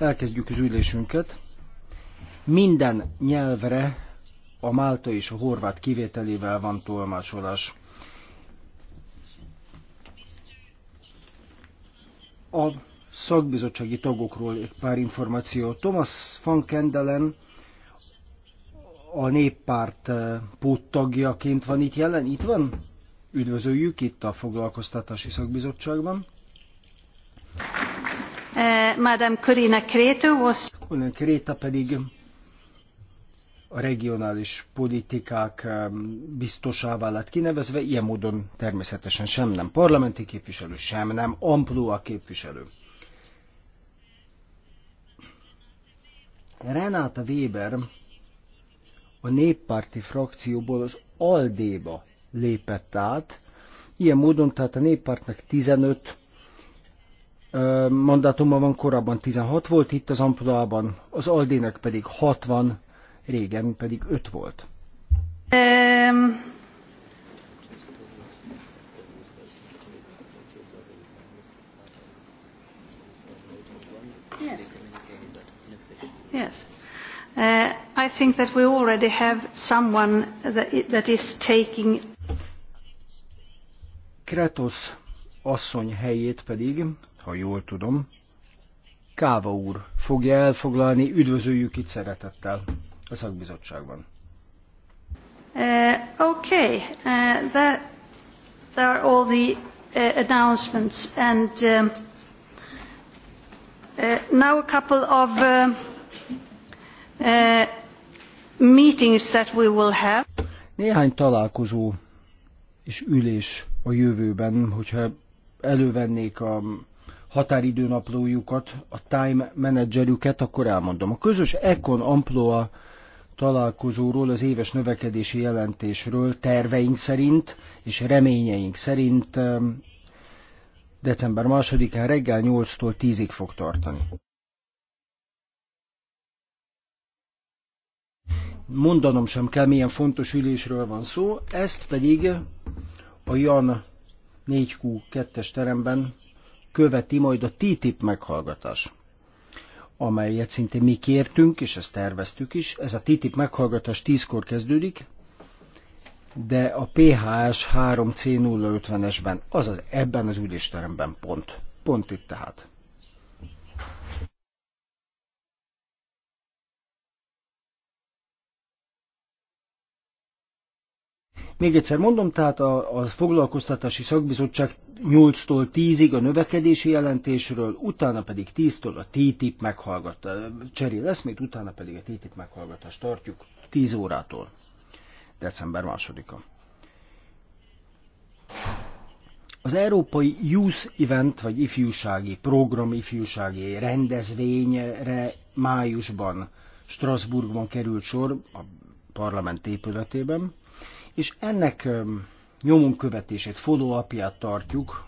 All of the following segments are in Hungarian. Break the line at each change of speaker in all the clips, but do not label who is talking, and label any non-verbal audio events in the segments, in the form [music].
Elkezdjük az ülésünket. Minden nyelvre a málta és a horvát kivételével van tolmácsolás. A szakbizottsági tagokról egy pár információ. Thomas van Kendelen a néppárt eh, póttagjaként van itt jelen? Itt van? Üdvözöljük itt a Foglalkoztatási Szakbizottságban. Uh, Madame Corina Kréta pedig a regionális politikák eh, biztosává lett kinevezve, ilyen módon természetesen sem nem parlamenti képviselő, sem nem a képviselő. Renáta Weber a néppárti frakcióból az Aldéba lépett át. Ilyen módon tehát a néppártnak 15 mandátumban van, korábban 16 volt itt az Ampudalban, az Aldének pedig 60, régen pedig 5 volt.
Um... Yes. Yes. Uh, I think that we already have someone that, that is taking
Kretosz asszony helyét pedig, ha jól tudom, Káva úr fogja elfoglalni, üdvözöljük itt szeretettel a szakbizottságban.
Uh, okay, uh, that, that are all the uh, announcements and um, uh, now a couple of uh, uh, meetings that we will have.
Néhány találkozó és ülés a jövőben, hogyha elővennék a határidőnaplójukat, a time menedzserüket, akkor elmondom. A közös Econ Amploa találkozóról, az éves növekedési jelentésről terveink szerint és reményeink szerint ehm, december másodikán reggel 8-tól 10-ig fog tartani. Mondanom sem kell, milyen fontos ülésről van szó, ezt pedig a Jan 4Q2-es teremben követi majd a TTIP meghallgatás amelyet szintén mi kértünk, és ezt terveztük is. Ez a TTIP meghallgatás 10-kor kezdődik, de a PHS 3C050-esben, azaz ebben az ülésteremben pont. Pont itt tehát. Még egyszer mondom, tehát a, a foglalkoztatási szakbizottság 8-tól 10-ig a növekedési jelentésről, utána pedig 10-től a TTIP meghallgat, cseré lesz, még utána pedig a TTIP meghallgatást tartjuk 10 órától, december 2-a. Az Európai Youth Event, vagy ifjúsági program, ifjúsági rendezvényre májusban Strasbourgban került sor, a parlament épületében és ennek nyomon követését, follow tartjuk.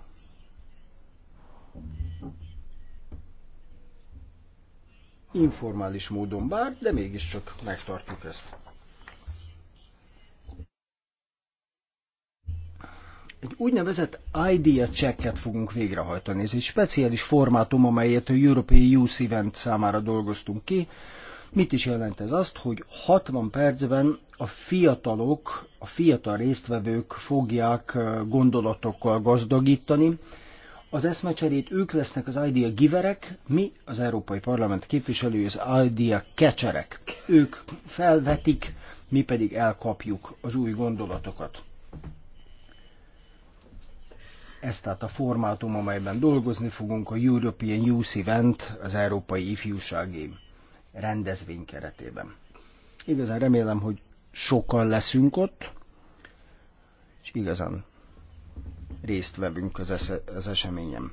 Informális módon bár, de mégiscsak megtartjuk ezt. egy úgynevezett idea checket fogunk végrehajtani. Ez egy speciális formátum, amelyet a European Youth Event számára dolgoztunk ki. Mit is jelent ez? Azt, hogy 60 percben a fiatalok, a fiatal résztvevők fogják gondolatokkal gazdagítani, az eszmecserét ők lesznek az idea giverek, mi az Európai Parlament képviselői az idea kecserek. Ők felvetik, mi pedig elkapjuk az új gondolatokat. Ez tehát a formátum, amelyben dolgozni fogunk, a European Youth Event, az Európai ifjúságé rendezvény keretében. Igazán remélem, hogy sokan leszünk ott, és igazán részt vevünk az, esze, az eseményen.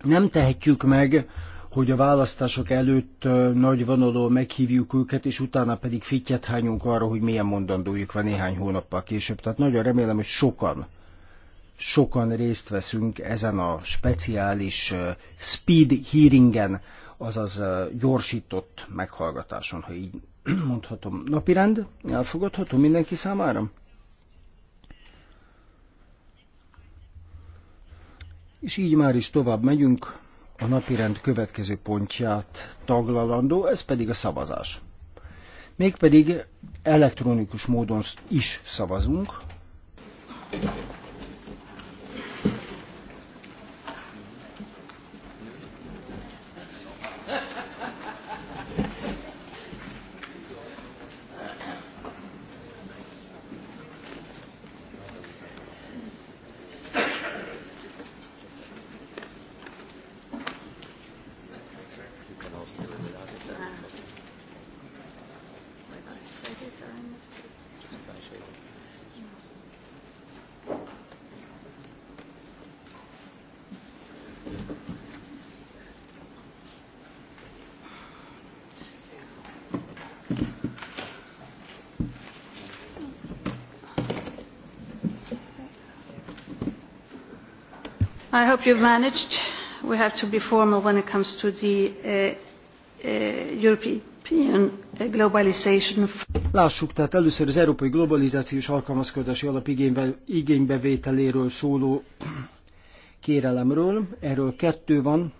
Nem tehetjük meg, hogy a választások előtt nagy vonalon meghívjuk őket, és utána pedig fittyet hányunk arra, hogy milyen mondandójuk van néhány hónappal később. Tehát nagyon remélem, hogy sokan sokan részt veszünk ezen a speciális speed hearingen, azaz gyorsított meghallgatáson, ha így [clears throat] mondhatom. Napirend elfogadható mindenki számára? És így már is tovább megyünk, a napirend következő pontját taglalandó, ez pedig a szavazás. Mégpedig elektronikus módon is szavazunk.
I hope you've managed. We have to be formal when it comes to the uh, uh, European
Lássuk tehát először az európai globalizációs alkalmazkodási alap igénybevételéről szóló kérelemről. Erről kettő van.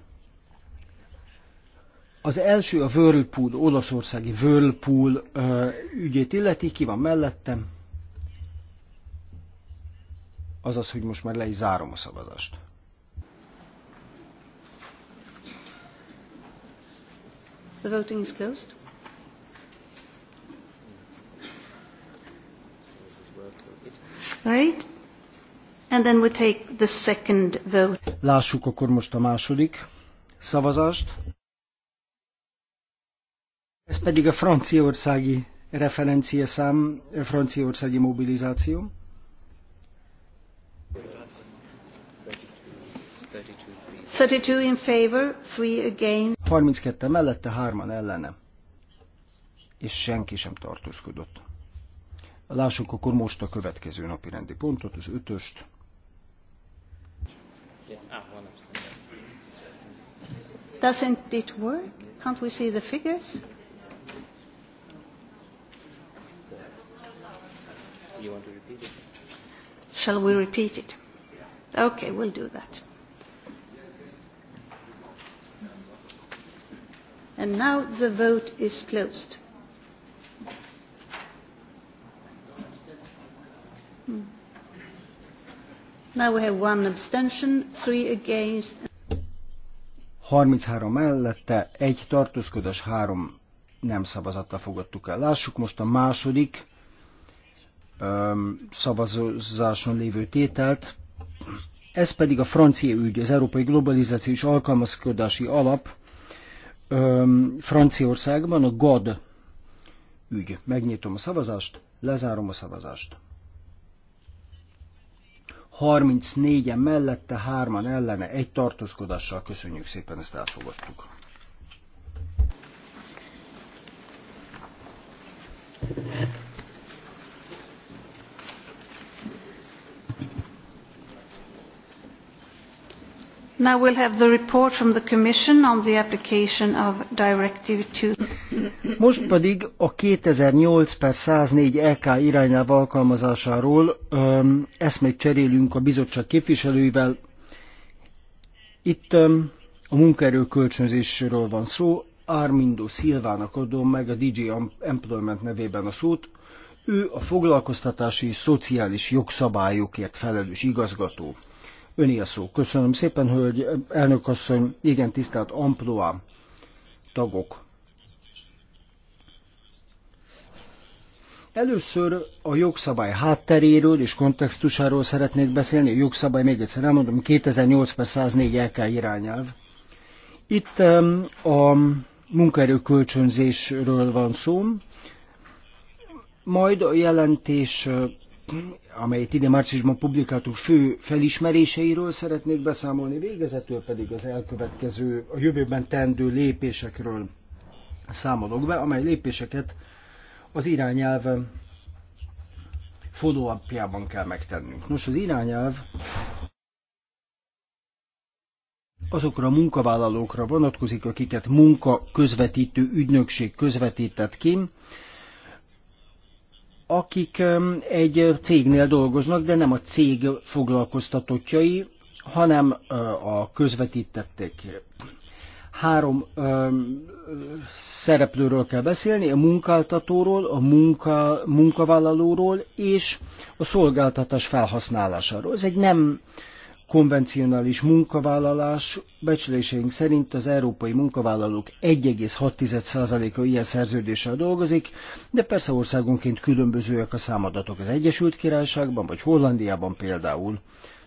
Az első a Whirlpool, olaszországi Whirlpool uh, ügyét illeti, ki van mellettem. Azaz, hogy most már le is zárom a szavazást.
The voting is closed. Right? And then we take the second vote.
Lássuk akkor most a második szavazást. Ez pedig a franciaországi szám, franciaországi mobilizáció.
Thirty-two in favor,
three against. 32 mellette, hárman ellene. És senki sem tartózkodott. Lássuk akkor most a következő napi rendi pontot, az ötöst.
Doesn't it work? Can't we see the figures?
You want to repeat it?
Shall we repeat it? Okay, we'll do that. And now the vote is closed. Hmm. Now we have one abstention, three against.
33 mellette, egy tartózkodás, három nem szavazattal fogadtuk el. Lássuk most a második öm, szavazáson lévő tételt. Ez pedig a francia ügy, az Európai Globalizációs Alkalmazkodási Alap Franciaországban a GAD ügy. Megnyitom a szavazást, lezárom a szavazást. 34-en mellette, 3-an ellene, egy tartózkodással köszönjük szépen, ezt elfogadtuk.
Now we'll have the report from the Commission on the application of Directive 2.
Most pedig a 2008 per 104 EK irányelv alkalmazásáról ezt még cserélünk a bizottság képviselőivel. Itt um, a munkaerő kölcsönzésről van szó. Armindo Szilvának adom meg a DJ Employment nevében a szót. Ő a foglalkoztatási és szociális jogszabályokért felelős igazgató. Öné a szó. Köszönöm szépen, hölgy, elnök asszony, igen, tisztelt Amploa tagok. Először a jogszabály hátteréről és kontextusáról szeretnék beszélni. A jogszabály, még egyszer elmondom, 2008-104 LK irányelv. Itt a munkaerő kölcsönzésről van szó, majd a jelentés amelyet ide márciusban publikáltunk fő felismeréseiről szeretnék beszámolni, végezetül pedig az elkövetkező, a jövőben tendő lépésekről számolok be, amely lépéseket az irányelv fodóapjában kell megtennünk. Nos, az irányelv azokra a munkavállalókra vonatkozik, akiket munka közvetítő ügynökség közvetített ki, akik egy cégnél dolgoznak, de nem a cég foglalkoztatottjai, hanem a közvetítettek. Három ö, szereplőről kell beszélni, a munkáltatóról, a munka, munkavállalóról és a szolgáltatás felhasználásáról. Ez egy nem konvencionális munkavállalás becsléseink szerint az európai munkavállalók 1,6%-a ilyen szerződéssel dolgozik, de persze országonként különbözőek a számadatok az Egyesült Királyságban vagy Hollandiában például.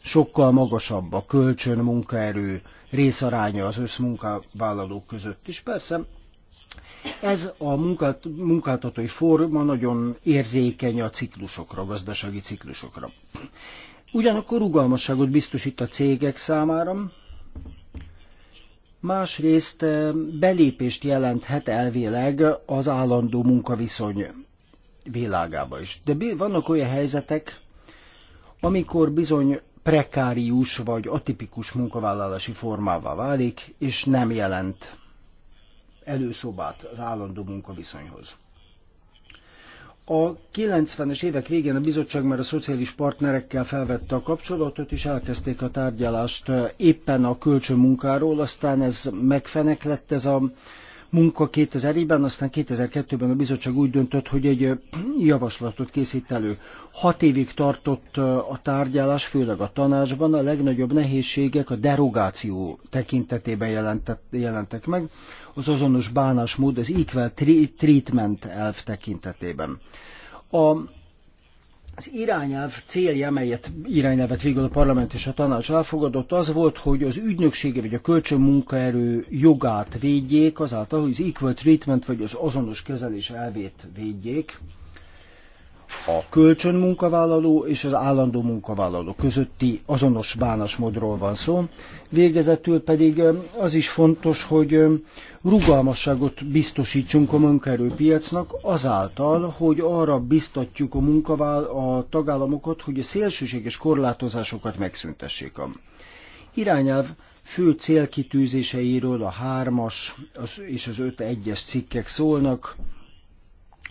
Sokkal magasabb a kölcsön munkaerő részaránya az összmunkavállalók között is. Persze ez a munkát, munkáltatói forma nagyon érzékeny a ciklusokra, a gazdasági ciklusokra. Ugyanakkor rugalmasságot biztosít a cégek számára, másrészt eh, belépést jelenthet elvileg az állandó munkaviszony világába is. De vannak olyan helyzetek, amikor bizony prekárius vagy atipikus munkavállalási formává válik, és nem jelent előszobát az állandó munkaviszonyhoz. A 90-es évek végén a bizottság már a szociális partnerekkel felvette a kapcsolatot, és elkezdték a tárgyalást eh, éppen a kölcsönmunkáról, aztán ez megfenek lett ez a munka 2000-ben, aztán 2002-ben a bizottság úgy döntött, hogy egy eh, javaslatot készít elő. Hat évig tartott eh, a tárgyalás, főleg a tanácsban, a legnagyobb nehézségek a derogáció tekintetében jelentett, jelentek meg, az azonos bánásmód, az equal treatment elv tekintetében. A, az irányelv célja, melyet irányelvet végül a parlament és a tanács elfogadott, az volt, hogy az ügynöksége vagy a kölcsönmunkaerő jogát védjék, azáltal, hogy az equal treatment vagy az azonos kezelés elvét védjék a kölcsönmunkavállaló és az állandó munkavállaló közötti azonos bánásmódról van szó. Végezetül pedig az is fontos, hogy rugalmasságot biztosítsunk a munkaerőpiacnak azáltal, hogy arra biztatjuk a munkavál a tagállamokat, hogy a szélsőséges korlátozásokat megszüntessék. A irányelv fő célkitűzéseiről a 3-as és az 5-1-es cikkek szólnak,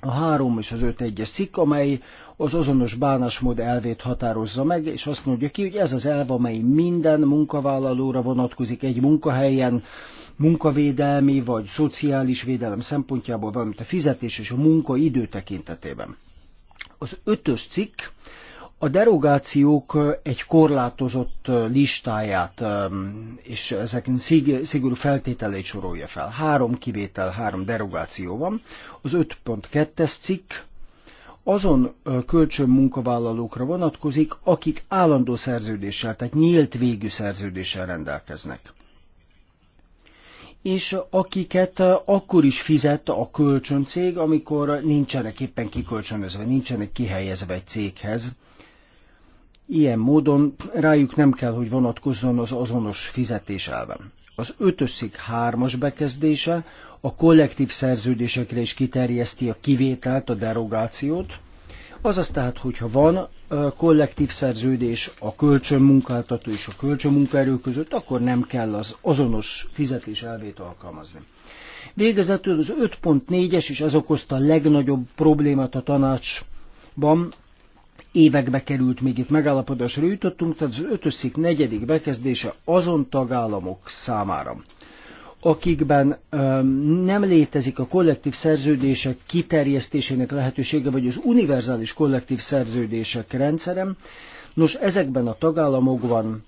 a három és az öt egyes cikk, amely az azonos bánásmód elvét határozza meg, és azt mondja ki, hogy ez az elv, amely minden munkavállalóra vonatkozik egy munkahelyen, munkavédelmi vagy szociális védelem szempontjából, valamint a fizetés és a munkaidő tekintetében. Az ötös cikk a derogációk egy korlátozott listáját és ezek szigorú feltételeit sorolja fel. Három kivétel, három derogáció van. Az 5.2-es cikk azon kölcsönmunkavállalókra vonatkozik, akik állandó szerződéssel, tehát nyílt végű szerződéssel rendelkeznek és akiket akkor is fizet a kölcsöncég, amikor nincsenek éppen kikölcsönözve, nincsenek kihelyezve egy céghez Ilyen módon rájuk nem kell, hogy vonatkozzon az azonos fizetés elven. Az ötösszik hármas bekezdése a kollektív szerződésekre is kiterjeszti a kivételt, a derogációt, Azaz tehát, hogyha van kollektív szerződés a kölcsönmunkáltató és a kölcsönmunkaerő között, akkor nem kell az azonos fizetés elvét alkalmazni. Végezetül az 5.4-es, és ez okozta a legnagyobb problémát a tanácsban, évekbe került, még itt megállapodásra jutottunk, tehát az ötösszik negyedik bekezdése azon tagállamok számára, akikben um, nem létezik a kollektív szerződések kiterjesztésének lehetősége, vagy az univerzális kollektív szerződések rendszerem, nos ezekben a tagállamokban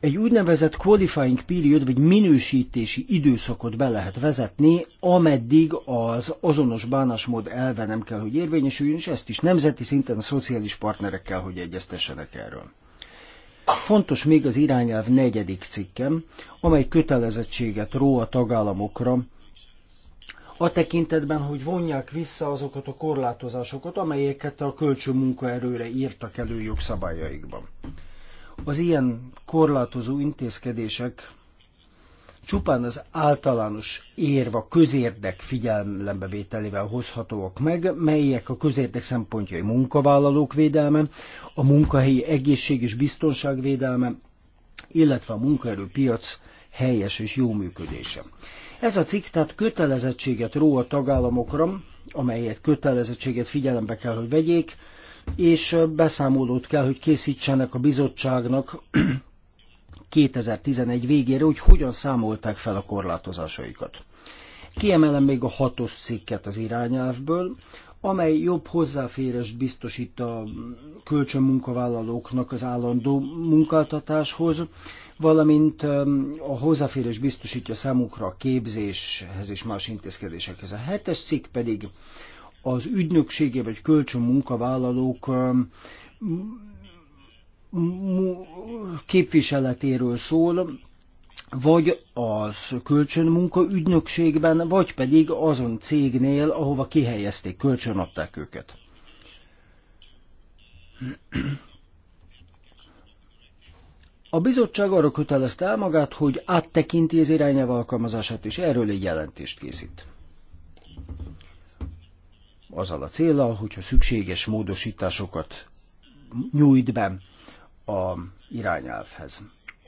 egy úgynevezett qualifying period, vagy minősítési időszakot be lehet vezetni, ameddig az azonos bánásmód elve nem kell, hogy érvényesüljön, és ezt is nemzeti szinten a szociális partnerekkel, hogy egyeztessenek erről. Fontos még az irányelv negyedik cikkem, amely kötelezettséget ró a tagállamokra, a tekintetben, hogy vonják vissza azokat a korlátozásokat, amelyeket a kölcsön munkaerőre írtak elő jogszabályaikban. Az ilyen korlátozó intézkedések csupán az általános érv a közérdek figyelembevételével hozhatóak meg, melyek a közérdek szempontjai munkavállalók védelme, a munkahelyi egészség és biztonság védelme, illetve a munkaerőpiac helyes és jó működése. Ez a cikk tehát kötelezettséget ró a tagállamokra, amelyet kötelezettséget figyelembe kell, hogy vegyék, és beszámolót kell, hogy készítsenek a bizottságnak 2011 [clears throat] végére, hogy hogyan számolták fel a korlátozásaikat. Kiemelem még a hatos cikket az irányelvből, amely jobb hozzáférést biztosít a kölcsönmunkavállalóknak az állandó munkáltatáshoz, valamint um, a hozzáférés biztosítja számukra a képzéshez és más intézkedésekhez. A hetes cikk pedig az ügynöksége vagy kölcsön munkavállalók képviseletéről szól, vagy az kölcsönmunka ügynökségben, vagy pedig azon cégnél, ahova kihelyezték, adták őket. A bizottság arra kötelezte el magát, hogy áttekinti az irányelv alkalmazását, és erről egy jelentést készít azzal a célra, hogyha szükséges módosításokat nyújt be a irányelvhez.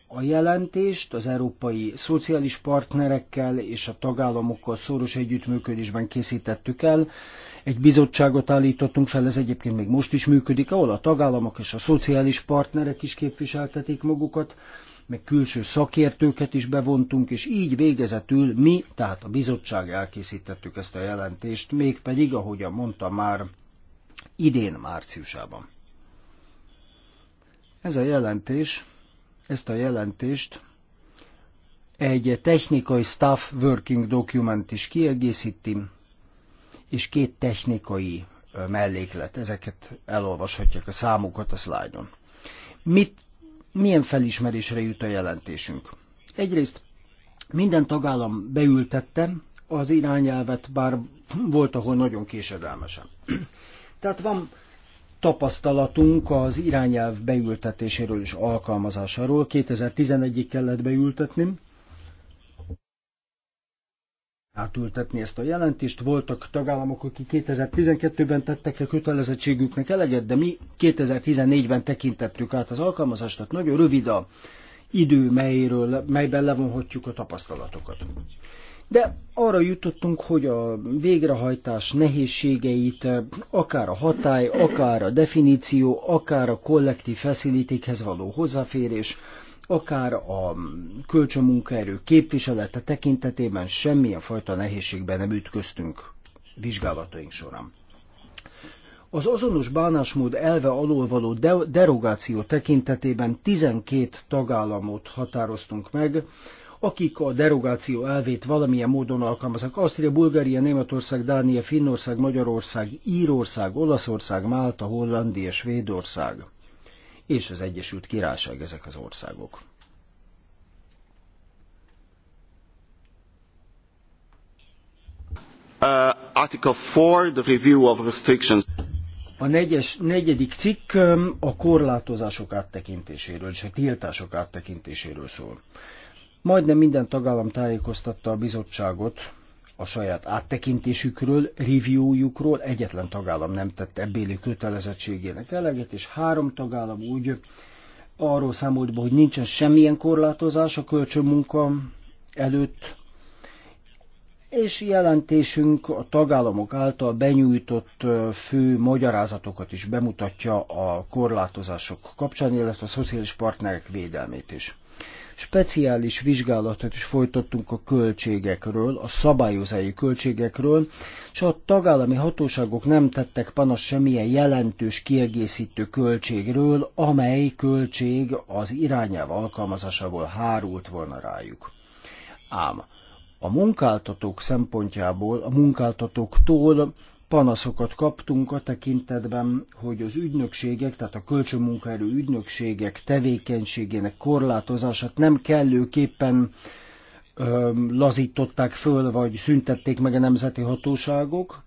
A jelentést az európai szociális partnerekkel és a tagállamokkal szoros együttműködésben készítettük el. Egy bizottságot állítottunk fel, ez egyébként még most is működik, ahol a tagállamok és a szociális partnerek is képviseltetik magukat meg külső szakértőket is bevontunk, és így végezetül mi, tehát a bizottság elkészítettük ezt a jelentést, mégpedig, ahogy mondta már, idén márciusában. Ez a jelentés, ezt a jelentést egy technikai staff working document is kiegészíti, és két technikai melléklet, ezeket elolvashatják a számukat a szlájdon. Mit milyen felismerésre jut a jelentésünk. Egyrészt minden tagállam beültette az irányelvet, bár volt, ahol nagyon késedelmesen. Tehát van tapasztalatunk az irányelv beültetéséről és alkalmazásáról. 2011-ig kellett beültetni, átültetni ezt a jelentést. Voltak tagállamok, akik 2012-ben tettek a kötelezettségüknek eleget, de mi 2014-ben tekintettük át az alkalmazást, tehát nagyon rövid a idő, melyről, melyben levonhatjuk a tapasztalatokat. De arra jutottunk, hogy a végrehajtás nehézségeit akár a hatály, akár a definíció, akár a kollektív feszilitékhez való hozzáférés, akár a kölcsönmunkaerő képviselete tekintetében semmilyen fajta nehézségben nem ütköztünk vizsgálataink során. Az azonos bánásmód elve alól való de- derogáció tekintetében 12 tagállamot határoztunk meg, akik a derogáció elvét valamilyen módon alkalmaznak. Ausztria, Bulgária, Németország, Dánia, Finnország, Magyarország, Írország, Olaszország, Málta, Hollandia, Svédország és az Egyesült Királyság ezek az országok. Uh, article 4, the review of restrictions. A negyes, negyedik cikk um, a korlátozások áttekintéséről és a tiltások áttekintéséről szól. Majdnem minden tagállam tájékoztatta a bizottságot a saját áttekintésükről, reviewjukról, egyetlen tagállam nem tett ebbéli kötelezettségének eleget, és három tagállam úgy arról számolt be, hogy nincsen semmilyen korlátozás a kölcsönmunka előtt, és jelentésünk a tagállamok által benyújtott fő magyarázatokat is bemutatja a korlátozások kapcsán, illetve a szociális partnerek védelmét is speciális vizsgálatot is folytattunk a költségekről, a szabályozási költségekről, és a tagállami hatóságok nem tettek panasz semmilyen jelentős kiegészítő költségről, amely költség az irányelv alkalmazásából hárult volna rájuk. Ám a munkáltatók szempontjából, a munkáltatóktól panaszokat kaptunk a tekintetben, hogy az ügynökségek, tehát a kölcsönmunkaerő ügynökségek tevékenységének korlátozását nem kellőképpen ö, lazították föl, vagy szüntették meg a nemzeti hatóságok,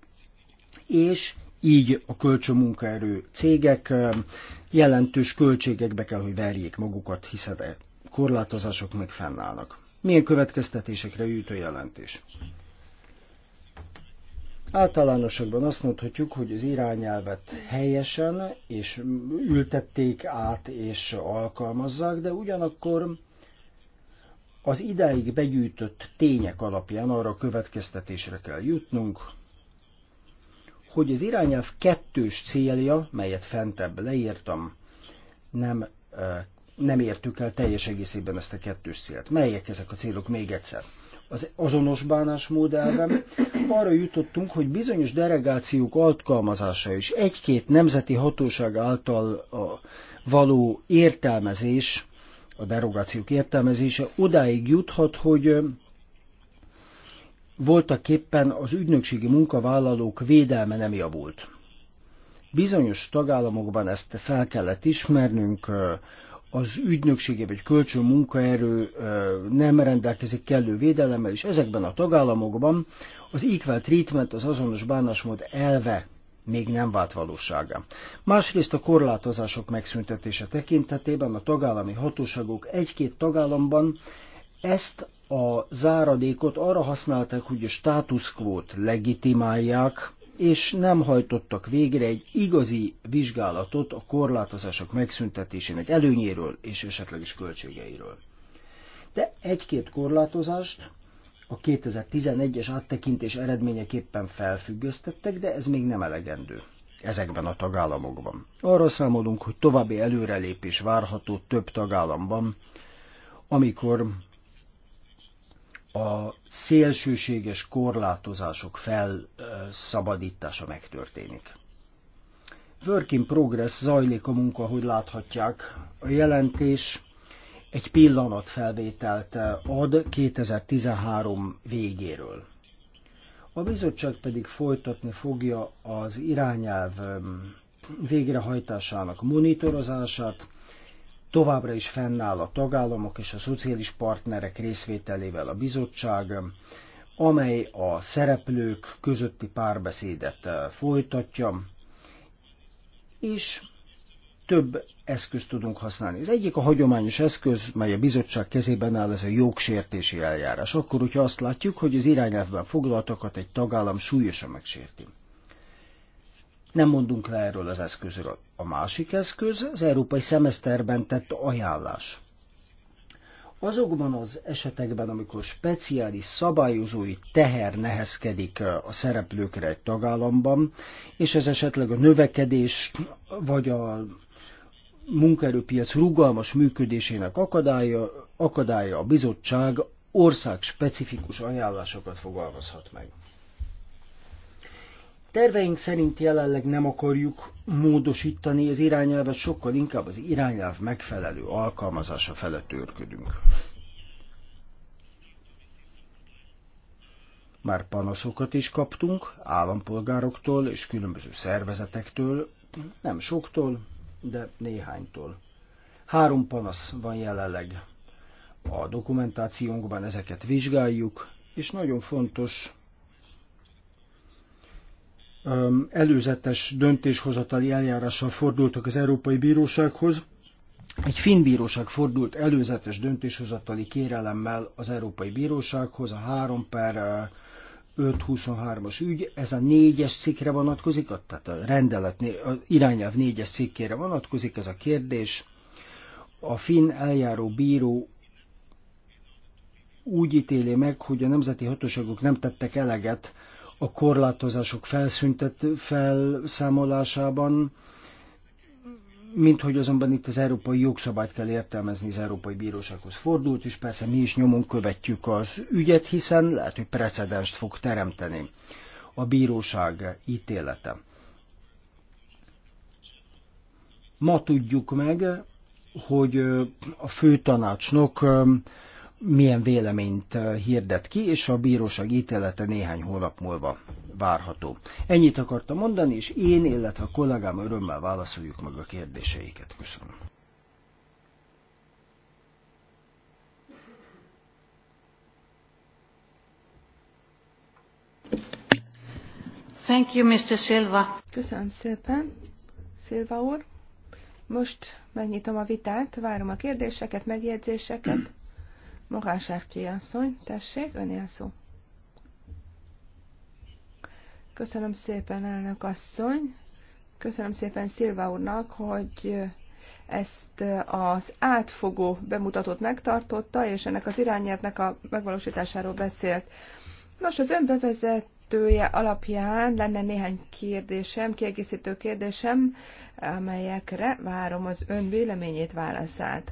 és így a kölcsönmunkaerő cégek ö, jelentős költségekbe kell, hogy verjék magukat, hiszen e korlátozások meg fennállnak. Milyen következtetésekre jut a jelentés? Általánosakban azt mondhatjuk, hogy az irányelvet helyesen és ültették át és alkalmazzák, de ugyanakkor az idáig begyűjtött tények alapján arra a következtetésre kell jutnunk, hogy az irányelv kettős célja, melyet fentebb leírtam, nem, eh, nem értük el teljes egészében ezt a kettős célt. Melyek ezek a célok még egyszer? az azonos bánásmód elve, arra jutottunk, hogy bizonyos delegációk alkalmazása és egy-két nemzeti hatóság által való értelmezés, a derogációk értelmezése odáig juthat, hogy voltak éppen az ügynökségi munkavállalók védelme nem javult. Bizonyos tagállamokban ezt fel kellett ismernünk, az ügynöksége vagy kölcsön munkaerő nem rendelkezik kellő védelemmel, és ezekben a tagállamokban az equal treatment, az azonos bánásmód elve még nem vált valóságá. Másrészt a korlátozások megszüntetése tekintetében a tagállami hatóságok egy-két tagállamban ezt a záradékot arra használták, hogy a státuszkvót legitimálják, és nem hajtottak végre egy igazi vizsgálatot a korlátozások megszüntetésének előnyéről és esetleges költségeiről. De egy-két korlátozást a 2011-es áttekintés eredményeképpen felfüggöztettek, de ez még nem elegendő ezekben a tagállamokban. Arra számolunk, hogy további előrelépés várható több tagállamban, amikor a szélsőséges korlátozások felszabadítása megtörténik. Work in progress zajlik a munka, hogy láthatják. A jelentés egy pillanat felvételt ad 2013 végéről. A bizottság pedig folytatni fogja az irányelv um, végrehajtásának monitorozását, továbbra is fennáll a tagállamok és a szociális partnerek részvételével a bizottság, amely a szereplők közötti párbeszédet eh, folytatja, és több eszközt tudunk használni. Az egyik a hagyományos eszköz, mely a bizottság kezében áll, ez a jogsértési eljárás. Akkor, hogyha azt látjuk, hogy az irányelvben foglaltakat egy tagállam súlyosan megsérti. Nem mondunk le erről az eszközről. A másik eszköz az európai szemeszterben tett ajánlás. Azokban az esetekben, amikor speciális szabályozói teher nehezkedik eh, a szereplőkre egy tagállamban, és ez esetleg a növekedés vagy a munkaerőpiac rugalmas működésének akadálya, akadálya a bizottság ország specifikus ajánlásokat fogalmazhat meg. Terveink szerint jelenleg nem akarjuk módosítani az irányelvet, sokkal inkább az irányelv megfelelő alkalmazása felett törködünk. Már panaszokat is kaptunk állampolgároktól és különböző szervezetektől, nem soktól, de néhánytól. Három panasz van jelenleg. A dokumentációnkban ezeket vizsgáljuk, és nagyon fontos, előzetes döntéshozatali eljárással fordultak az Európai Bírósághoz. Egy finn bíróság fordult előzetes döntéshozatali kérelemmel az Európai Bírósághoz, a 3 per 523-as ügy, ez a négyes cikkre vonatkozik, tehát a rendelet, a irányelv négyes cikkére vonatkozik ez a kérdés. A finn eljáró bíró úgy ítéli meg, hogy a nemzeti hatóságok nem tettek eleget a korlátozások felszüntet, felszámolásában, mint hogy azonban itt az európai jogszabályt kell értelmezni, az Európai Bírósághoz fordult, és persze mi is nyomon követjük az ügyet, hiszen lehet, hogy precedenst fog teremteni a bíróság ítélete. Ma tudjuk meg, hogy a főtanácsnok milyen véleményt hirdet ki, és a bíróság ítélete néhány hónap múlva várható. Ennyit akartam mondani, és én, illetve a kollégám örömmel válaszoljuk meg a kérdéseiket. Köszönöm.
Thank you, Mr. Silva. Köszönöm szépen, Silva úr. Most megnyitom a vitát, várom a kérdéseket, megjegyzéseket. Morán Sárki asszony, tessék, önél szó. Köszönöm szépen, elnök asszony. Köszönöm szépen Szilva úrnak, hogy ezt az átfogó bemutatót megtartotta, és ennek az irányelvnek a megvalósításáról beszélt. Nos, az önbevezetője alapján lenne néhány kérdésem, kiegészítő kérdésem, amelyekre várom az ön véleményét, válaszát.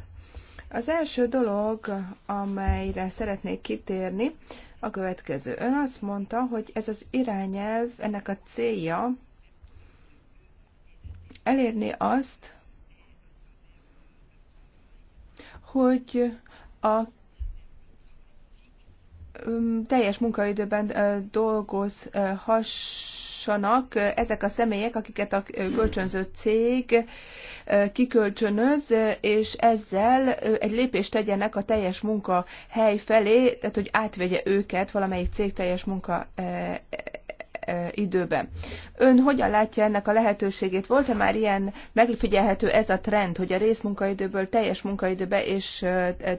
Az első dolog, amelyre szeretnék kitérni, a következő. Ön azt mondta, hogy ez az irányelv, ennek a célja elérni azt, hogy a teljes munkaidőben dolgozhass kaphassanak ezek a személyek, akiket a kölcsönző cég kikölcsönöz, és ezzel egy lépést tegyenek a teljes munkahely felé, tehát hogy átvegye őket valamelyik cég teljes munka időben. Ön hogyan látja ennek a lehetőségét? Volt-e már ilyen megfigyelhető ez a trend, hogy a részmunkaidőből teljes munkaidőbe és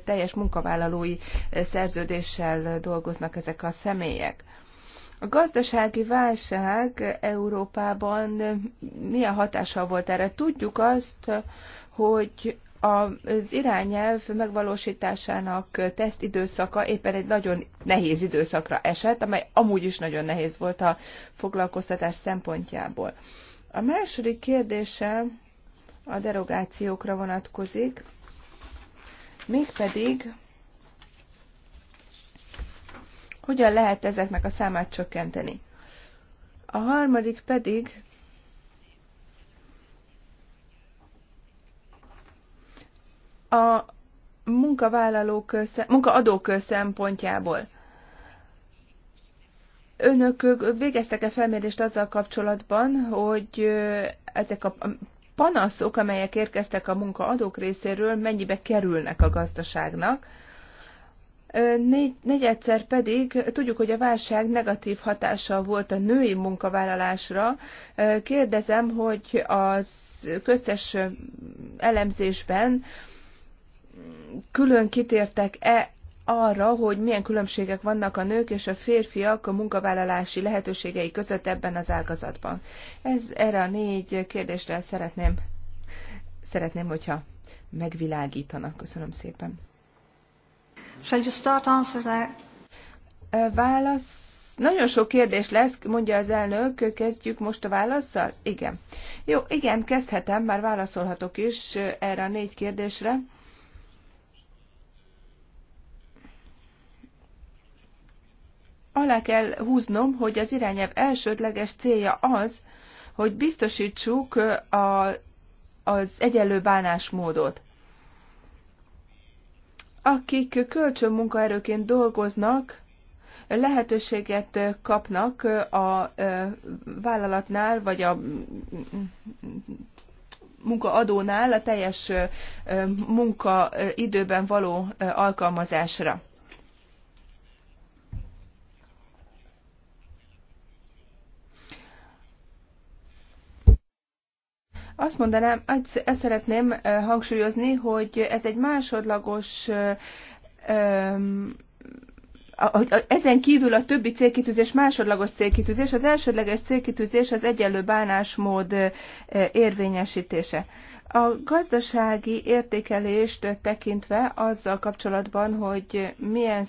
teljes munkavállalói szerződéssel dolgoznak ezek a személyek? A gazdasági válság Európában milyen hatással volt erre? Tudjuk azt, hogy az irányelv megvalósításának időszaka éppen egy nagyon nehéz időszakra esett, amely amúgy is nagyon nehéz volt a foglalkoztatás szempontjából. A második kérdése a derogációkra vonatkozik, mégpedig hogyan lehet ezeknek a számát csökkenteni? A harmadik pedig a munkavállalók, munkaadók szempontjából. Önök végeztek-e felmérést azzal kapcsolatban, hogy ezek a panaszok, amelyek érkeztek a munkaadók részéről, mennyibe kerülnek a gazdaságnak? Négy, negyedszer pedig tudjuk, hogy a válság negatív hatással volt a női munkavállalásra. Kérdezem, hogy az köztes elemzésben külön kitértek-e arra, hogy milyen különbségek vannak a nők és a férfiak a munkavállalási lehetőségei között ebben az ágazatban. Ez erre a négy kérdésre szeretném, szeretném hogyha megvilágítanak. Köszönöm szépen. Shall you start answer that? Válasz. Nagyon sok kérdés lesz, mondja az elnök, kezdjük most a válaszsal? Igen. Jó, igen, kezdhetem, már válaszolhatok is erre a négy kérdésre. Alá kell húznom, hogy az irányelv elsődleges célja az, hogy biztosítsuk a, az egyenlő bánásmódot akik kölcsönmunkaerőként dolgoznak, lehetőséget kapnak a vállalatnál, vagy a munkaadónál a teljes munkaidőben való alkalmazásra. Azt mondanám, ezt szeretném hangsúlyozni, hogy ez egy másodlagos ezen kívül a többi célkitűzés másodlagos célkitűzés, az elsődleges célkitűzés az egyenlő bánásmód érvényesítése. A gazdasági értékelést tekintve azzal kapcsolatban, hogy milyen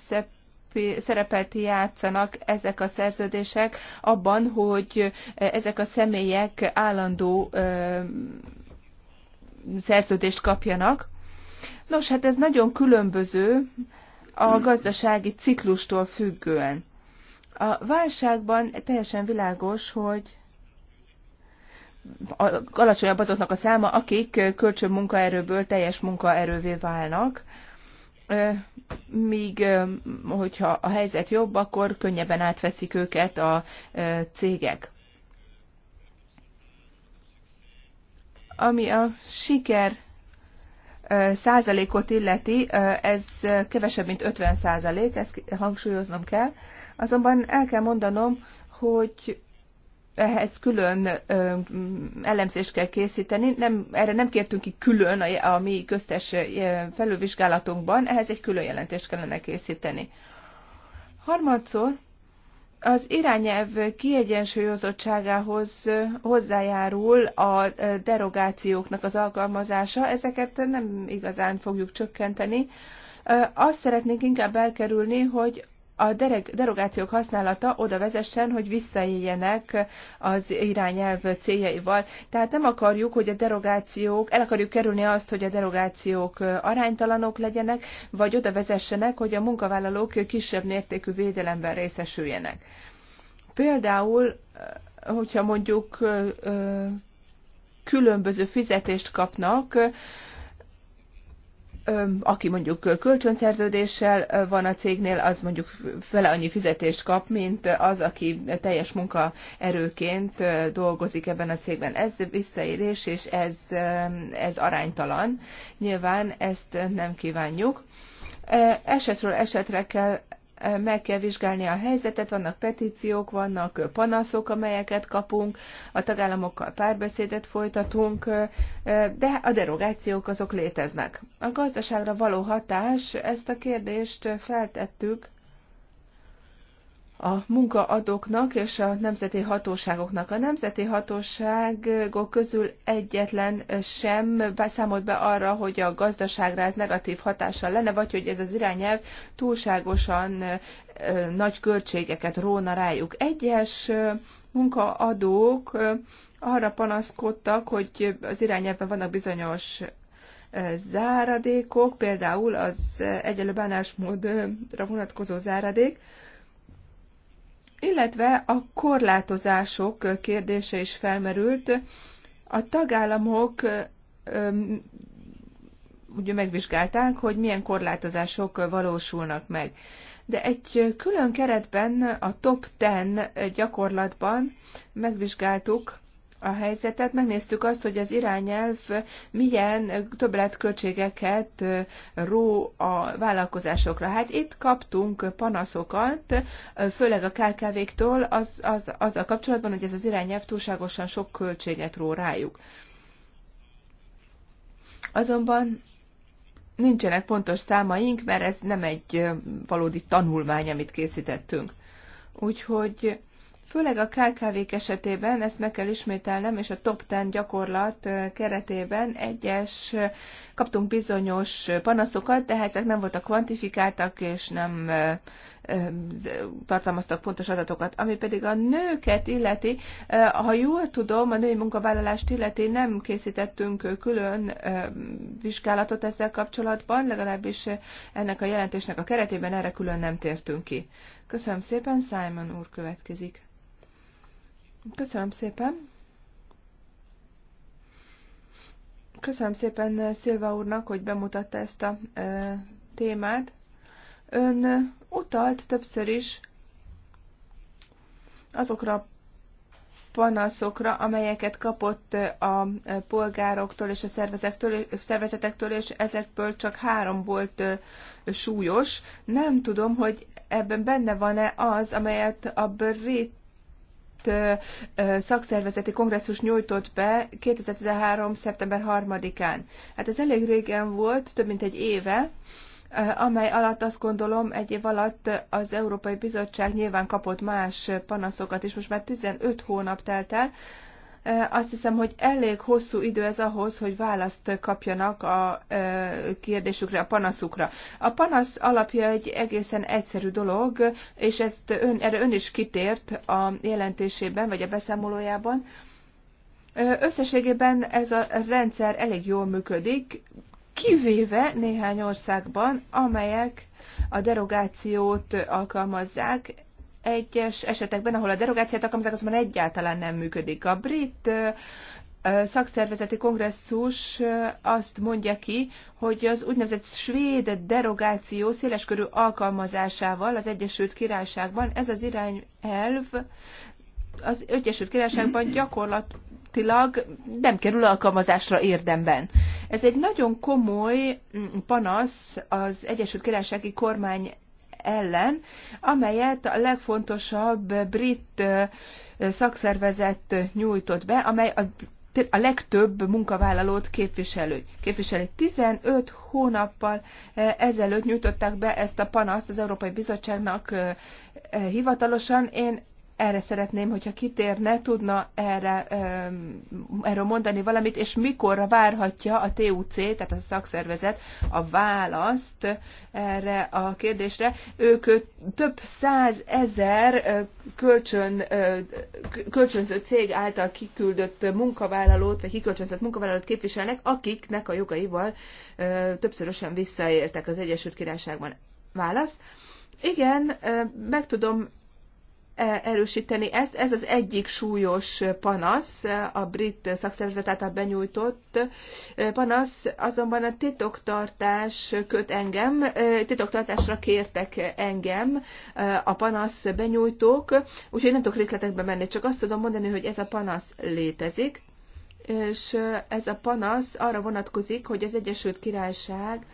szerepet játszanak ezek a szerződések abban, hogy ezek a személyek állandó szerződést kapjanak. Nos, hát ez nagyon különböző a gazdasági ciklustól függően. A válságban teljesen világos, hogy alacsonyabb azoknak a száma, akik kölcsön munkaerőből teljes munkaerővé válnak míg hogyha a helyzet jobb, akkor könnyebben átveszik őket a cégek. Ami a siker százalékot illeti, ez kevesebb, mint 50 százalék, ezt hangsúlyoznom kell. Azonban el kell mondanom, hogy ehhez külön ö, elemzést kell készíteni, nem, erre nem kértünk ki külön a, a mi köztes felülvizsgálatunkban, ehhez egy külön jelentést kellene készíteni. Harmadszor, az irányelv kiegyensúlyozottságához hozzájárul a derogációknak az alkalmazása, ezeket nem igazán fogjuk csökkenteni. Azt szeretnénk inkább elkerülni, hogy a derogációk használata oda vezessen, hogy visszaéljenek az irányelv céljaival. Tehát nem akarjuk, hogy a derogációk, el akarjuk kerülni azt, hogy a derogációk aránytalanok legyenek, vagy oda vezessenek, hogy a munkavállalók kisebb mértékű védelemben részesüljenek. Például, hogyha mondjuk különböző fizetést kapnak, aki mondjuk kölcsönszerződéssel van a cégnél, az mondjuk fele annyi fizetést kap, mint az, aki teljes munkaerőként dolgozik ebben a cégben. Ez visszaérés, és ez, ez aránytalan. Nyilván ezt nem kívánjuk. Esetről esetre kell meg kell vizsgálni a helyzetet, vannak petíciók, vannak panaszok, amelyeket kapunk, a tagállamokkal párbeszédet folytatunk, de a derogációk azok léteznek. A gazdaságra való hatás, ezt a kérdést feltettük a munkaadóknak és a nemzeti hatóságoknak. A nemzeti hatóságok közül egyetlen sem számolt be arra, hogy a gazdaságra ez negatív hatással lenne, vagy hogy ez az irányelv túlságosan nagy költségeket róna rájuk. Egyes munkaadók arra panaszkodtak, hogy az irányelvben vannak bizonyos záradékok, például az egyenlő bánásmódra vonatkozó záradék, illetve a korlátozások kérdése is felmerült. A tagállamok ugye megvizsgálták, hogy milyen korlátozások valósulnak meg. De egy külön keretben, a top 10 gyakorlatban megvizsgáltuk a helyzetet, megnéztük azt, hogy az irányelv milyen többletköltségeket ró a vállalkozásokra. Hát itt kaptunk panaszokat, főleg a KKV-któl az, az, az a kapcsolatban, hogy ez az irányelv túlságosan sok költséget ró rájuk. Azonban nincsenek pontos számaink, mert ez nem egy valódi tanulmány, amit készítettünk. Úgyhogy Főleg a KKV-k esetében, ezt meg kell ismételnem, és a top 10 gyakorlat keretében egyes kaptunk bizonyos panaszokat, de hát ezek nem voltak kvantifikáltak, és nem tartalmaztak pontos adatokat. Ami pedig a nőket illeti, ha jól tudom, a női munkavállalást illeti nem készítettünk külön vizsgálatot ezzel kapcsolatban, legalábbis ennek a jelentésnek a keretében erre külön nem tértünk ki. Köszönöm szépen, Simon úr következik. Köszönöm szépen. Köszönöm szépen eh, Szilva úrnak, hogy bemutatta ezt a e, témát. Ön eh, utalt többször is azokra a panaszokra, amelyeket kapott a polgároktól és a szervezetektől, szervezetektől és ezekből csak három volt súlyos. Nem tudom, hogy ebben benne van-e az, amelyet a brit szakszervezeti kongresszus nyújtott be 2013. szeptember 3-án. Hát ez elég régen volt, több mint egy éve, amely alatt azt gondolom egy év alatt az Európai Bizottság nyilván kapott más panaszokat, és most már 15 hónap telt el, azt hiszem, hogy elég hosszú idő ez ahhoz, hogy választ kapjanak a kérdésükre, a panaszukra. A panasz alapja egy egészen egyszerű dolog, és ezt ön, erre ön is kitért a jelentésében, vagy a beszámolójában. Összességében ez a rendszer elég jól működik, kivéve néhány országban, amelyek a derogációt alkalmazzák, egyes esetekben, ahol a derogáciát alkalmazzák, azonban egyáltalán nem működik. A brit szakszervezeti kongresszus azt mondja ki, hogy az úgynevezett svéd derogáció széleskörű alkalmazásával az Egyesült Királyságban ez az irányelv az Egyesült Királyságban gyakorlatilag nem kerül alkalmazásra érdemben. Ez egy nagyon komoly mm, panasz az Egyesült Királysági kormány ellen, amelyet a legfontosabb brit szakszervezet nyújtott be, amely a a legtöbb munkavállalót képviselő. Képviselő 15 hónappal ezelőtt nyújtották be ezt a panaszt az Európai Bizottságnak hivatalosan. Én erre szeretném, hogyha kitérne, tudna erre, erről mondani valamit, és mikorra várhatja a TUC, tehát a szakszervezet a választ erre a kérdésre. Ők több százezer kölcsön, kölcsönző cég által kiküldött munkavállalót, vagy kikölcsönzött munkavállalót képviselnek, akiknek a jogaival többszörösen visszaértek az Egyesült Királyságban. Válasz? Igen, meg tudom E, erősíteni ezt. Ez az egyik súlyos panasz, a brit szakszervezet által benyújtott e, panasz, azonban a titoktartás köt engem, e, titoktartásra kértek engem a panasz benyújtók, úgyhogy nem tudok részletekbe menni, csak azt tudom mondani, hogy ez a panasz létezik, és ez a panasz arra vonatkozik, hogy az Egyesült Királyság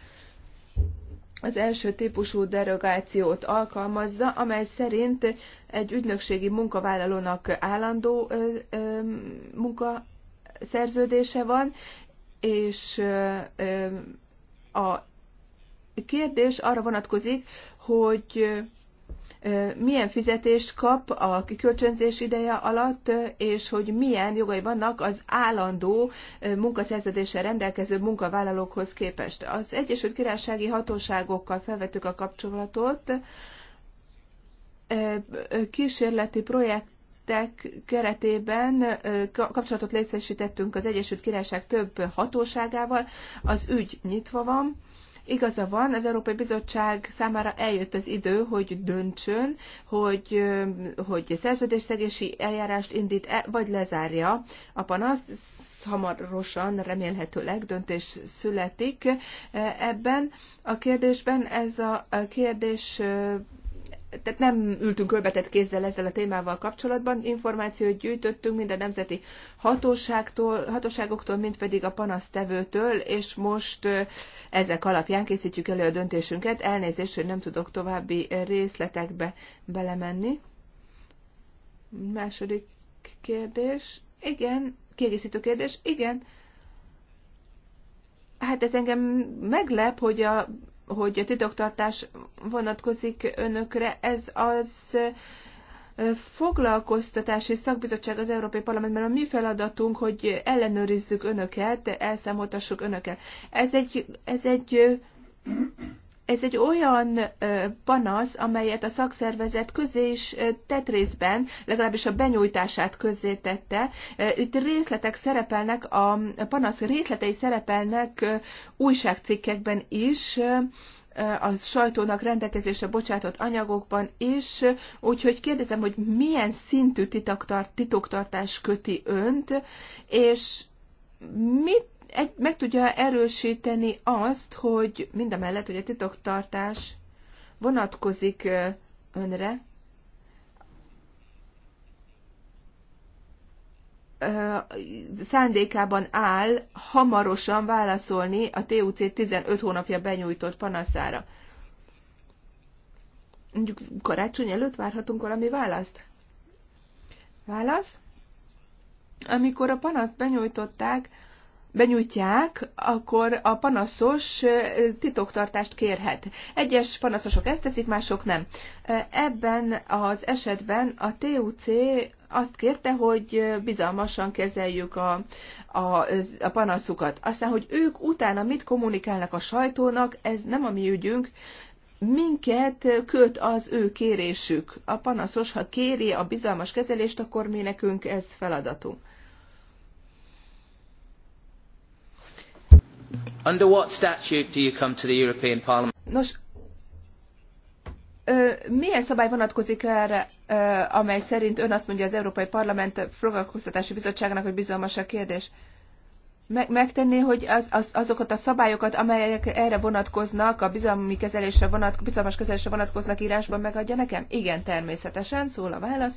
az első típusú derogációt alkalmazza, amely szerint egy ügynökségi munkavállalónak állandó munkaszerződése van, és a kérdés arra vonatkozik, hogy milyen fizetést kap a kikölcsönzés ideje alatt, és hogy milyen jogai vannak az állandó munkaszerződéssel rendelkező munkavállalókhoz képest. Az Egyesült Királysági Hatóságokkal felvettük a kapcsolatot, kísérleti projekt keretében kapcsolatot létesítettünk az Egyesült Királyság több hatóságával. Az ügy nyitva van Igaza van, az Európai Bizottság számára eljött az idő, hogy döntsön, hogy, hogy szerződésszegési eljárást indít, -e, vagy lezárja a panaszt. Hamarosan remélhetőleg döntés születik ebben a kérdésben. Ez a kérdés tehát nem ültünk körbetett kézzel ezzel a témával kapcsolatban, információt gyűjtöttünk mind a nemzeti hatóságtól, hatóságoktól, mind pedig a panasztevőtől, és most ezek alapján készítjük elő a döntésünket. Elnézést, hogy nem tudok további részletekbe belemenni. Második kérdés. Igen, kiegészítő kérdés. Igen. Hát ez engem meglep, hogy a hogy a titoktartás vonatkozik önökre, ez az foglalkoztatási szakbizottság az Európai Parlamentben a mi feladatunk, hogy ellenőrizzük önöket, elszámoltassuk önöket. Ez egy, ez egy ez egy olyan panasz, amelyet a szakszervezet közé is tett részben, legalábbis a benyújtását közé tette. Itt részletek szerepelnek, a panasz részletei szerepelnek újságcikkekben is, a sajtónak rendelkezésre bocsátott anyagokban is, úgyhogy kérdezem, hogy milyen szintű titoktartás köti önt, és mit egy, meg tudja erősíteni azt, hogy mind a mellett, hogy a titoktartás vonatkozik önre, szándékában áll hamarosan válaszolni a TUC 15 hónapja benyújtott panaszára. Mondjuk karácsony előtt várhatunk valami választ? Válasz? Amikor a panaszt benyújtották, benyújtják, akkor a panaszos titoktartást kérhet. Egyes panaszosok ezt teszik, mások nem. Ebben az esetben a TUC azt kérte, hogy bizalmasan kezeljük a, a, a panaszukat. Aztán, hogy ők utána mit kommunikálnak a sajtónak, ez nem a mi ügyünk, minket köt az ő kérésük. A panaszos, ha kéri a bizalmas kezelést, akkor mi nekünk ez feladatunk.
Under what statute do you come to the European Parliament?
Nos, milyen szabály vonatkozik erre, amely szerint ön azt mondja az Európai Parlament Foglalkoztatási Bizottságának, hogy bizalmas a kérdés? Meg, megtenni, hogy az, az, azokat a szabályokat, amelyek erre vonatkoznak, a bizalmi kezelésre vonat, bizalmas kezelésre vonatkoznak írásban megadja nekem? Igen, természetesen, szól a válasz.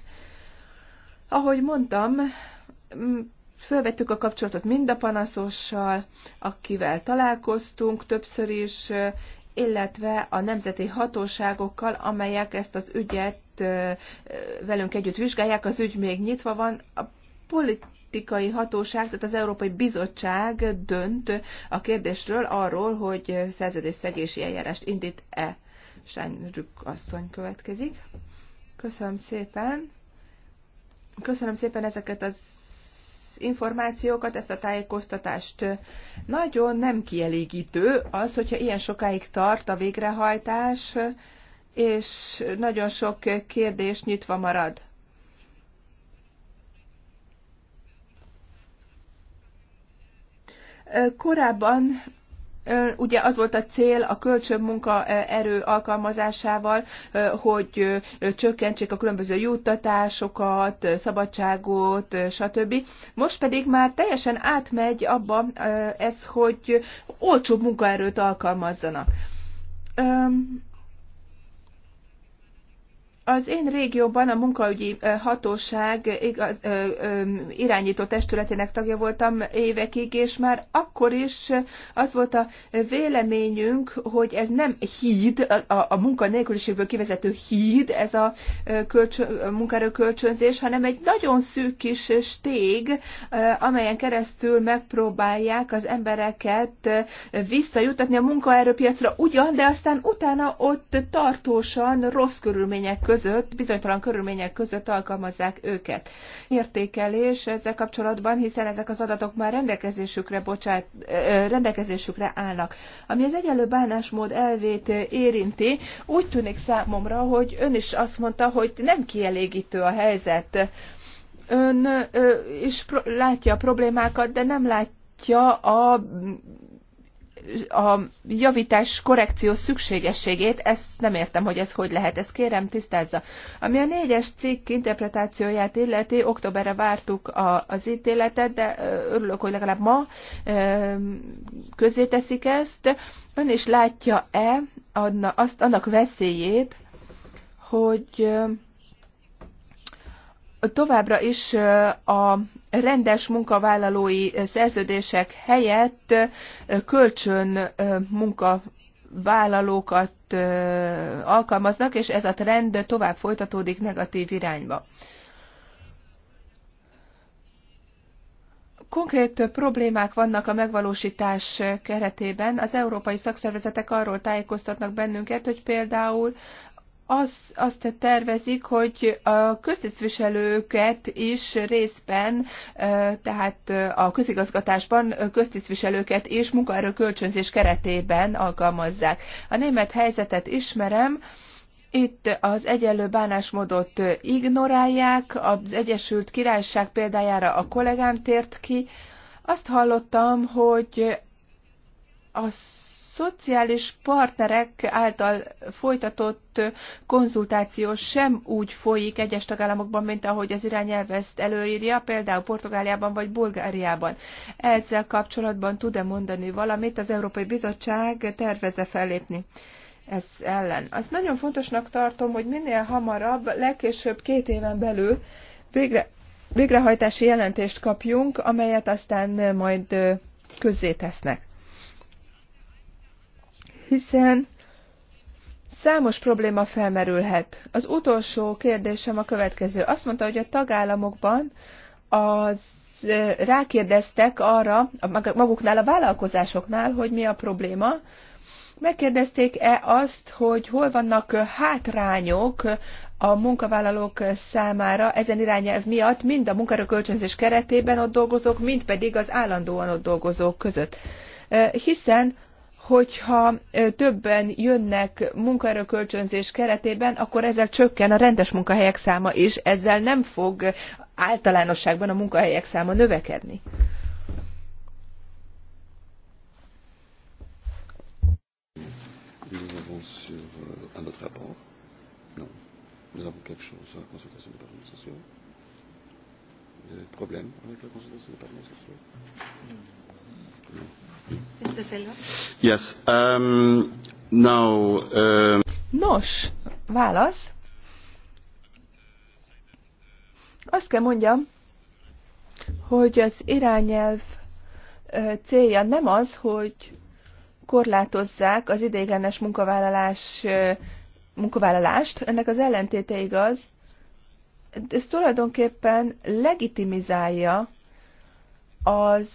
Ahogy mondtam, Fölvettük a kapcsolatot mind a panaszossal, akivel találkoztunk többször is, illetve a nemzeti hatóságokkal, amelyek ezt az ügyet velünk együtt vizsgálják. Az ügy még nyitva van. A politikai hatóság, tehát az Európai Bizottság dönt a kérdésről arról, hogy szerződésszegési eljárást indít-e. Sányrük asszony következik. Köszönöm szépen. Köszönöm szépen ezeket az információkat, ezt a tájékoztatást. Nagyon nem kielégítő az, hogyha ilyen sokáig tart a végrehajtás, és nagyon sok kérdés nyitva marad. Korábban Ugye az volt a cél a kölcsönmunkaerő alkalmazásával, hogy csökkentsék a különböző juttatásokat, szabadságot, stb. Most pedig már teljesen átmegy abba ez, hogy olcsóbb munkaerőt alkalmazzanak. Az én régióban a munkaügyi hatóság igaz, ö, ö, irányító testületének tagja voltam évekig, és már akkor is az volt a véleményünk, hogy ez nem híd, a, a munkanélküliségből kivezető híd, ez a kölcsön, kölcsönzés, hanem egy nagyon szűk kis stég, amelyen keresztül megpróbálják az embereket visszajutatni a munkaerőpiacra ugyan, de aztán utána ott tartósan rossz körülmények között, bizonytalan körülmények között alkalmazzák őket. Értékelés ezzel kapcsolatban, hiszen ezek az adatok már rendelkezésükre, bocsát, rendelkezésükre állnak. Ami az egyenlő bánásmód elvét érinti, úgy tűnik számomra, hogy ön is azt mondta, hogy nem kielégítő a helyzet. Ön is látja a problémákat, de nem látja a a javítás korrekció szükségességét, ezt nem értem, hogy ez hogy lehet, ezt kérem tisztázza. Ami a négyes cikk interpretációját illeti, októberre vártuk a, az ítéletet, de örülök, hogy legalább ma közzéteszik ezt. Ön is látja-e azt annak veszélyét, hogy továbbra is a rendes munkavállalói szerződések helyett kölcsön munkavállalókat alkalmaznak, és ez a trend tovább folytatódik negatív irányba. Konkrét problémák vannak a megvalósítás keretében. Az európai szakszervezetek arról tájékoztatnak bennünket, hogy például az, azt tervezik, hogy a köztisztviselőket is részben, tehát a közigazgatásban köztisztviselőket és munkaerő kölcsönzés keretében alkalmazzák. A német helyzetet ismerem, itt az egyenlő bánásmódot ignorálják, az Egyesült Királyság példájára a kollégám tért ki. Azt hallottam, hogy a szociális partnerek által folytatott konzultáció sem úgy folyik egyes tagállamokban, mint ahogy az irányelv ezt előírja, például Portugáliában vagy Bulgáriában. Ezzel kapcsolatban tud-e mondani valamit, az Európai Bizottság terveze fellépni? ez ellen. Azt nagyon fontosnak tartom, hogy minél hamarabb, legkésőbb két éven belül végre, végrehajtási jelentést kapjunk, amelyet aztán majd közzétesznek hiszen Számos probléma felmerülhet. Az utolsó kérdésem a következő. Azt mondta, hogy a tagállamokban az rákérdeztek arra, maguknál a vállalkozásoknál, hogy mi a probléma. Megkérdezték-e azt, hogy hol vannak hátrányok a munkavállalók számára ezen irányelv miatt, mind a munkaerőkölcsönzés keretében ott dolgozók, mind pedig az állandóan ott dolgozók között. Hiszen hogyha többen jönnek munkaerőkölcsönzés keretében, akkor ezzel csökken a rendes munkahelyek száma, is ezzel nem fog általánosságban a munkahelyek száma növekedni.
Euh, avec la consultation des partenaires sociaux Non. Mr. Silva? Yes. Um, now, um...
Nos, válasz. Azt kell mondjam, hogy az irányelv célja nem az, hogy korlátozzák az ideiglenes munkavállalás, munkavállalást, ennek az ellentéte igaz, ez tulajdonképpen legitimizálja az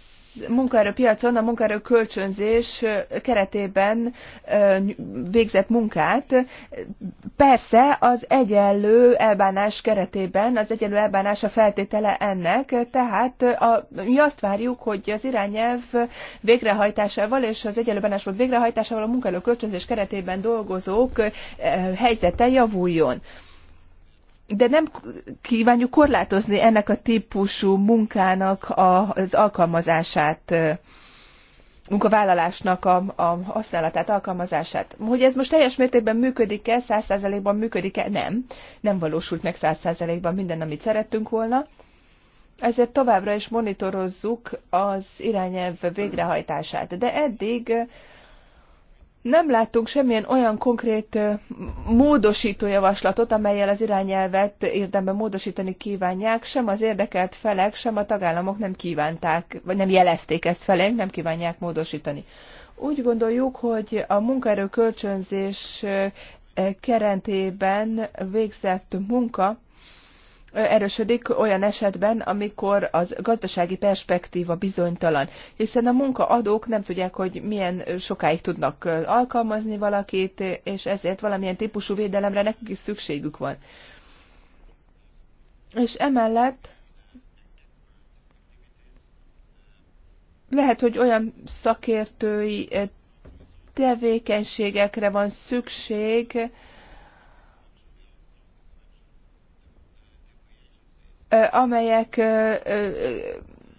munkaerőpiacon a munkaerő kölcsönzés keretében végzett munkát. Persze az egyenlő elbánás keretében, az egyenlő elbánás a feltétele ennek, tehát a, mi azt várjuk, hogy az irányelv végrehajtásával és az egyenlő bánásmód végrehajtásával a munkaerő kölcsönzés keretében dolgozók helyzete javuljon de nem kívánjuk korlátozni ennek a típusú munkának az alkalmazását, munkavállalásnak a, a használatát, alkalmazását. Hogy ez most teljes mértékben működik-e, száz százalékban működik-e? Nem. Nem valósult meg száz százalékban minden, amit szerettünk volna. Ezért továbbra is monitorozzuk az irányelv végrehajtását. De eddig nem láttunk semmilyen olyan konkrét módosító javaslatot, amelyel az irányelvet érdemben módosítani kívánják, sem az érdekelt felek, sem a tagállamok nem kívánták, vagy nem jelezték ezt felénk, nem kívánják módosítani. Úgy gondoljuk, hogy a munkaerő kölcsönzés keretében végzett munka erősödik olyan esetben, amikor az gazdasági perspektíva bizonytalan, hiszen a munkaadók nem tudják, hogy milyen sokáig tudnak alkalmazni valakit, és ezért valamilyen típusú védelemre nekik is szükségük van. És emellett lehet, hogy olyan szakértői tevékenységekre van szükség, amelyek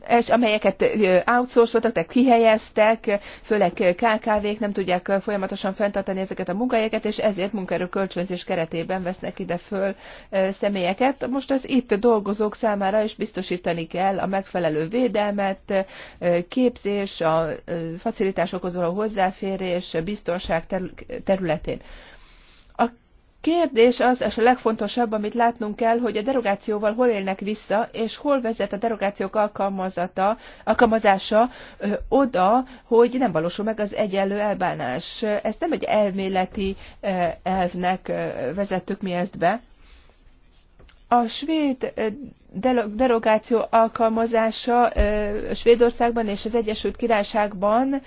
és amelyeket outsourcoltak, tehát kihelyeztek, főleg KKV-k nem tudják folyamatosan fenntartani ezeket a munkahelyeket, és ezért munkaerő kölcsönzés keretében vesznek ide föl személyeket. Most az itt dolgozók számára is biztosítani kell a megfelelő védelmet, képzés, a facilitásokhoz való hozzáférés, biztonság területén. Kérdés az, és a legfontosabb, amit látnunk kell, hogy a derogációval hol élnek vissza, és hol vezet a derogációk alkalmazata, alkalmazása ö, oda, hogy nem valósul meg az egyenlő elbánás. Ez nem egy elméleti ö, elvnek ö, vezettük mi ezt be. A svéd derogáció alkalmazása ö, Svédországban és az Egyesült Királyságban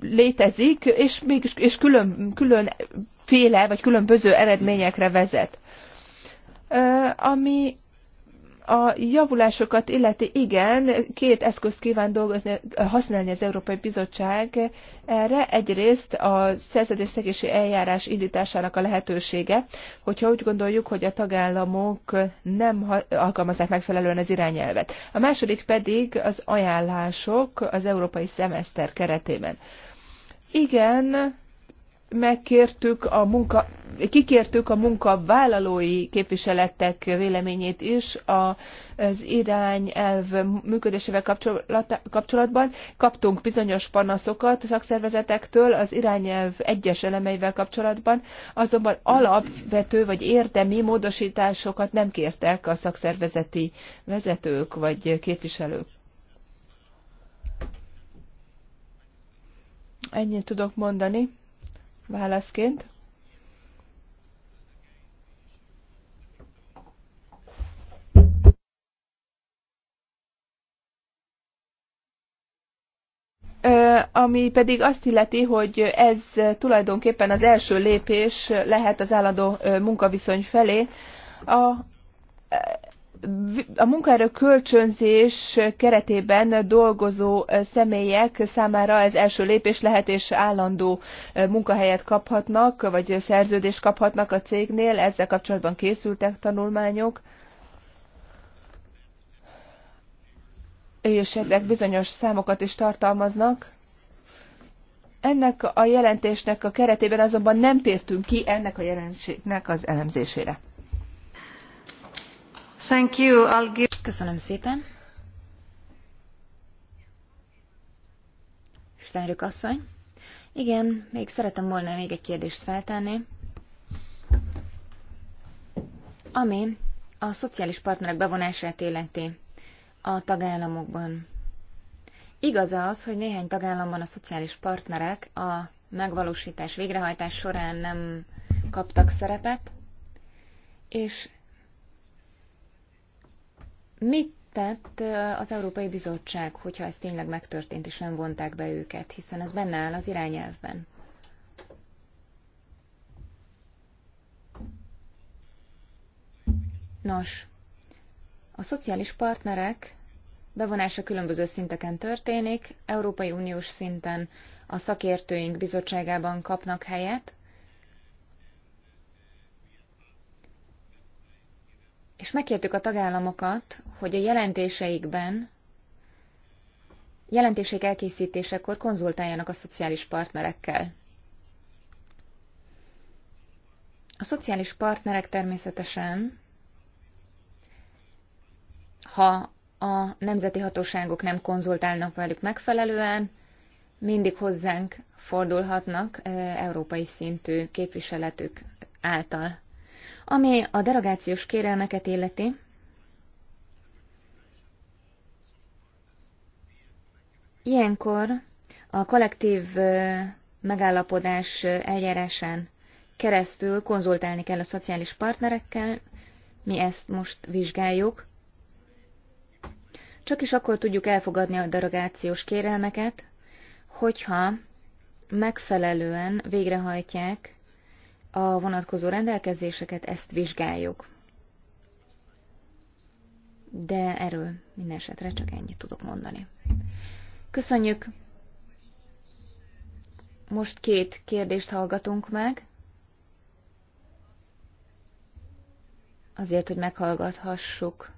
létezik, és mégis és külön, különféle vagy különböző eredményekre vezet. Ami a javulásokat illeti igen, két eszközt kíván dolgozni, használni az Európai Bizottság erre. Egyrészt a szerződésszegési eljárás indításának a lehetősége, hogyha úgy gondoljuk, hogy a tagállamok nem alkalmazzák megfelelően az irányelvet. A második pedig az ajánlások az európai szemeszter keretében. Igen, megkértük a munka, kikértük a munkavállalói képviseletek véleményét is az irányelv működésével kapcsolatban. Kaptunk bizonyos panaszokat szakszervezetektől az irányelv egyes elemeivel kapcsolatban, azonban alapvető vagy érdemi módosításokat nem kértek a szakszervezeti vezetők vagy képviselők. Ennyit tudok mondani válaszként. ami pedig azt illeti, hogy ez tulajdonképpen az első lépés lehet az állandó munkaviszony felé. A, a munkaerő kölcsönzés keretében dolgozó személyek számára ez első lépés lehet, és állandó munkahelyet kaphatnak, vagy szerződést kaphatnak a cégnél. Ezzel kapcsolatban készültek tanulmányok. És ezek bizonyos számokat is tartalmaznak. Ennek a jelentésnek a keretében azonban nem tértünk ki ennek a jelenségnek az elemzésére.
Köszönöm szépen. Steinrück asszony. Igen, még szeretem volna még egy kérdést feltenni. Ami a szociális partnerek bevonását illeti a tagállamokban. Igaz az, hogy néhány tagállamban a szociális partnerek a megvalósítás, végrehajtás során nem kaptak szerepet, és Mit tett az Európai Bizottság, hogyha ez tényleg megtörtént, és nem vonták be őket, hiszen ez benne áll az irányelvben? Nos, a szociális partnerek bevonása különböző szinteken történik, Európai Uniós szinten a szakértőink bizottságában kapnak helyet, és megkértük a tagállamokat, hogy a jelentéseikben, jelentéseik elkészítésekor konzultáljanak a szociális partnerekkel. A szociális partnerek természetesen, ha a nemzeti hatóságok nem konzultálnak velük megfelelően, mindig hozzánk fordulhatnak európai szintű képviseletük által. Ami a derogációs kérelmeket illeti, ilyenkor a kollektív megállapodás eljárásán keresztül konzultálni kell a szociális partnerekkel, mi ezt most vizsgáljuk. Csak is akkor tudjuk elfogadni a derogációs kérelmeket, hogyha megfelelően végrehajtják a vonatkozó rendelkezéseket, ezt vizsgáljuk. De erről minden esetre csak ennyit tudok mondani. Köszönjük! Most két kérdést hallgatunk meg, azért, hogy meghallgathassuk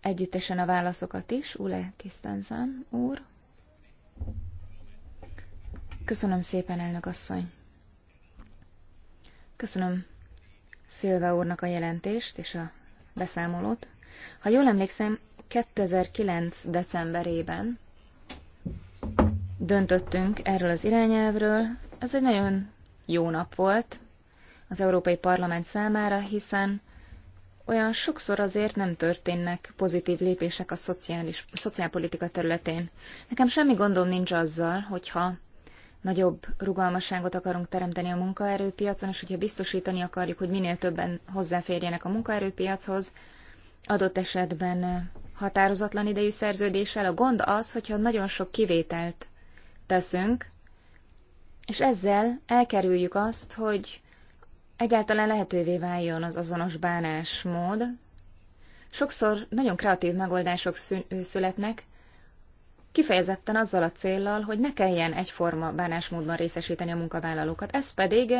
együttesen a válaszokat is, Ule Kisztenzán úr. Köszönöm szépen, elnök asszony! Köszönöm Szilva úrnak a jelentést és a beszámolót. Ha jól emlékszem, 2009. decemberében döntöttünk erről az irányelvről. Ez egy nagyon jó nap volt az Európai Parlament számára, hiszen olyan sokszor azért nem történnek pozitív lépések a szociális, a szociálpolitika területén. Nekem semmi gondom nincs azzal, hogyha nagyobb rugalmasságot akarunk teremteni a munkaerőpiacon, és hogyha biztosítani akarjuk, hogy minél többen hozzáférjenek a munkaerőpiachoz, adott esetben határozatlan idejű szerződéssel. A gond az, hogyha nagyon sok kivételt teszünk, és ezzel elkerüljük azt, hogy egyáltalán lehetővé váljon az azonos bánásmód. Sokszor nagyon kreatív megoldások születnek, kifejezetten azzal a céllal, hogy ne kelljen egyforma bánásmódban részesíteni a munkavállalókat, ez pedig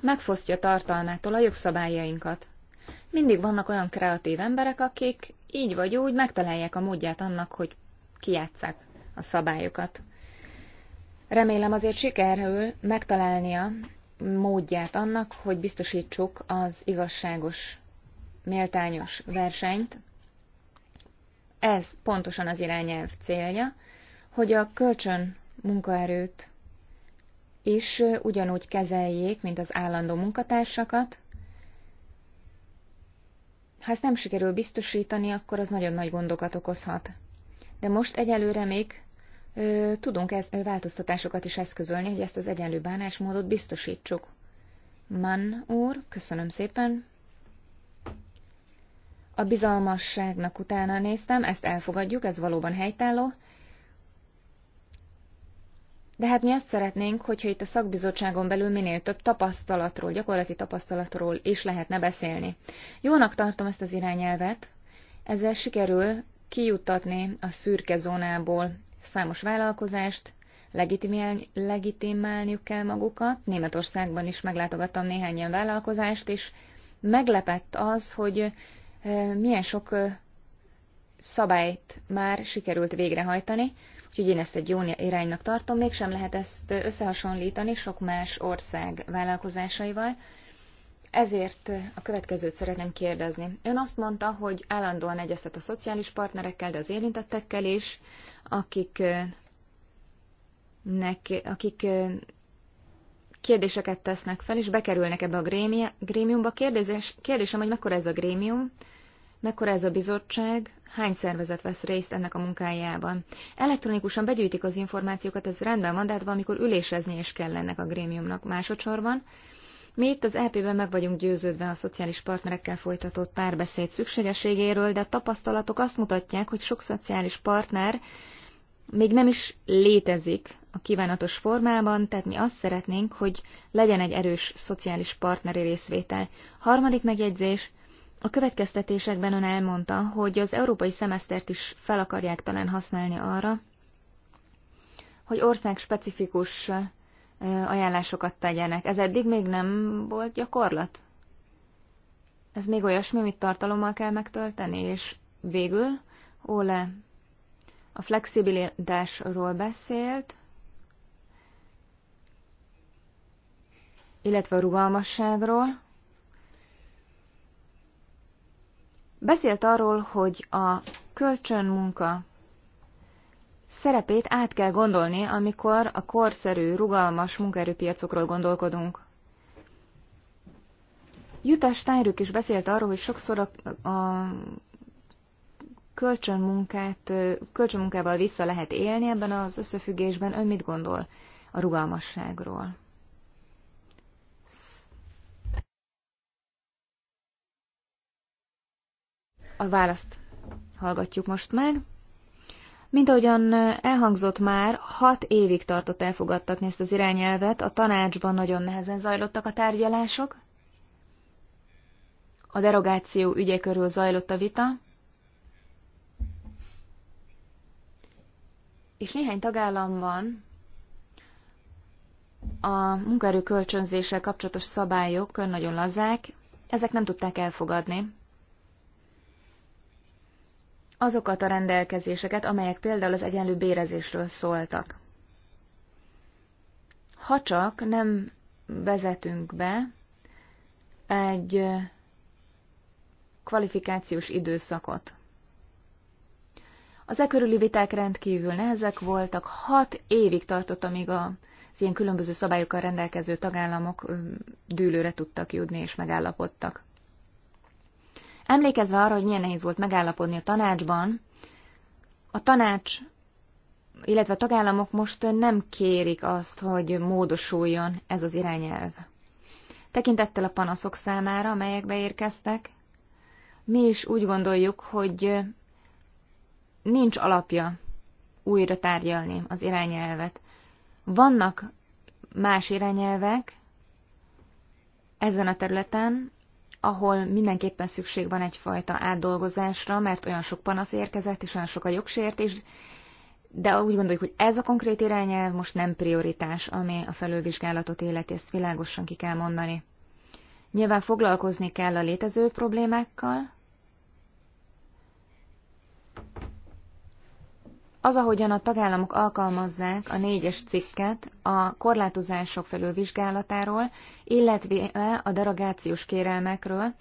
megfosztja tartalmától a jogszabályainkat. Mindig vannak olyan kreatív emberek, akik így vagy úgy megtalálják a módját annak, hogy kiátszák a szabályokat. Remélem azért sikerül megtalálnia módját annak, hogy biztosítsuk az igazságos, méltányos versenyt ez pontosan az irányelv célja, hogy a kölcsön munkaerőt is ugyanúgy kezeljék, mint az állandó munkatársakat. Ha ezt nem sikerül biztosítani, akkor az nagyon nagy gondokat okozhat. De most egyelőre még ö, tudunk ez, ö, változtatásokat is eszközölni, hogy ezt az egyenlő bánásmódot biztosítsuk. Mann úr, köszönöm szépen, a bizalmasságnak utána néztem, ezt elfogadjuk, ez valóban helytálló. De hát mi azt szeretnénk, hogyha itt a szakbizottságon belül minél több tapasztalatról, gyakorlati tapasztalatról is lehetne beszélni. Jónak tartom ezt az irányelvet, ezzel sikerül kijuttatni a szürke zónából számos vállalkozást, legitimálniuk kell magukat. Németországban is meglátogattam néhány ilyen vállalkozást, és meglepett az, hogy milyen sok szabályt már sikerült végrehajtani, úgyhogy én ezt egy jó iránynak tartom, mégsem lehet ezt összehasonlítani sok más ország vállalkozásaival. Ezért a következőt szeretném kérdezni. Ön azt mondta, hogy állandóan egyeztet a szociális partnerekkel, de az érintettekkel is, akik nek, akik kérdéseket tesznek fel, és bekerülnek ebbe a grémiumba. Kérdés, kérdésem, hogy mekkora ez a grémium, mekkora ez a bizottság, hány szervezet vesz részt ennek a munkájában. Elektronikusan begyűjtik az információkat, ez rendben van, de hát valamikor ülésezni is kell ennek a grémiumnak másodszorban. Mi itt az EP-ben meg vagyunk győződve a szociális partnerekkel folytatott párbeszéd szükségességéről, de a tapasztalatok azt mutatják, hogy sok szociális partner még nem is létezik a kívánatos formában, tehát mi azt szeretnénk, hogy legyen egy erős szociális partneri részvétel. Harmadik megjegyzés, a következtetésekben ön elmondta, hogy az európai szemesztert is fel akarják talán használni arra, hogy ország specifikus ajánlásokat tegyenek. Ez eddig még nem volt gyakorlat? Ez még olyasmi, amit tartalommal kell megtölteni, és végül Ole a flexibilitásról beszélt, illetve a rugalmasságról. Beszélt arról, hogy a kölcsönmunka szerepét át kell gondolni, amikor a korszerű, rugalmas munkaerőpiacokról gondolkodunk. Jutta Steinrück is beszélt arról, hogy sokszor a, a kölcsönmunkát, kölcsönmunkával vissza lehet élni ebben az összefüggésben. Ön mit gondol a rugalmasságról? A választ hallgatjuk most meg. Mint ahogyan elhangzott már, hat évig tartott elfogadtatni ezt az irányelvet, a tanácsban nagyon nehezen zajlottak a tárgyalások, a derogáció ügye körül zajlott a vita, és néhány tagállamban a munkaerő kölcsönzéssel kapcsolatos szabályok nagyon lazák, ezek nem tudták elfogadni azokat a rendelkezéseket, amelyek például az egyenlő bérezésről szóltak. Ha csak nem vezetünk be egy kvalifikációs időszakot. Az e körüli viták rendkívül nehezek voltak, hat évig tartott, amíg a az ilyen különböző szabályokkal rendelkező tagállamok dűlőre tudtak jutni és megállapodtak. Emlékezve arra, hogy milyen nehéz volt megállapodni a tanácsban, a tanács, illetve a tagállamok most nem kérik azt, hogy módosuljon ez az irányelv. Tekintettel a panaszok számára, amelyek beérkeztek, mi is úgy gondoljuk, hogy nincs alapja újra tárgyalni az irányelvet. Vannak más irányelvek ezen a területen, ahol mindenképpen szükség van egyfajta átdolgozásra, mert olyan sok panasz érkezett, és olyan sok a jogsértés, de úgy gondoljuk, hogy ez a konkrét irányelv most nem prioritás, ami a felülvizsgálatot életi, ezt világosan ki kell mondani. Nyilván foglalkozni kell a létező problémákkal, Az, ahogyan a tagállamok alkalmazzák a négyes cikket a korlátozások felülvizsgálatáról, illetve a derogációs kérelmekről,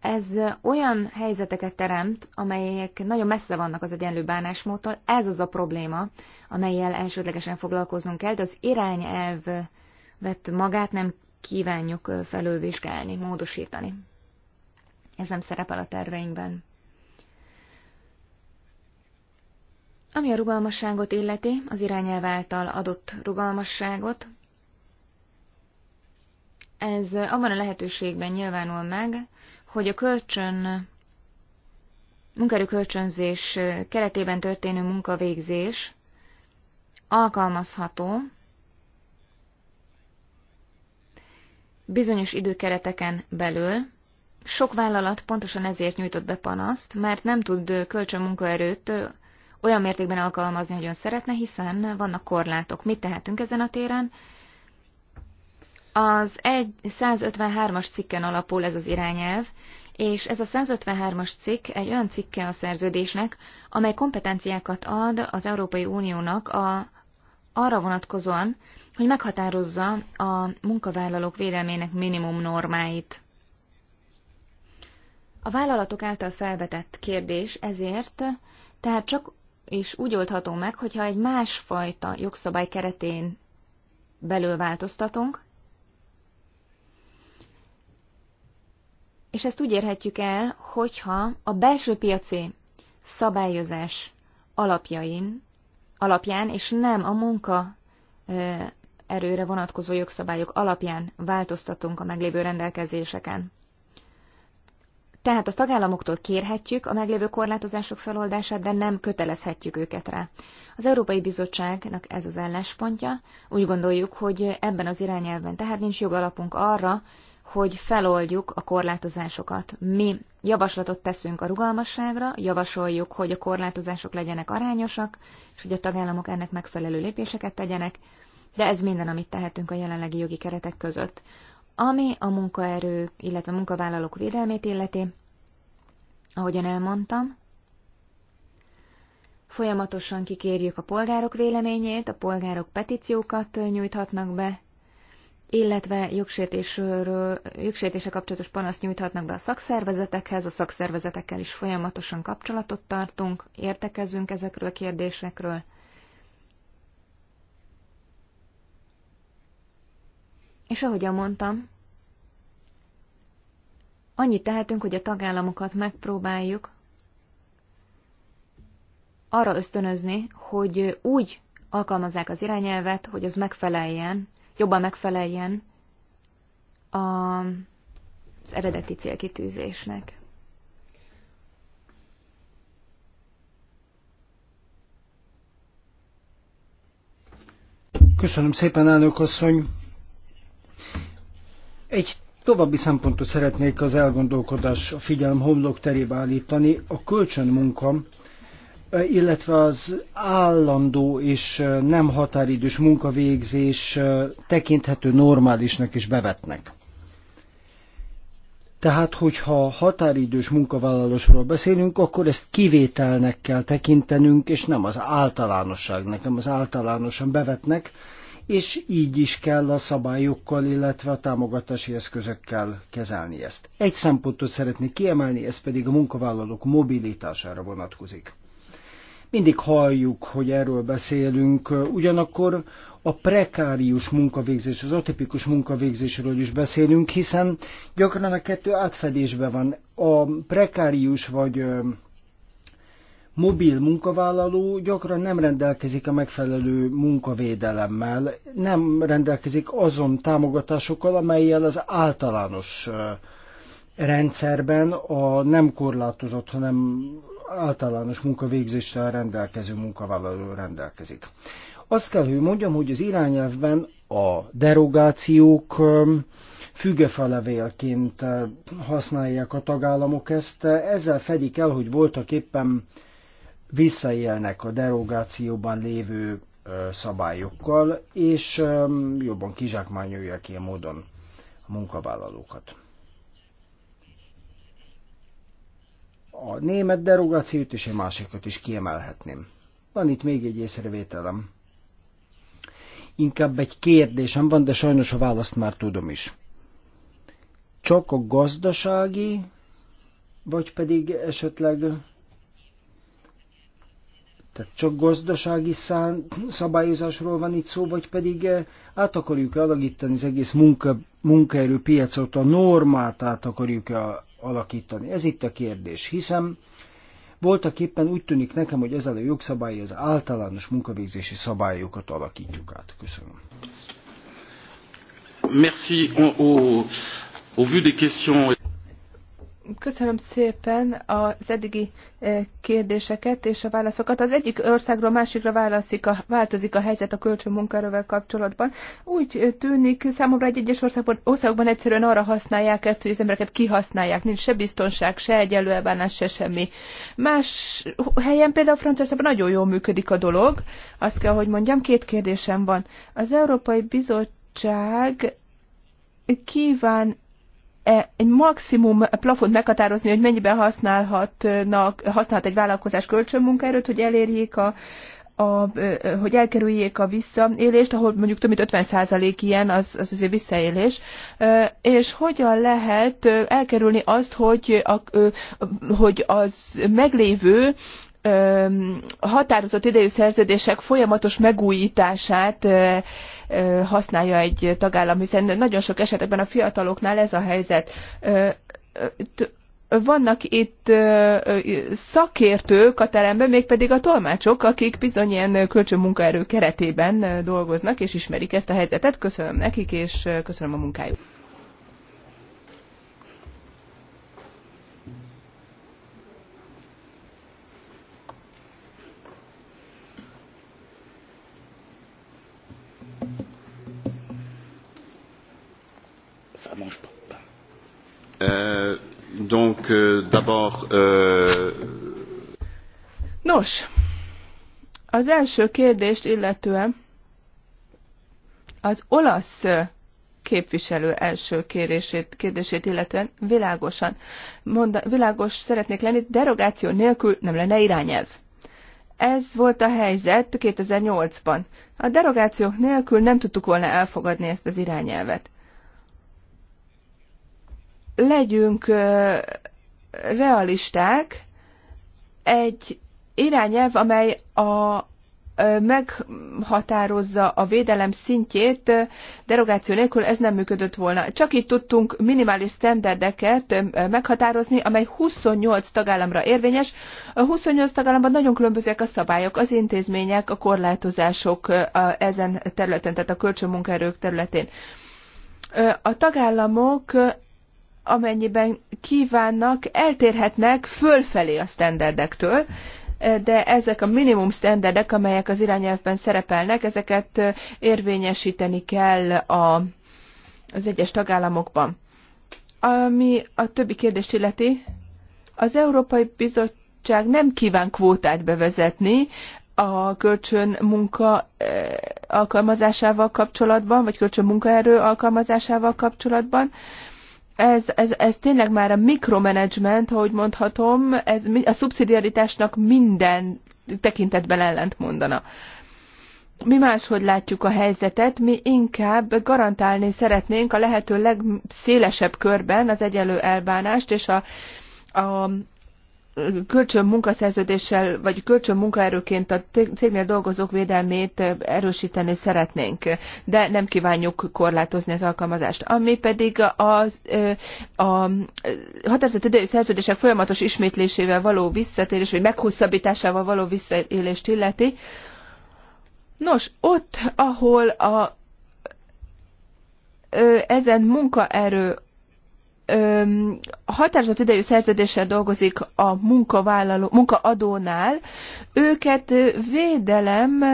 ez olyan helyzeteket teremt, amelyek nagyon messze vannak az egyenlő bánásmódtól. Ez az a probléma, amelyel elsődlegesen foglalkoznunk kell, de az irányelv vett magát nem kívánjuk felülvizsgálni, módosítani. Ez nem szerepel a terveinkben. Ami a rugalmasságot illeti, az irányelv által adott rugalmasságot, ez abban a lehetőségben nyilvánul meg, hogy a kölcsön, kölcsönzés keretében történő munkavégzés alkalmazható bizonyos időkereteken belül, sok vállalat pontosan ezért nyújtott be panaszt, mert nem tud kölcsön munkaerőt olyan mértékben alkalmazni, hogy ön szeretne, hiszen vannak korlátok. Mit tehetünk ezen a téren? Az 153-as cikken alapul ez az irányelv, és ez a 153-as cikk egy olyan cikke a szerződésnek, amely kompetenciákat ad az Európai Uniónak a, arra vonatkozóan, hogy meghatározza a munkavállalók védelmének minimum normáit. A vállalatok által felvetett kérdés ezért, tehát csak és úgy oldható meg, hogyha egy másfajta jogszabály keretén belül változtatunk, és ezt úgy érhetjük el, hogyha a belső piaci szabályozás alapjain, alapján, és nem a munka erőre vonatkozó jogszabályok alapján változtatunk a meglévő rendelkezéseken. Tehát a tagállamoktól kérhetjük a meglévő korlátozások feloldását, de nem kötelezhetjük őket rá. Az Európai Bizottságnak ez az álláspontja. Úgy gondoljuk, hogy ebben az irányelven tehát nincs jogalapunk arra, hogy feloldjuk a korlátozásokat. Mi javaslatot teszünk a rugalmasságra, javasoljuk, hogy a korlátozások legyenek arányosak, és hogy a tagállamok ennek megfelelő lépéseket tegyenek, de ez minden, amit tehetünk a jelenlegi jogi keretek között. Ami a munkaerő, illetve a munkavállalók védelmét illeti, ahogyan elmondtam, folyamatosan kikérjük a polgárok véleményét, a polgárok petíciókat nyújthatnak be, illetve jogsértése kapcsolatos panaszt nyújthatnak be a szakszervezetekhez, a szakszervezetekkel is folyamatosan kapcsolatot tartunk, értekezünk ezekről a kérdésekről, És ahogyan mondtam, annyit tehetünk, hogy a tagállamokat megpróbáljuk arra ösztönözni, hogy úgy alkalmazzák az irányelvet, hogy az megfeleljen, jobban megfeleljen a, az eredeti célkitűzésnek.
Köszönöm szépen, elnök asszony! Egy további szempontot szeretnék az elgondolkodás a figyelm homlok terébe állítani, a kölcsönmunka, e, illetve az állandó és e, nem határidős munkavégzés e, tekinthető normálisnak és bevetnek. Tehát, hogyha határidős munkavállalósról beszélünk, akkor ezt kivételnek kell tekintenünk, és nem az általánosságnak, nem az általánosan bevetnek, és így is kell a szabályokkal, illetve a támogatási eszközökkel kezelni ezt. Egy szempontot szeretnék kiemelni, ez pedig a munkavállalók mobilitására vonatkozik. Mindig halljuk, hogy erről beszélünk, ugyanakkor a prekárius munkavégzés, az atipikus munkavégzésről is beszélünk, hiszen gyakran a kettő átfedésben van. A prekárius vagy mobil munkavállaló gyakran nem rendelkezik a megfelelő munkavédelemmel, nem rendelkezik azon támogatásokkal, amelyel az általános rendszerben a nem korlátozott, hanem általános munkavégzéssel rendelkező munkavállaló rendelkezik. Azt kell, hogy mondjam, hogy az irányelvben a derogációk függefelevélként használják a tagállamok ezt, ezzel fedik el, hogy voltak éppen visszaélnek a derogációban lévő szabályokkal, és jobban kizsákmányolják ilyen módon a munkavállalókat. A német derogációt és egy másikat is kiemelhetném. Van itt még egy észrevételem. Inkább egy kérdésem van, de sajnos a választ már tudom is. Csak a gazdasági, vagy pedig esetleg tehát csak gazdasági szán, szabályozásról van itt szó, vagy pedig eh, át akarjuk alakítani az egész munka, munkaerőpiacot, a normát át akarjuk alakítani. Ez itt a kérdés, hiszen voltak éppen úgy tűnik nekem, hogy ezzel a jogszabály az általános munkavégzési szabályokat alakítjuk át. Köszönöm.
Merci. Au, au vu des questions...
Köszönöm szépen az eddigi e, kérdéseket és a válaszokat. Az egyik országról másikra válaszik a, változik a helyzet a kölcsönmunkaerővel kapcsolatban. Úgy e, tűnik számomra egy egyes országban, országban egyszerűen arra használják ezt, hogy az embereket kihasználják. Nincs se biztonság, se egyenlő elbánás, se semmi. Más helyen például Franciaországban nagyon jól működik a dolog. Azt kell, hogy mondjam, két kérdésem van. Az Európai Bizottság kíván E, egy maximum plafont meghatározni, hogy mennyiben használhatnak, használhat egy vállalkozás kölcsönmunkaerőt, hogy elérjék a, a, e, hogy elkerüljék a visszaélést, ahol mondjuk több mint 50% ilyen, az, az azért visszaélés, e, és hogyan lehet elkerülni azt, hogy, a, hogy az meglévő határozott idejű szerződések folyamatos megújítását használja egy tagállam, hiszen nagyon sok esetben a fiataloknál ez a helyzet vannak itt szakértők a teremben, mégpedig a tolmácsok, akik bizony ilyen kölcsönmunkaerő keretében dolgoznak, és ismerik ezt a helyzetet. Köszönöm nekik, és köszönöm a munkájukat. mange pas
Euh, donc, euh, d'abord. Euh...
Nos, az első kérdést illetően az olasz képviselő első kérését, kérdését illetően világosan mond, világos szeretnék lenni, derogáció nélkül nem lenne irányelv. Ez volt a helyzet 2008-ban. A derogációk nélkül nem tudtuk volna elfogadni ezt az irányelvet legyünk realisták, egy irányelv, amely a meghatározza a védelem szintjét, derogáció nélkül ez nem működött volna. Csak így tudtunk minimális standardeket meghatározni, amely 28 tagállamra érvényes. A 28 tagállamban nagyon különbözőek a szabályok, az intézmények, a korlátozások a, ezen területen, tehát a kölcsönmunkaerők területén. A tagállamok amennyiben kívánnak, eltérhetnek fölfelé a standardektől, de ezek a minimum standardek, amelyek az irányelvben szerepelnek, ezeket érvényesíteni kell a, az egyes tagállamokban. Ami a többi kérdést illeti, az Európai Bizottság nem kíván kvótát bevezetni a kölcsön munka alkalmazásával kapcsolatban, vagy kölcsön munkaerő alkalmazásával kapcsolatban ez, ez, ez tényleg már a mikromanagement, ahogy mondhatom, ez a szubszidiaritásnak minden tekintetben ellent mondana. Mi máshogy látjuk a helyzetet, mi inkább garantálni szeretnénk a lehető legszélesebb körben az egyenlő elbánást és a, a kölcsön munkaszerződéssel, vagy kölcsön munkaerőként a cégnél dolgozók védelmét erősíteni szeretnénk, de nem kívánjuk korlátozni az alkalmazást. Ami pedig az, a határozott idejű szerződések folyamatos ismétlésével való visszatérés, vagy meghosszabbításával való visszaélést illeti, Nos, ott, ahol a ezen munkaerő határozott idejű szerződéssel dolgozik a munkavállaló, munkaadónál, őket védelem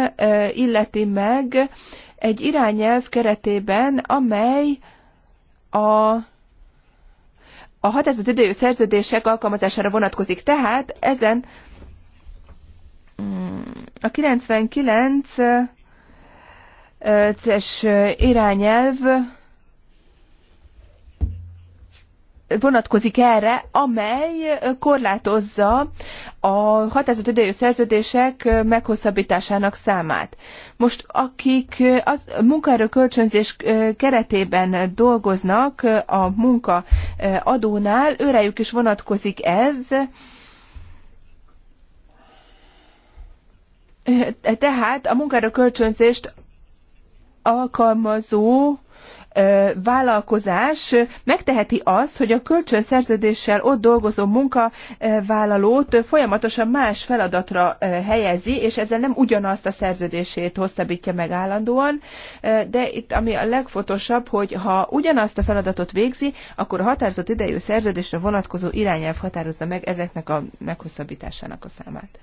illeti meg egy irányelv keretében, amely a a határozott idejű szerződések alkalmazására vonatkozik. Tehát ezen mm, a 99-es irányelv vonatkozik erre, amely korlátozza a határozott idejű szerződések meghosszabbításának számát. Most akik az munkaerő kölcsönzés keretében dolgoznak a munkaadónál, őrejük is vonatkozik ez, tehát a munkaerő kölcsönzést alkalmazó vállalkozás megteheti azt, hogy a kölcsönszerződéssel ott dolgozó munkavállalót folyamatosan más feladatra helyezi, és ezzel nem ugyanazt a szerződését hosszabbítja meg állandóan, de itt ami a legfontosabb, hogy ha ugyanazt a feladatot végzi, akkor a határozott idejű szerződésre vonatkozó irányelv határozza meg ezeknek a meghosszabbításának a számát.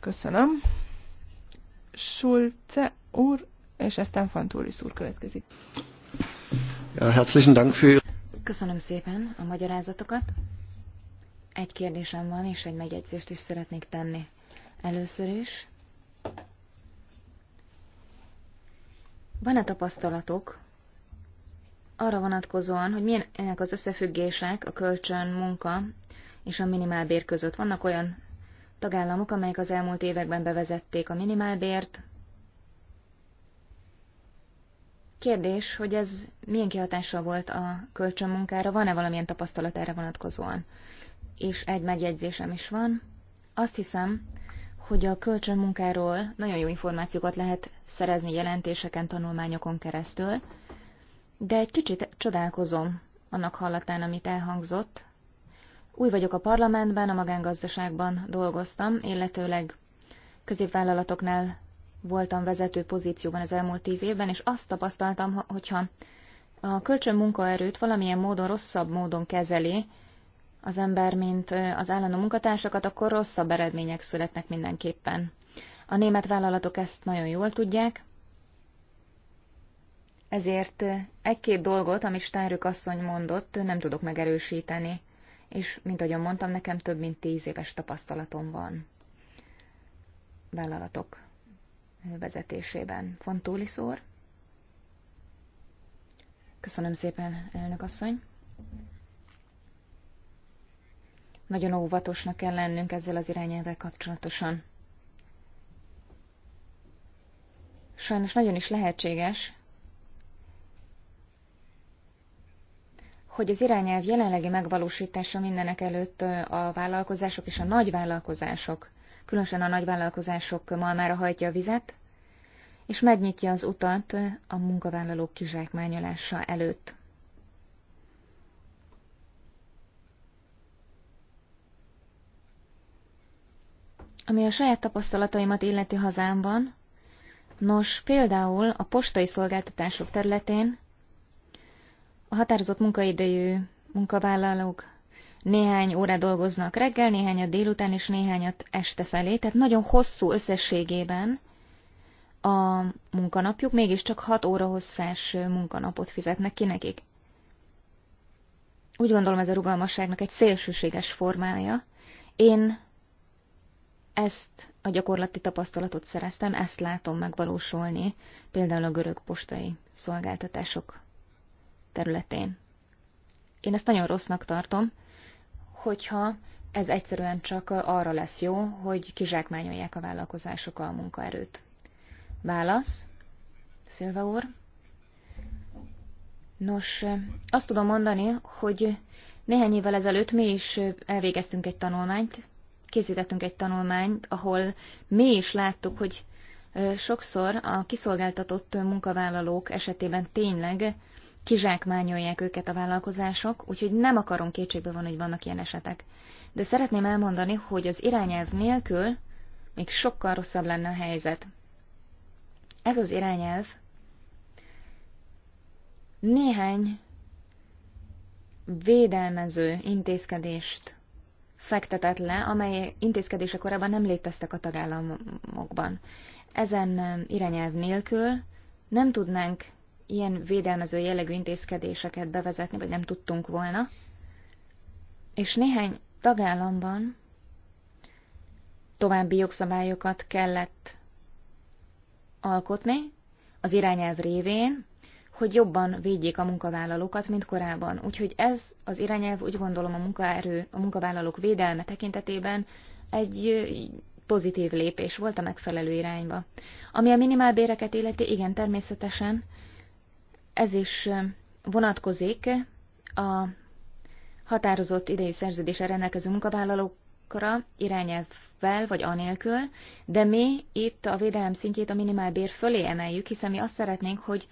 Köszönöm.
Schulze úr, és aztán Fantúris úr következik.
Ja, herzlichen Dank für...
Köszönöm szépen a magyarázatokat. Egy kérdésem van, és egy megjegyzést is szeretnék tenni. Először is. Van-e tapasztalatok arra vonatkozóan, hogy milyenek az összefüggések a kölcsön, munka és a minimálbér között? Vannak olyan tagállamok, amelyek az elmúlt években bevezették a minimálbért, Kérdés, hogy ez milyen kihatással volt a kölcsönmunkára, van-e valamilyen tapasztalat erre vonatkozóan? És egy megjegyzésem is van. Azt hiszem, hogy a kölcsönmunkáról nagyon jó információkat lehet szerezni jelentéseken, tanulmányokon keresztül, de egy kicsit csodálkozom annak hallatán, amit elhangzott. Új vagyok a parlamentben, a magángazdaságban dolgoztam, illetőleg középvállalatoknál voltam vezető pozícióban az elmúlt tíz évben, és azt tapasztaltam, hogyha a kölcsön munkaerőt valamilyen módon, rosszabb módon kezeli az ember, mint az állandó munkatársakat, akkor rosszabb eredmények születnek mindenképpen. A német vállalatok ezt nagyon jól tudják, ezért egy-két dolgot, amit Steinrück asszony mondott, nem tudok megerősíteni, és, mint ahogy mondtam, nekem több mint tíz éves tapasztalatom van. Vállalatok vezetésében. Fontúli szór. Köszönöm szépen, elnök asszony. Nagyon óvatosnak kell lennünk ezzel az irányelvvel kapcsolatosan. Sajnos nagyon is lehetséges, hogy az irányelv jelenlegi megvalósítása mindenek előtt a vállalkozások és a nagyvállalkozások. vállalkozások különösen a nagyvállalkozások malmára hajtja a vizet, és megnyitja az utat a munkavállalók kizsákmányolása előtt. Ami a saját tapasztalataimat illeti hazámban, nos, például a postai szolgáltatások területén a határozott munkaidejű munkavállalók néhány óra dolgoznak reggel, néhányat délután és néhányat este felé, tehát nagyon hosszú összességében a munkanapjuk, mégiscsak 6 óra hosszás munkanapot fizetnek ki nekik. Úgy gondolom ez a rugalmasságnak egy szélsőséges formája. Én ezt a gyakorlati tapasztalatot szereztem, ezt látom megvalósulni, például a görög postai szolgáltatások területén. Én ezt nagyon rossznak tartom, hogyha ez egyszerűen csak arra lesz jó, hogy kizsákmányolják a vállalkozások a munkaerőt. Válasz, Szilva úr. Nos, azt tudom mondani, hogy néhány évvel ezelőtt mi is elvégeztünk egy tanulmányt, készítettünk egy tanulmányt, ahol mi is láttuk, hogy sokszor a kiszolgáltatott munkavállalók esetében tényleg kizsákmányolják őket a vállalkozások, úgyhogy nem akarom kétségbe van, hogy vannak ilyen esetek. De szeretném elmondani, hogy az irányelv nélkül még sokkal rosszabb lenne a helyzet. Ez az irányelv néhány védelmező intézkedést fektetett le, amely intézkedések korábban nem léteztek a tagállamokban. Ezen irányelv nélkül nem tudnánk ilyen védelmező jellegű intézkedéseket bevezetni, vagy nem tudtunk volna. És néhány tagállamban további jogszabályokat kellett alkotni az irányelv révén, hogy jobban védjék a munkavállalókat, mint korábban. Úgyhogy ez az irányelv úgy gondolom a munkaerő, a munkavállalók védelme tekintetében egy pozitív lépés volt a megfelelő irányba. Ami a minimálbéreket illeti, igen, természetesen ez is vonatkozik a határozott idejű szerződésre rendelkező munkavállalókra irányelvvel vagy anélkül, de mi itt a védelem szintjét a minimálbér fölé emeljük, hiszen mi azt szeretnénk, hogy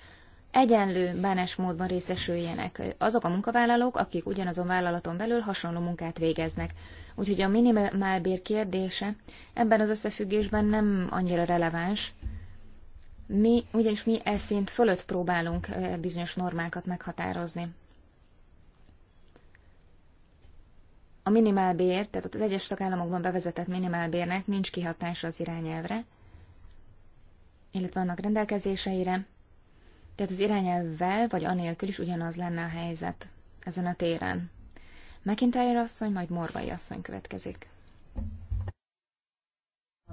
egyenlő bánásmódban részesüljenek azok a munkavállalók, akik ugyanazon vállalaton belül hasonló munkát végeznek. Úgyhogy a minimálbér kérdése ebben az összefüggésben nem annyira releváns, mi, ugyanis mi e szint fölött próbálunk bizonyos normákat meghatározni. A minimálbér, tehát az egyes tagállamokban bevezetett minimálbérnek nincs kihatása az irányelvre, illetve annak rendelkezéseire, tehát az irányelvvel vagy anélkül is ugyanaz lenne a helyzet ezen a téren. McIntyre asszony, majd Morvai asszony következik.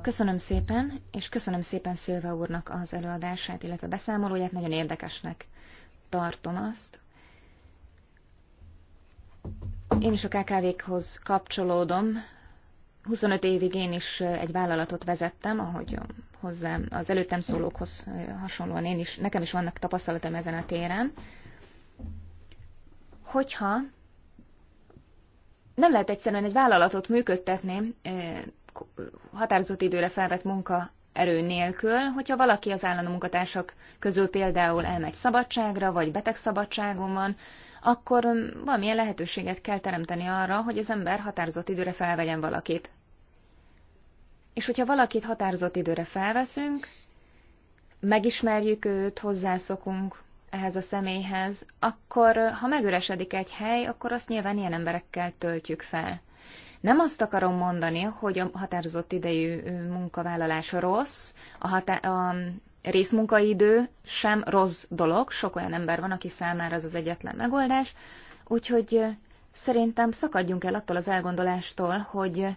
Köszönöm szépen, és köszönöm szépen Szilva úrnak az előadását, illetve beszámolóját, nagyon érdekesnek tartom azt. Én is a KKV-khoz kapcsolódom. 25 évig én is egy vállalatot vezettem, ahogy hozzá az előttem szólókhoz hasonlóan én is, nekem is vannak tapasztalatom ezen a téren. Hogyha nem lehet egyszerűen egy vállalatot működtetni, határozott időre felvett munka erő nélkül, hogyha valaki az állandó munkatársak közül például elmegy szabadságra, vagy betegszabadságon van, akkor valamilyen lehetőséget kell teremteni arra, hogy az ember határozott időre felvegyen valakit. És hogyha valakit határozott időre felveszünk, megismerjük őt, hozzászokunk ehhez a személyhez, akkor ha megüresedik egy hely, akkor azt nyilván ilyen emberekkel töltjük fel. Nem azt akarom mondani, hogy a határozott idejű munkavállalás rossz, a, hatá- a részmunkaidő sem rossz dolog, sok olyan ember van, aki számára ez az egyetlen megoldás, úgyhogy szerintem szakadjunk el attól az elgondolástól, hogy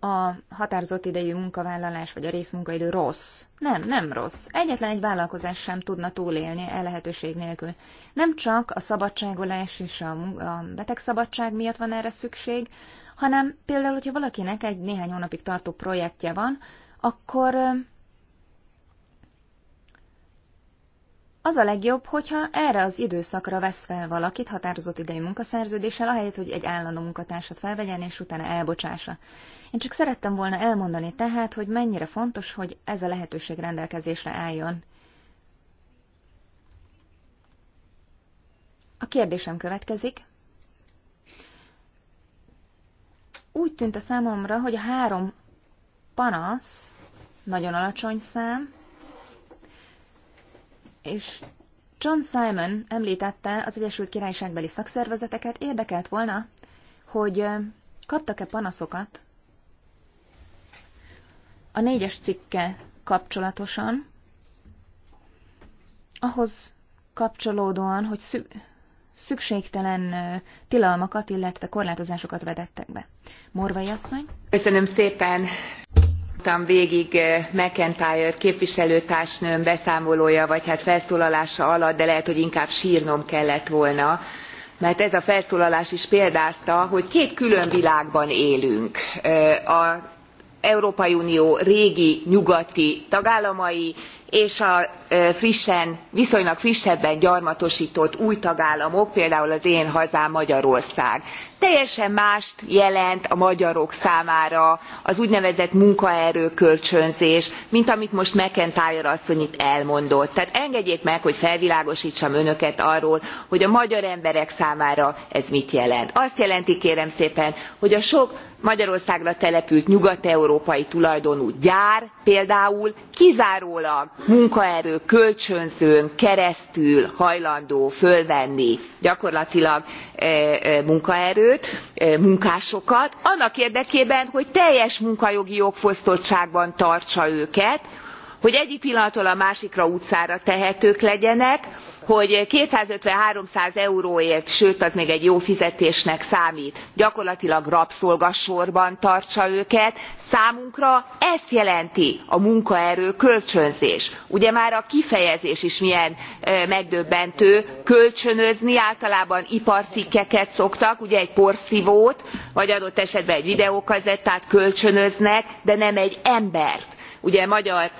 a határozott idejű munkavállalás vagy a részmunkaidő rossz. Nem, nem rossz. Egyetlen egy vállalkozás sem tudna túlélni e lehetőség nélkül. Nem csak a szabadságolás és a, a betegszabadság miatt van erre szükség, hanem például, hogyha valakinek egy néhány hónapig tartó projektje van, akkor Az a legjobb, hogyha erre az időszakra vesz fel valakit határozott idei munkaszerződéssel, ahelyett, hogy egy állandó munkatársat felvegyen, és utána elbocsása. Én csak szerettem volna elmondani tehát, hogy mennyire fontos, hogy ez a lehetőség rendelkezésre álljon. A kérdésem következik. Úgy tűnt a számomra, hogy a három panasz nagyon alacsony szám, és John Simon említette az Egyesült Királyságbeli szakszervezeteket, érdekelt volna, hogy kaptak-e panaszokat a négyes cikke kapcsolatosan, ahhoz kapcsolódóan, hogy szükségtelen tilalmakat, illetve korlátozásokat vedettek be. Morvai asszony. Köszönöm szépen,
hallgattam végig eh, mcintyre képviselőtársnőm beszámolója vagy hát felszólalása alatt de lehet hogy inkább sírnom kellett volna mert ez a felszólalás is példázta hogy két külön világban élünk eh, az európai unió régi nyugati tagállamai és a eh, frissen viszonylag frissebben gyarmatostott új tagállamok például az én hazám magyarország teljesen mást jelent a magyarok számára az úgynevezett munkaerő kölcsönzés, mint amit most mcintyre asszony itt elmondott. tehát engedjék meg hogy felvilágostsam önöket arról hogy a magyar emberek számára ez mit jelent. azt jelenti kérem szépen hogy a sok magyarországra települt nyugat európai tulajdonú gyár például kizárólag munkaerő kölcsönzőn keresztül hajlandó fölvenni gyakorlatilag eh, eh, munkaerőt munkaerőt munkásokat annak érdekében hogy teljes munkajogi jogfosztottságban tartsa őket hogy egyik pillanatról a másikra utcára tehetők legyenek hogy two hundred and fifty three hundred euróért sőt az még egy jó fizetésnek számt gyakorlatilag rabszolgasorban tartsa őket számunkra ezt jelenti a munkaerő kölcsönzés. ugye már a kifejezés is milyen megdöbbentő kölcsönözni általában iparcikkeket szoktak ugye egy porszívót vagy adott esetben egy videókazettát kölcsönöznek de nem egy embert ugye magyar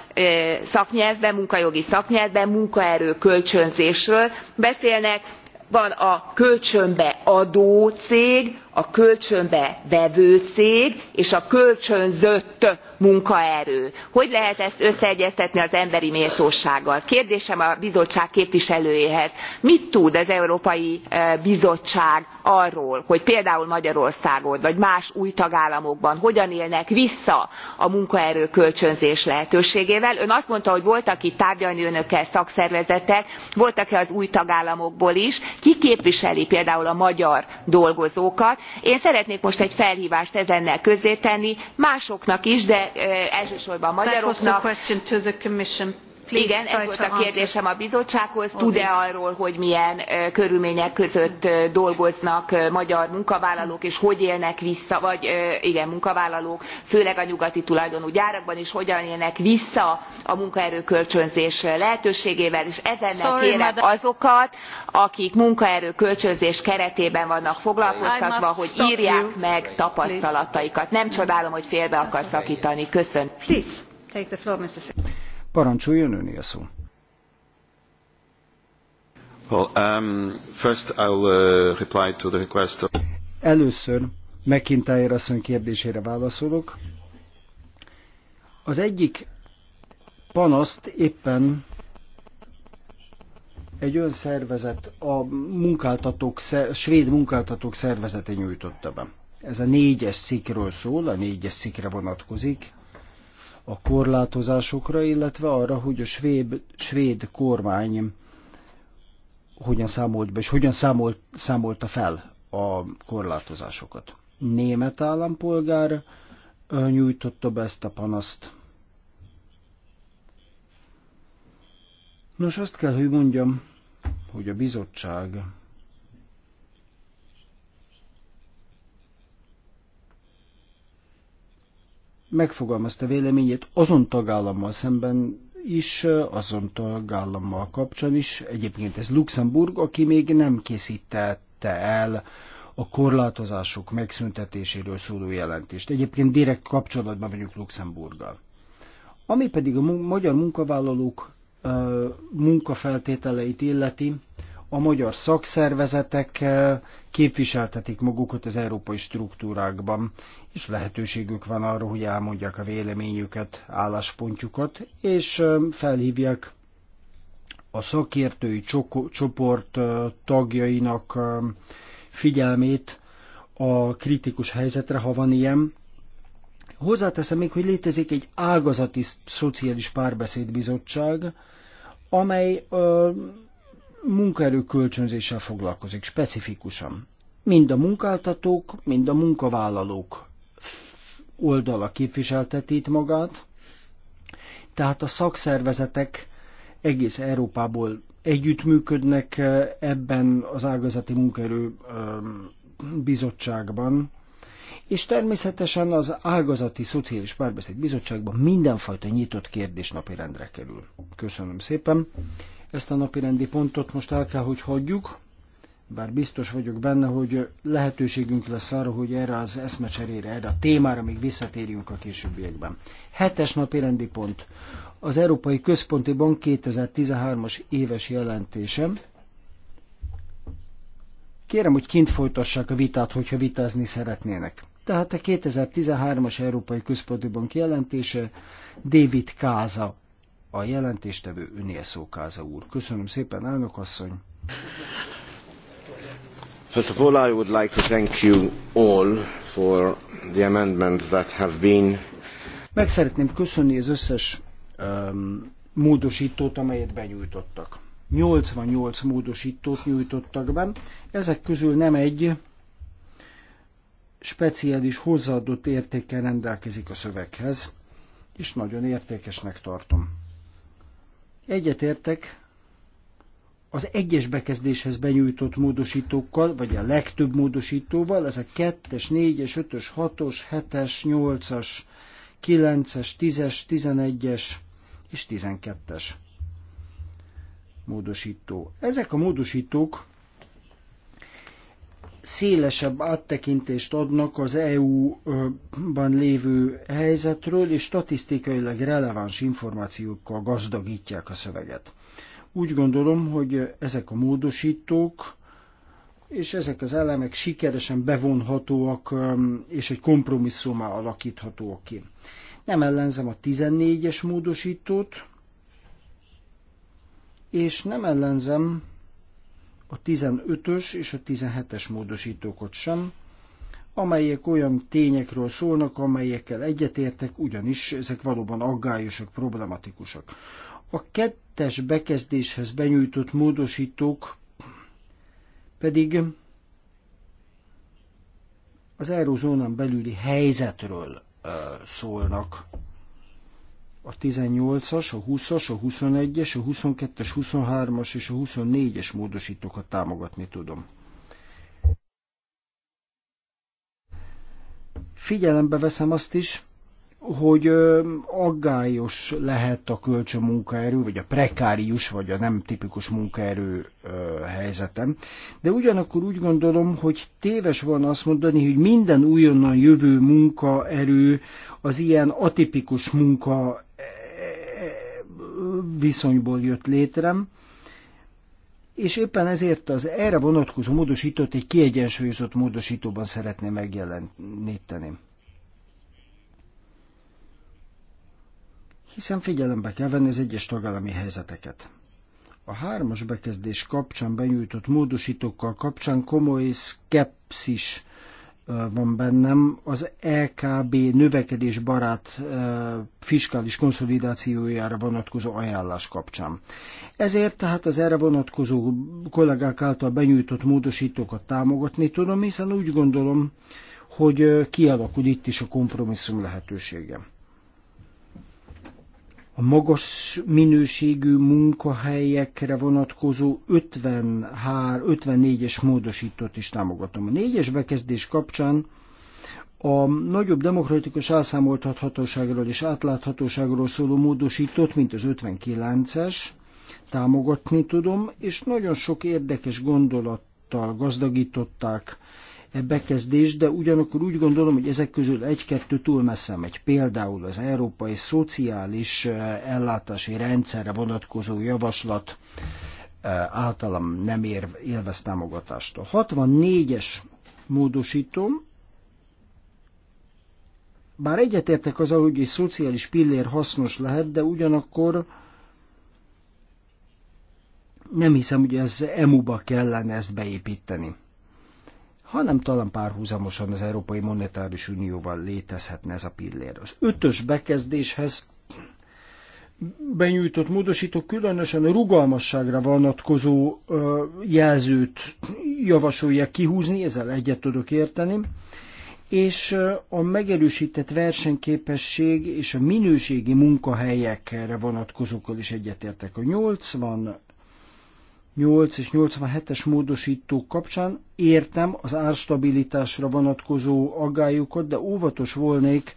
szaknyelvben munkajogi szaknyelvben munkaerő kölcsönzésről beszélnek van a kölcsönbe adó cég a kölcsönbe vevő cég és a kölcsönzött munkaerő. hogy lehet ezt összeegyeztetni az emberi méltósággal? kérdésem a bizottság képviselőjéhez mit tud az európai bizottság arról hogy például magyarországon vagy más új tagállamokban hogyan élnek vissza a munkaerő kölcsönzés lehetőségével. ön azt mondta hogy voltak itt tárgyalni önökkel szakszervezetek voltak e az új tagállamokból is ki képviseli például a magyar dolgozókat? én szeretnék most egy felhvást ezennel közzétenni másoknak is de elsősorban magyaroknak igen ez volt a kérdésem a bizottsághoz oh, tud e arról hogy milyen körülmények között dolgoznak magyar munkavállalók és hogy élnek vissza vagy igen munkavállalók főleg a nyugati tulajdonú gyárakban és hogyan élnek vissza a kölcsönzés lehetőségével és ezennel kérem azokat akik kölcsönzés keretében vannak foglalkoztatva hogy rják meg tapasztalataikat. nem csodálom hogy félbe akar szaktani. köszönöm.
Parancsoljon öné a szó.
Well, um, first I'll, uh, reply to the request of...
Először McIntyre asszony kérdésére válaszolok. Az egyik panaszt éppen egy olyan szervezet, a munkáltatók, a svéd munkáltatók szervezete nyújtotta be. Ez a négyes szikről szól, a négyes szikre vonatkozik a korlátozásokra, illetve arra, hogy a svéd, svéd kormány hogyan számolt be, és hogyan számolt, számolta fel a korlátozásokat. Német állampolgár nyújtotta be ezt a panaszt. Nos, azt kell, hogy mondjam, hogy a bizottság megfogalmazta véleményét azon tagállammal szemben is, azon tagállammal kapcsán is, egyébként ez Luxemburg, aki még nem készítette el a korlátozások megszüntetéséről szóló jelentést. Egyébként direkt kapcsolatban vagyunk Luxemburggal. Ami pedig a magyar munkavállalók munkafeltételeit illeti, a magyar szakszervezetek eh, képviseltetik magukat az európai struktúrákban, és lehetőségük van arra, hogy elmondják a véleményüket, álláspontjukat, és eh, felhívják a szakértői csoport eh, tagjainak figyelmét a kritikus helyzetre, ha van ilyen. Hozzáteszem még, hogy létezik egy ágazati szociális párbeszédbizottság, amely munkaerő kölcsönzéssel foglalkozik specifikusan. Mind a munkáltatók, mind a munkavállalók oldala képviselteti itt magát, tehát a szakszervezetek egész Európából együttműködnek eh, ebben az ágazati munkaerő eh, bizottságban, és természetesen az ágazati szociális párbeszéd bizottságban mindenfajta nyitott kérdés napirendre kerül. Köszönöm szépen! Ezt a napirendi pontot most el kell, hogy hagyjuk, bár biztos vagyok benne, hogy lehetőségünk lesz arra, hogy erre az eszmecserére, erre a témára még visszatérjünk a későbbiekben. Hetes napirendi pont. Az Európai Központi Bank 2013-as éves jelentése. Kérem, hogy kint folytassák a vitát, hogyha vitázni szeretnének. Tehát a 2013-as Európai Központi Bank jelentése David Káza a jelentéstevő önél szókáza úr. Köszönöm szépen, elnök asszony. First of all, I would like to
thank you all for the amendments that have been.
Meg szeretném köszönni az összes um, módosítót, amelyet benyújtottak. 88 módosítót nyújtottak be, ezek közül nem egy speciális hozzáadott értékkel rendelkezik a szöveghez, és nagyon értékesnek tartom. Egyetértek az egyes bekezdéshez benyújtott módosítókkal, vagy a legtöbb módosítóval, ez a 2-es, 4-es, 5-ös, 6-os, 7-es, 8-as, 9-es, 10-es, 11-es és 12-es módosító. Ezek a módosítók szélesebb áttekintést adnak az EU-ban lévő helyzetről, és statisztikailag releváns információkkal gazdagítják a szöveget. Úgy gondolom, hogy ezek a módosítók és ezek az elemek sikeresen bevonhatóak, um, és egy kompromisszumá alakíthatóak ki. Nem ellenzem a 14-es módosítót, és nem ellenzem a 15-ös és a 17-es módosítókat sem, amelyek olyan tényekről szólnak, amelyekkel egyetértek, ugyanis ezek valóban aggályosak, problematikusak. A kettes bekezdéshez benyújtott módosítók pedig az eurozónán belüli helyzetről szólnak a 18-as, a 20-as, a 21-es, a 22-es, 23-as és a 24-es módosítókat támogatni tudom. Figyelembe veszem azt is, hogy aggályos lehet a kölcsön munkaerő, vagy a prekárius, vagy a nem tipikus munkaerő helyzetem. De ugyanakkor úgy gondolom, hogy téves volna azt mondani, hogy minden újonnan jövő munkaerő az ilyen atipikus munka viszonyból jött létre, és éppen ezért az erre vonatkozó módosítót egy kiegyensúlyozott módosítóban szeretném megjeleníteni. Hiszen figyelembe kell venni az egyes tagállami helyzeteket. A hármas bekezdés kapcsán benyújtott módosítókkal kapcsán komoly szkepszis van bennem, az LKB növekedésbarát fiskális konszolidációjára vonatkozó ajánlás kapcsán. Ezért tehát az erre vonatkozó kollégák által benyújtott módosítókat támogatni tudom, hiszen úgy gondolom, hogy kialakul itt is a kompromisszum lehetősége a magas minőségű munkahelyekre vonatkozó 53, 54-es módosított is támogatom. A négyes bekezdés kapcsán a nagyobb demokratikus elszámoltathatóságról és átláthatóságról szóló módosított, mint az 59-es, támogatni tudom, és nagyon sok érdekes gondolattal gazdagították E bekezdés, de ugyanakkor úgy gondolom, hogy ezek közül egy-kettő túl messze megy. Például az európai szociális e, ellátási rendszerre vonatkozó javaslat e, általam nem ér, élvez támogatást. A 64-es módosítom, bár egyetértek azzal, hogy egy szociális pillér hasznos lehet, de ugyanakkor nem hiszem, hogy ez EMU-ba kellene ezt beépíteni hanem talán párhuzamosan az Európai Monetáris Unióval létezhetne ez a pillér. Az ötös bekezdéshez benyújtott módosító különösen a rugalmasságra vonatkozó jelzőt javasolják kihúzni, ezzel egyet tudok érteni, és a megerősített versenyképesség és a minőségi munkahelyekre vonatkozókkal is egyetértek. A 80 8 és 87-es módosítók kapcsán értem az árstabilitásra vonatkozó aggályukat, de óvatos volnék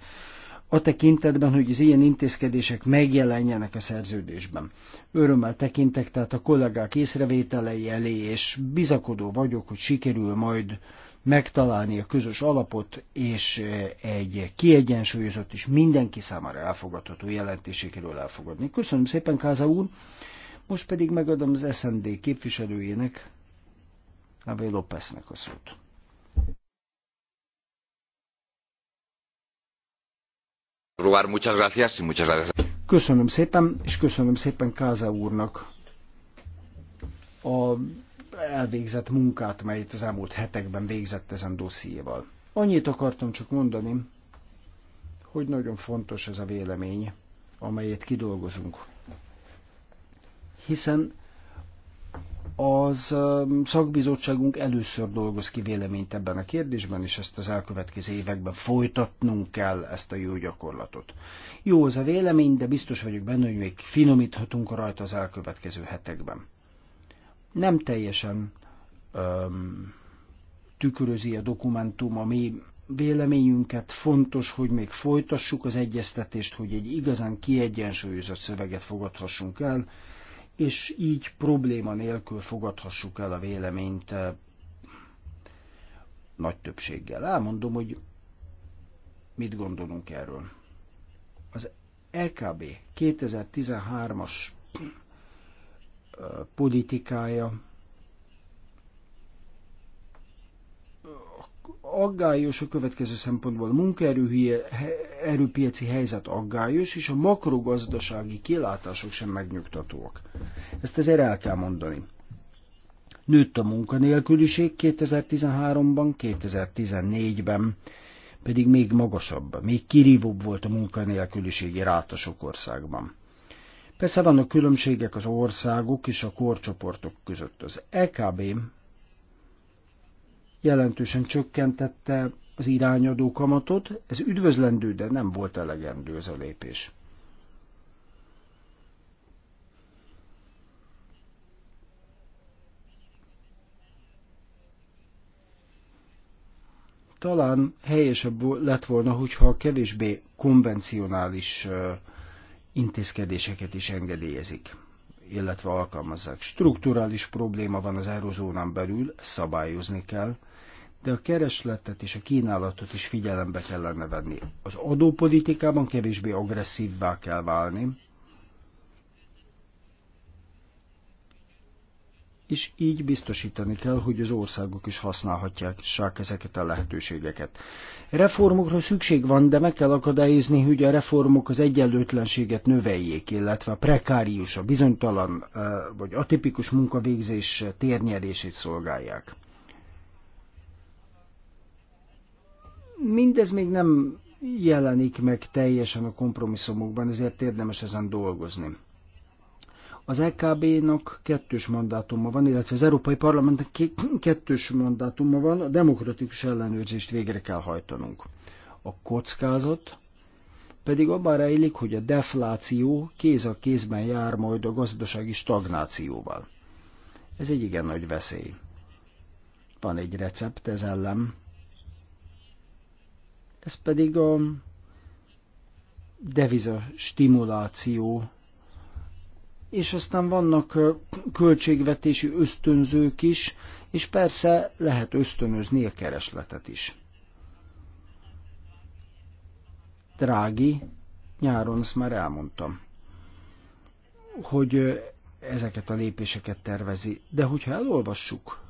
a tekintetben, hogy az ilyen intézkedések megjelenjenek a szerződésben. Örömmel tekintek tehát a kollégák észrevételei elé, és bizakodó vagyok, hogy sikerül majd megtalálni a közös alapot, és egy kiegyensúlyozott és mindenki számára elfogadható jelentés elfogadni. Köszönöm szépen, Káza úr! Most pedig megadom az SND képviselőjének, Abel Lópeznek a szót. Köszönöm szépen, és köszönöm szépen Káza úrnak a elvégzett munkát, melyet az elmúlt hetekben végzett ezen dossziéval. Annyit akartam csak mondani, hogy nagyon fontos ez a vélemény, amelyet kidolgozunk hiszen az um, szakbizottságunk először dolgoz ki véleményt ebben a kérdésben, és ezt az elkövetkező években folytatnunk kell ezt a jó gyakorlatot. Jó az a vélemény, de biztos vagyok benne, hogy még finomíthatunk rajta az elkövetkező hetekben. Nem teljesen öm, um, tükrözi a dokumentum a mi véleményünket, fontos, hogy még folytassuk az egyeztetést, hogy egy igazán kiegyensúlyozott szöveget fogadhassunk el, és így probléma nélkül fogadhassuk el a véleményt eh, nagy többséggel. Elmondom, hogy mit gondolunk erről. Az LKB 2013-as eh, politikája aggályos a következő szempontból. A munkaerőpiaci helyzet aggályos, és a makrogazdasági kilátások sem megnyugtatóak. Ezt ezért el kell mondani. Nőtt a munkanélküliség 2013-ban, 2014-ben pedig még magasabb, még kirívóbb volt a munkanélküliségi ráta sok országban. Persze vannak különbségek az országok és a korcsoportok között. Az EKB jelentősen csökkentette az irányadó kamatot, ez üdvözlendő, de nem volt elegendő ez a lépés. Talán helyesebb lett volna, hogyha kevésbé konvencionális intézkedéseket is engedélyezik illetve alkalmazzák. Strukturális probléma van az eurozónán belül, szabályozni kell, de a keresletet és a kínálatot is figyelembe kellene venni. Az adópolitikában kevésbé agresszívvá kell válni, és így biztosítani kell, hogy az országok is használhatják ezeket a lehetőségeket. Reformokra szükség van, de meg kell akadályozni, hogy a reformok az egyenlőtlenséget növeljék, illetve a prekárius, a bizonytalan eh, vagy atipikus munkavégzés térnyerését szolgálják. Mindez még nem jelenik meg teljesen a kompromisszumokban, ezért érdemes ezen dolgozni. Az LKB-nak e kettős mandátuma van, illetve az Európai Parlamentnek kettős mandátuma van, a demokratikus ellenőrzést végre kell hajtanunk. A kockázat pedig abban rejlik, hogy a defláció kéz a kézben jár majd a gazdasági stagnációval. Ez egy igen nagy veszély. Van egy recept ez ellen, ez pedig a deviza stimuláció. És aztán vannak költségvetési ösztönzők is, és persze lehet ösztönözni a keresletet is. Drági, nyáron ezt már elmondtam, hogy ezeket a lépéseket tervezi. De hogyha elolvassuk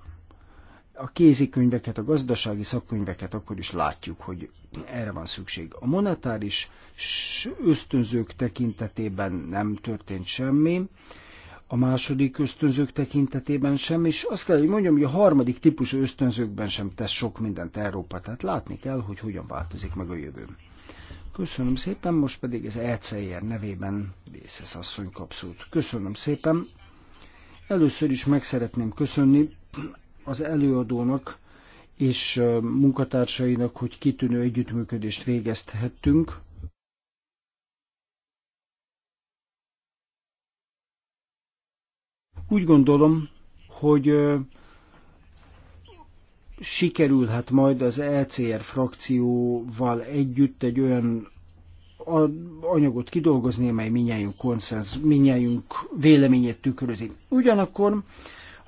a kézikönyveket, a gazdasági szakkönyveket, akkor is látjuk, hogy erre van szükség. A monetáris ösztönzők tekintetében nem történt semmi, a második ösztönzők tekintetében sem, és azt kell, hogy mondjam, hogy a harmadik típusú ösztönzőkben sem tesz sok mindent Európa, tehát látni kell, hogy hogyan változik meg a jövő. Köszönöm szépen, most pedig az ECR nevében részesz asszony kapszót. Köszönöm szépen. Először is meg szeretném köszönni az előadónak és munkatársainak, hogy kitűnő együttműködést végezthettünk. Úgy gondolom, hogy sikerülhet majd az ECR frakcióval együtt egy olyan anyagot kidolgozni, amely minnyájunk konszenz, minnyájunk véleményét tükrözi. Ugyanakkor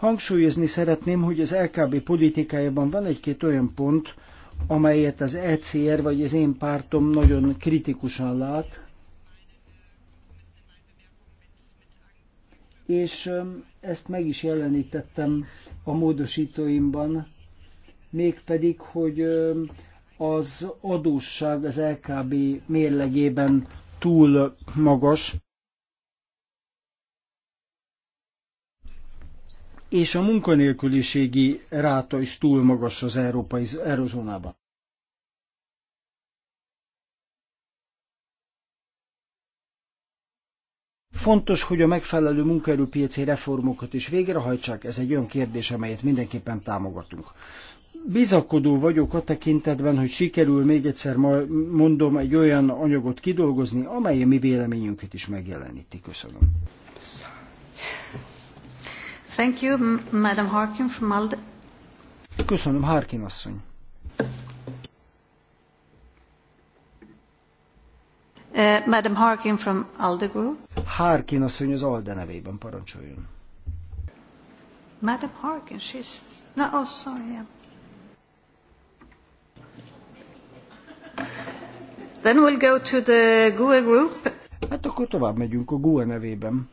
Hangsúlyozni szeretném, hogy az LKB politikájában van egy-két olyan pont, amelyet az ECR vagy az én pártom nagyon kritikusan lát, és ezt meg is jelenítettem a módosítóimban, mégpedig, hogy az adósság az LKB mérlegében túl magas, és a munkanélküliségi ráta is túl magas az európai eurozónában. Fontos, hogy a megfelelő munkaerőpiaci reformokat is végrehajtsák, ez egy olyan kérdés, amelyet mindenképpen támogatunk. Bizakodó vagyok a tekintetben, hogy sikerül még egyszer mondom egy olyan anyagot kidolgozni, amely a mi véleményünket is megjeleníti. Köszönöm.
Thank you, Madam Harkin from Alde.
Köszönöm, Harkin asszony.
Uh, Madam Harkin from Alde Group.
Harkin asszony az Alde nevében parancsoljon.
Madam Harkin, she's... No, oh, sorry, yeah.
Then we'll go to the GUE group. Hát akkor tovább megyünk a GUE nevében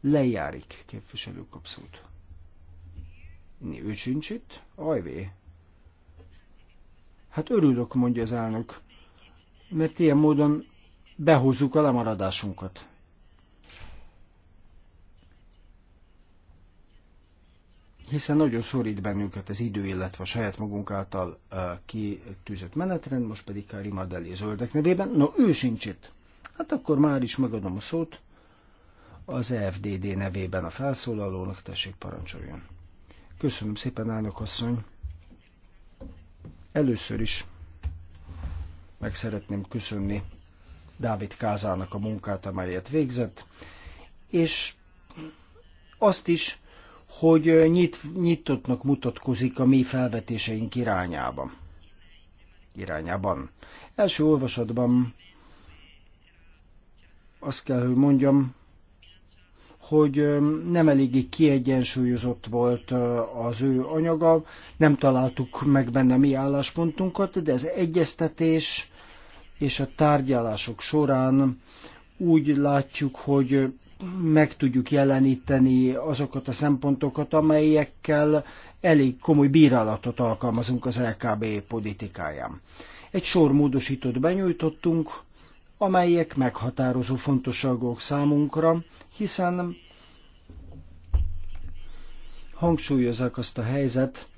lejárik képviselő kapszót. Ő sincs itt? Ajvé. Hát örülök, mondja az elnök, mert ilyen módon behozzuk a lemaradásunkat. Hiszen nagyon szorít bennünket az idő, illetve a saját magunk által uh, kitűzött menetrend, most pedig Kári Madeli zöldek nevében. Na, ő sincs itt. Hát akkor már is megadom a szót az FDD nevében a felszólalónak, tessék parancsoljon. Köszönöm szépen, elnök asszony. Először is meg szeretném köszönni Dávid Kázának a munkát, amelyet végzett, és azt is, hogy nyit, nyitottnak mutatkozik a mi felvetéseink irányába. irányában. Első olvasatban azt kell, hogy mondjam, hogy nem eléggé kiegyensúlyozott volt az ő anyaga, nem találtuk meg benne mi álláspontunkat, de az egyeztetés és a tárgyalások során úgy látjuk, hogy meg tudjuk jeleníteni azokat a szempontokat, amelyekkel elég komoly bírálatot alkalmazunk az LKB politikáján. Egy sor módosítót benyújtottunk, amelyek meghatározó fontosságok számunkra, hiszen hangsúlyozzák azt a helyzet,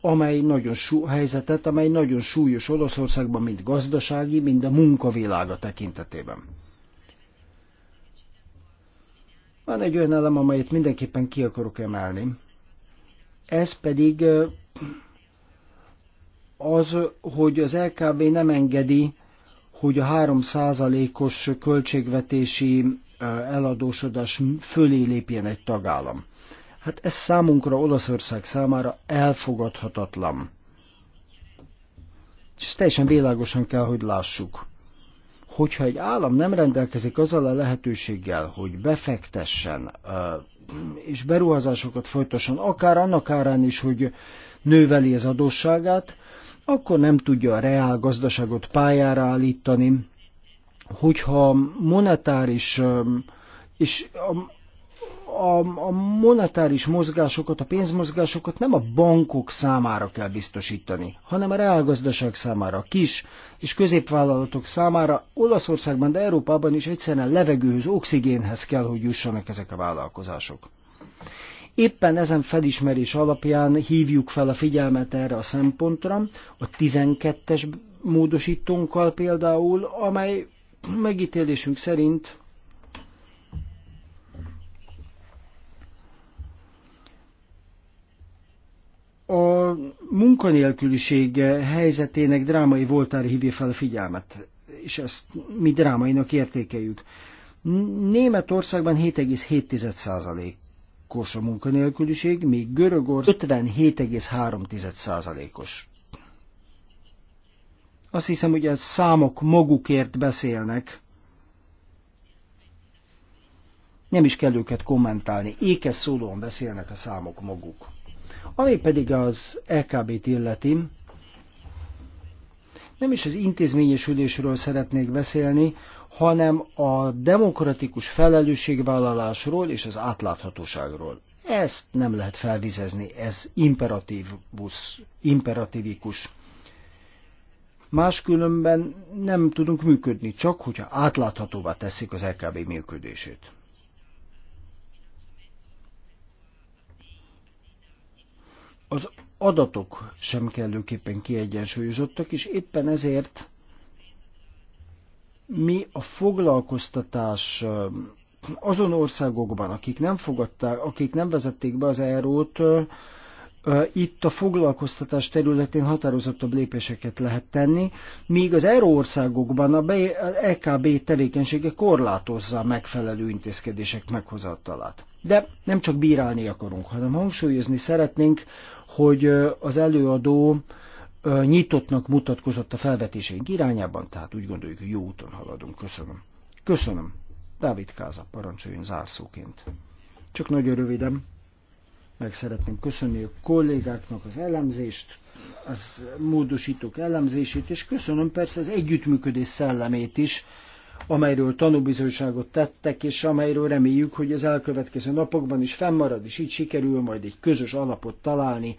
amely nagyon sú, helyzetet, amely nagyon súlyos Olaszországban, mind gazdasági, mind a munkavilága tekintetében. Van egy olyan elem, amelyet mindenképpen ki akarok emelni. Ez pedig az, hogy az LKB nem engedi, hogy a 3%-os költségvetési eladósodás fölé lépjen egy tagállam. Hát ez számunkra, Olaszország számára elfogadhatatlan. És ezt teljesen világosan kell, hogy lássuk. Hogyha egy állam nem rendelkezik azzal a lehetőséggel, hogy befektessen és beruházásokat folytasson, akár annak árán is, hogy növeli az adósságát, akkor nem tudja a reál gazdaságot pályára állítani, hogyha monetáris és a, a, a monetáris mozgásokat, a pénzmozgásokat nem a bankok számára kell biztosítani, hanem a reálgazdaság számára, kis és középvállalatok számára, Olaszországban, de Európában is egyszerűen levegőhöz, oxigénhez kell, hogy jussanak ezek a vállalkozások. Éppen ezen felismerés alapján hívjuk fel a figyelmet erre a szempontra, a 12-es módosítónkkal például, amely megítélésünk szerint a munkanélküliség helyzetének drámai voltára hívja fel a figyelmet, és ezt mi drámainak értékeljük. Németországban 7,7% titkos a munkanélküliség, még Görögország 57,3%-os. Azt hiszem, hogy a számok magukért beszélnek, nem is kell őket kommentálni, ékes szólóan beszélnek a számok maguk. Ami pedig az LKB-t illeti, nem is az intézményesülésről szeretnék beszélni, hanem a demokratikus felelősségvállalásról és az átláthatóságról. Ezt nem lehet felvizezni, ez imperatívus, imperatívikus. Máskülönben nem tudunk működni, csak hogyha átláthatóvá teszik az LKB működését. Az adatok sem kellőképpen kiegyensúlyozottak, és éppen ezért mi a foglalkoztatás azon országokban, akik nem fogadták, akik nem vezették be az erót, itt a foglalkoztatás területén határozottabb lépéseket lehet tenni, míg az ERO országokban a EKB e tevékenysége korlátozza a megfelelő intézkedések meghozatalát. De nem csak bírálni akarunk, hanem hangsúlyozni szeretnénk, hogy az előadó nyitottnak mutatkozott a felvetéseink irányában, tehát úgy gondoljuk, hogy jó úton haladunk. Köszönöm. Köszönöm. Dávid Káza, parancsoljon zárszóként. Csak nagyon röviden, meg szeretném köszönni a kollégáknak az elemzést, az módosítók elemzését, és köszönöm persze az együttműködés szellemét is, amelyről tanúbizonyságot tettek, és amelyről reméljük, hogy az elkövetkező napokban is fennmarad, és így sikerül majd egy közös alapot találni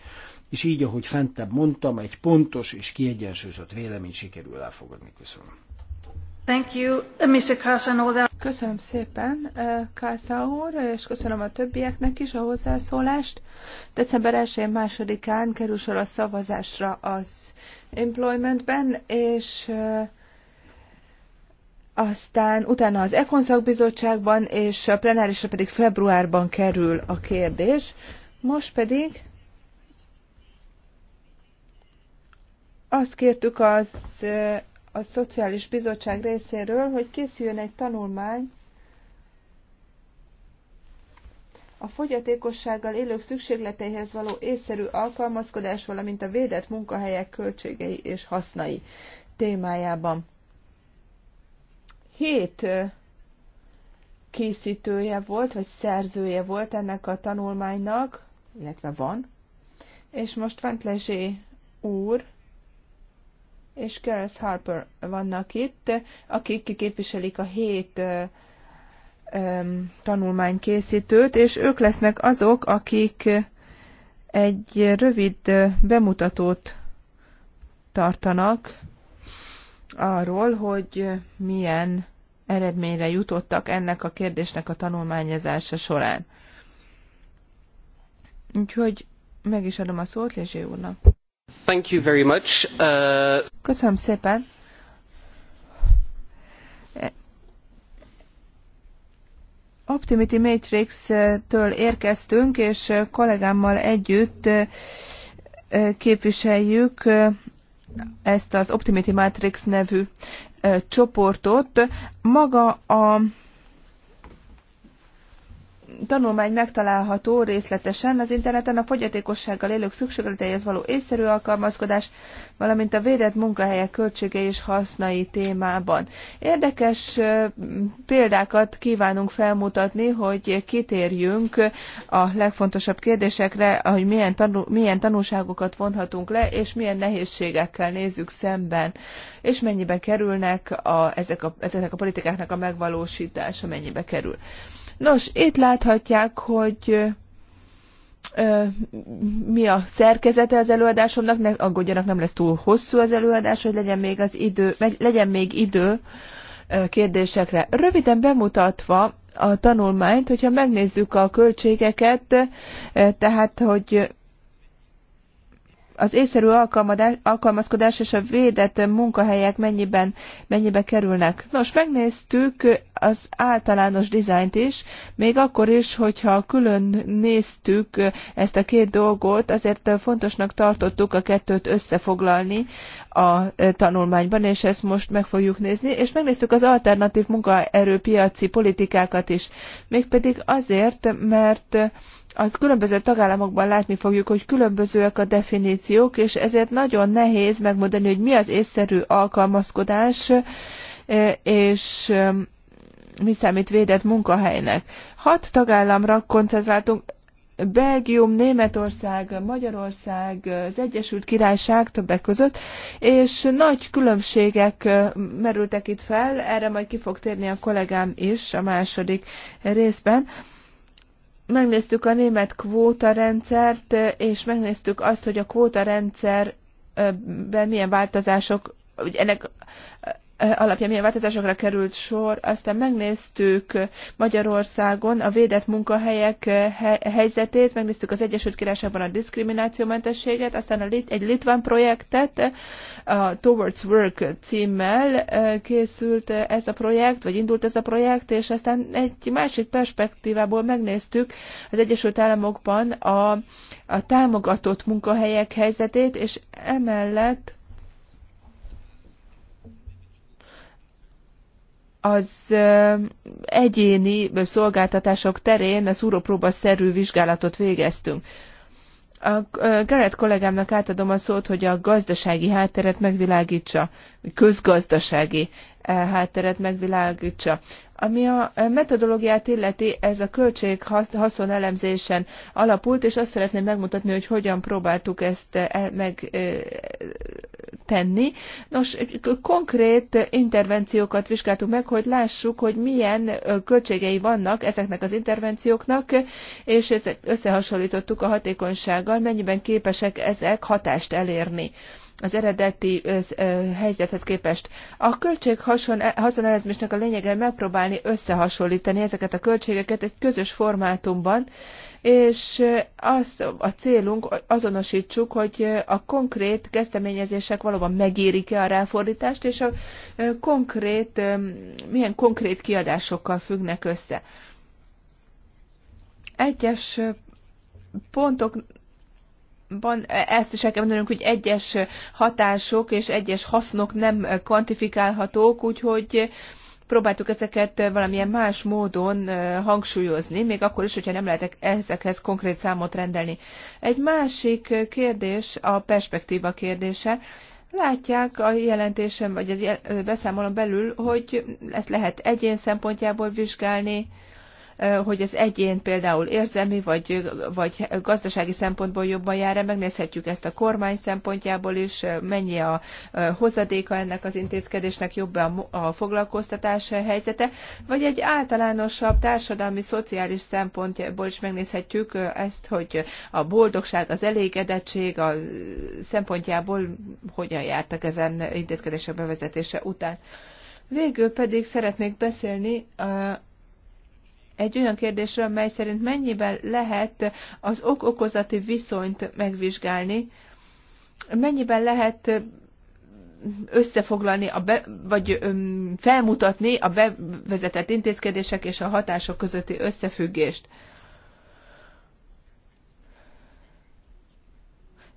és így, ahogy fentebb mondtam, egy pontos és kiegyensúlyozott vélemény sikerül elfogadni. Köszönöm.
Thank you, uh, Mr. Köszönöm szépen, Kásza uh, úr, és köszönöm a többieknek is a hozzászólást. December 1-2-án kerül sor a szavazásra az employmentben, és uh, aztán utána az Ekon szakbizottságban, és a plenárisra pedig februárban kerül a kérdés. Most pedig azt kértük az, eh, a Szociális Bizottság részéről, hogy készüljön egy tanulmány a fogyatékossággal élők szükségleteihez való észszerű alkalmazkodás, valamint a védett munkahelyek költségei és hasznai témájában. Hét eh, készítője volt, vagy szerzője volt ennek a tanulmánynak, illetve van, és most Fentlesé úr és Keres Harper vannak itt, akik képviselik a hét tanulmánykészítőt, és ők lesznek azok, akik egy rövid bemutatót tartanak arról, hogy milyen eredményre jutottak ennek a kérdésnek a tanulmányozása során. Úgyhogy meg is adom a szót Lézsé úrnak.
Thank you very much. Uh...
Köszönöm szépen. Optimity Matrix-től érkeztünk, és kollégámmal együtt képviseljük ezt az Optimity Matrix nevű csoportot. Maga a tanulmány megtalálható részletesen az interneten a fogyatékossággal élők szükségleteihez való észszerű alkalmazkodás, valamint a védett munkahelyek költsége és hasznai témában. Érdekes példákat kívánunk felmutatni, hogy kitérjünk a legfontosabb kérdésekre, hogy milyen, tanul, milyen tanulságokat vonhatunk le, és milyen nehézségekkel nézzük szemben, és mennyibe kerülnek a, ezek a, ezeknek a politikáknak a megvalósítása, mennyibe kerül. Nos, itt láthatják, hogy mi a szerkezete az előadásomnak, ne aggódjanak, nem lesz túl hosszú az előadás, hogy legyen még az idő, legyen még idő kérdésekre. Röviden bemutatva a tanulmányt, hogyha megnézzük a költségeket, tehát hogy az észszerű alkalmazkodás és a védett munkahelyek mennyiben, mennyibe kerülnek. Nos, megnéztük az általános dizájnt is, még akkor is, hogyha külön néztük ezt a két dolgot, azért fontosnak tartottuk a kettőt összefoglalni a tanulmányban, és ezt most meg fogjuk nézni, és megnéztük az alternatív munkaerőpiaci politikákat is, mégpedig azért, mert az különböző tagállamokban látni fogjuk, hogy különbözőek a definíciók, és ezért nagyon nehéz megmondani, hogy mi az észszerű alkalmazkodás, és mi számít védett munkahelynek. Hat tagállamra koncentráltunk, Belgium, Németország, Magyarország, az Egyesült Királyság többek között, és nagy különbségek merültek itt fel, erre majd ki fog térni a kollégám is a második részben megnéztük a német kvótarendszert, és megnéztük azt, hogy a kvótarendszerben milyen változások, ennek alapja milyen változásokra került sor, aztán megnéztük Magyarországon a védett munkahelyek helyzetét, megnéztük az Egyesült Királyságban a diszkriminációmentességet, aztán a, egy litván projektet, a Towards Work címmel készült ez a projekt, vagy indult ez a projekt, és aztán egy másik perspektívából megnéztük az Egyesült Államokban a, a támogatott munkahelyek helyzetét, és emellett az egyéni szolgáltatások terén az szúrópróba-szerű vizsgálatot végeztünk. A Gerett kollégámnak átadom a szót, hogy a gazdasági hátteret megvilágítsa, közgazdasági hátteret megvilágítsa. Ami a metodológiát illeti, ez a költség haszon elemzésen alapult, és azt szeretném megmutatni, hogy hogyan próbáltuk ezt e, megtenni. E, Nos, konkrét intervenciókat vizsgáltuk meg, hogy lássuk, hogy milyen költségei vannak ezeknek az intervencióknak, és összehasonlítottuk a hatékonysággal, mennyiben képesek ezek hatást elérni az eredeti helyzethez képest. A költség haszonelezmésnek a lényege megpróbálni összehasonlítani ezeket a költségeket egy közös formátumban, és az a célunk, azonosítsuk, hogy a konkrét kezdeményezések valóban megérik-e a ráfordítást, és a konkrét, milyen konkrét kiadásokkal függnek össze. Egyes pontok van, e, ezt is el kell mondanunk, hogy egyes hatások és egyes hasznok nem kvantifikálhatók, úgyhogy próbáltuk ezeket valamilyen más módon e, hangsúlyozni, még akkor is, hogyha nem lehetek ezekhez konkrét számot rendelni. Egy másik kérdés a perspektíva kérdése. Látják a jelentésem, vagy a beszámolom belül, hogy ezt lehet egyén szempontjából vizsgálni, hogy az egyén például érzelmi vagy, vagy gazdasági szempontból jobban jár-e, megnézhetjük ezt a kormány szempontjából is, mennyi a hozadéka ennek az intézkedésnek, jobb a foglalkoztatás helyzete, vagy egy általánosabb társadalmi, szociális szempontból is megnézhetjük ezt, hogy a boldogság, az elégedettség a szempontjából hogyan jártak ezen intézkedések bevezetése után. Végül pedig szeretnék beszélni egy olyan kérdésről, mely szerint mennyiben lehet az ok-okozati viszonyt megvizsgálni, mennyiben lehet összefoglalni, a be, vagy öm, felmutatni a bevezetett intézkedések és a hatások közötti összefüggést.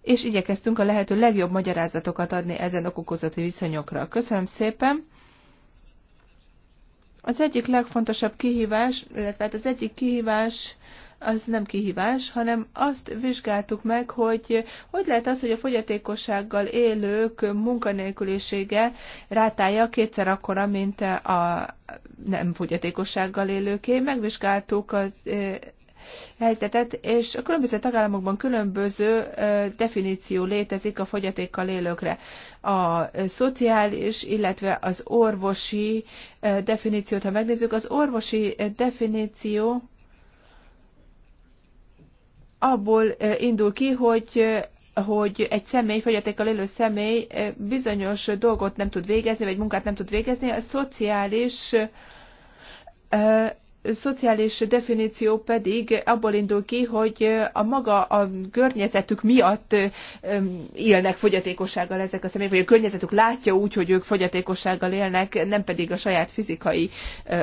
És igyekeztünk a lehető legjobb magyarázatokat adni ezen okokozati viszonyokra. Köszönöm szépen! Az egyik legfontosabb kihívás, illetve hát az egyik kihívás, az nem kihívás, hanem azt vizsgáltuk meg, hogy hogy lehet az, hogy a fogyatékossággal élők munkanélkülisége rátálja kétszer akkora, mint a nem fogyatékossággal élőké. Megvizsgáltuk az helyzetet, és a különböző tagállamokban különböző definíció létezik a fogyatékkal élőkre. A szociális, illetve az orvosi definíciót, ha megnézzük, az orvosi definíció abból indul ki, hogy hogy egy személy, fogyatékkal élő személy bizonyos dolgot nem tud végezni, vagy munkát nem tud végezni, a szociális szociális definíció pedig abból indul ki, hogy a maga a környezetük miatt élnek fogyatékossággal ezek a személyek, vagy a környezetük látja úgy, hogy ők fogyatékossággal élnek, nem pedig a saját fizikai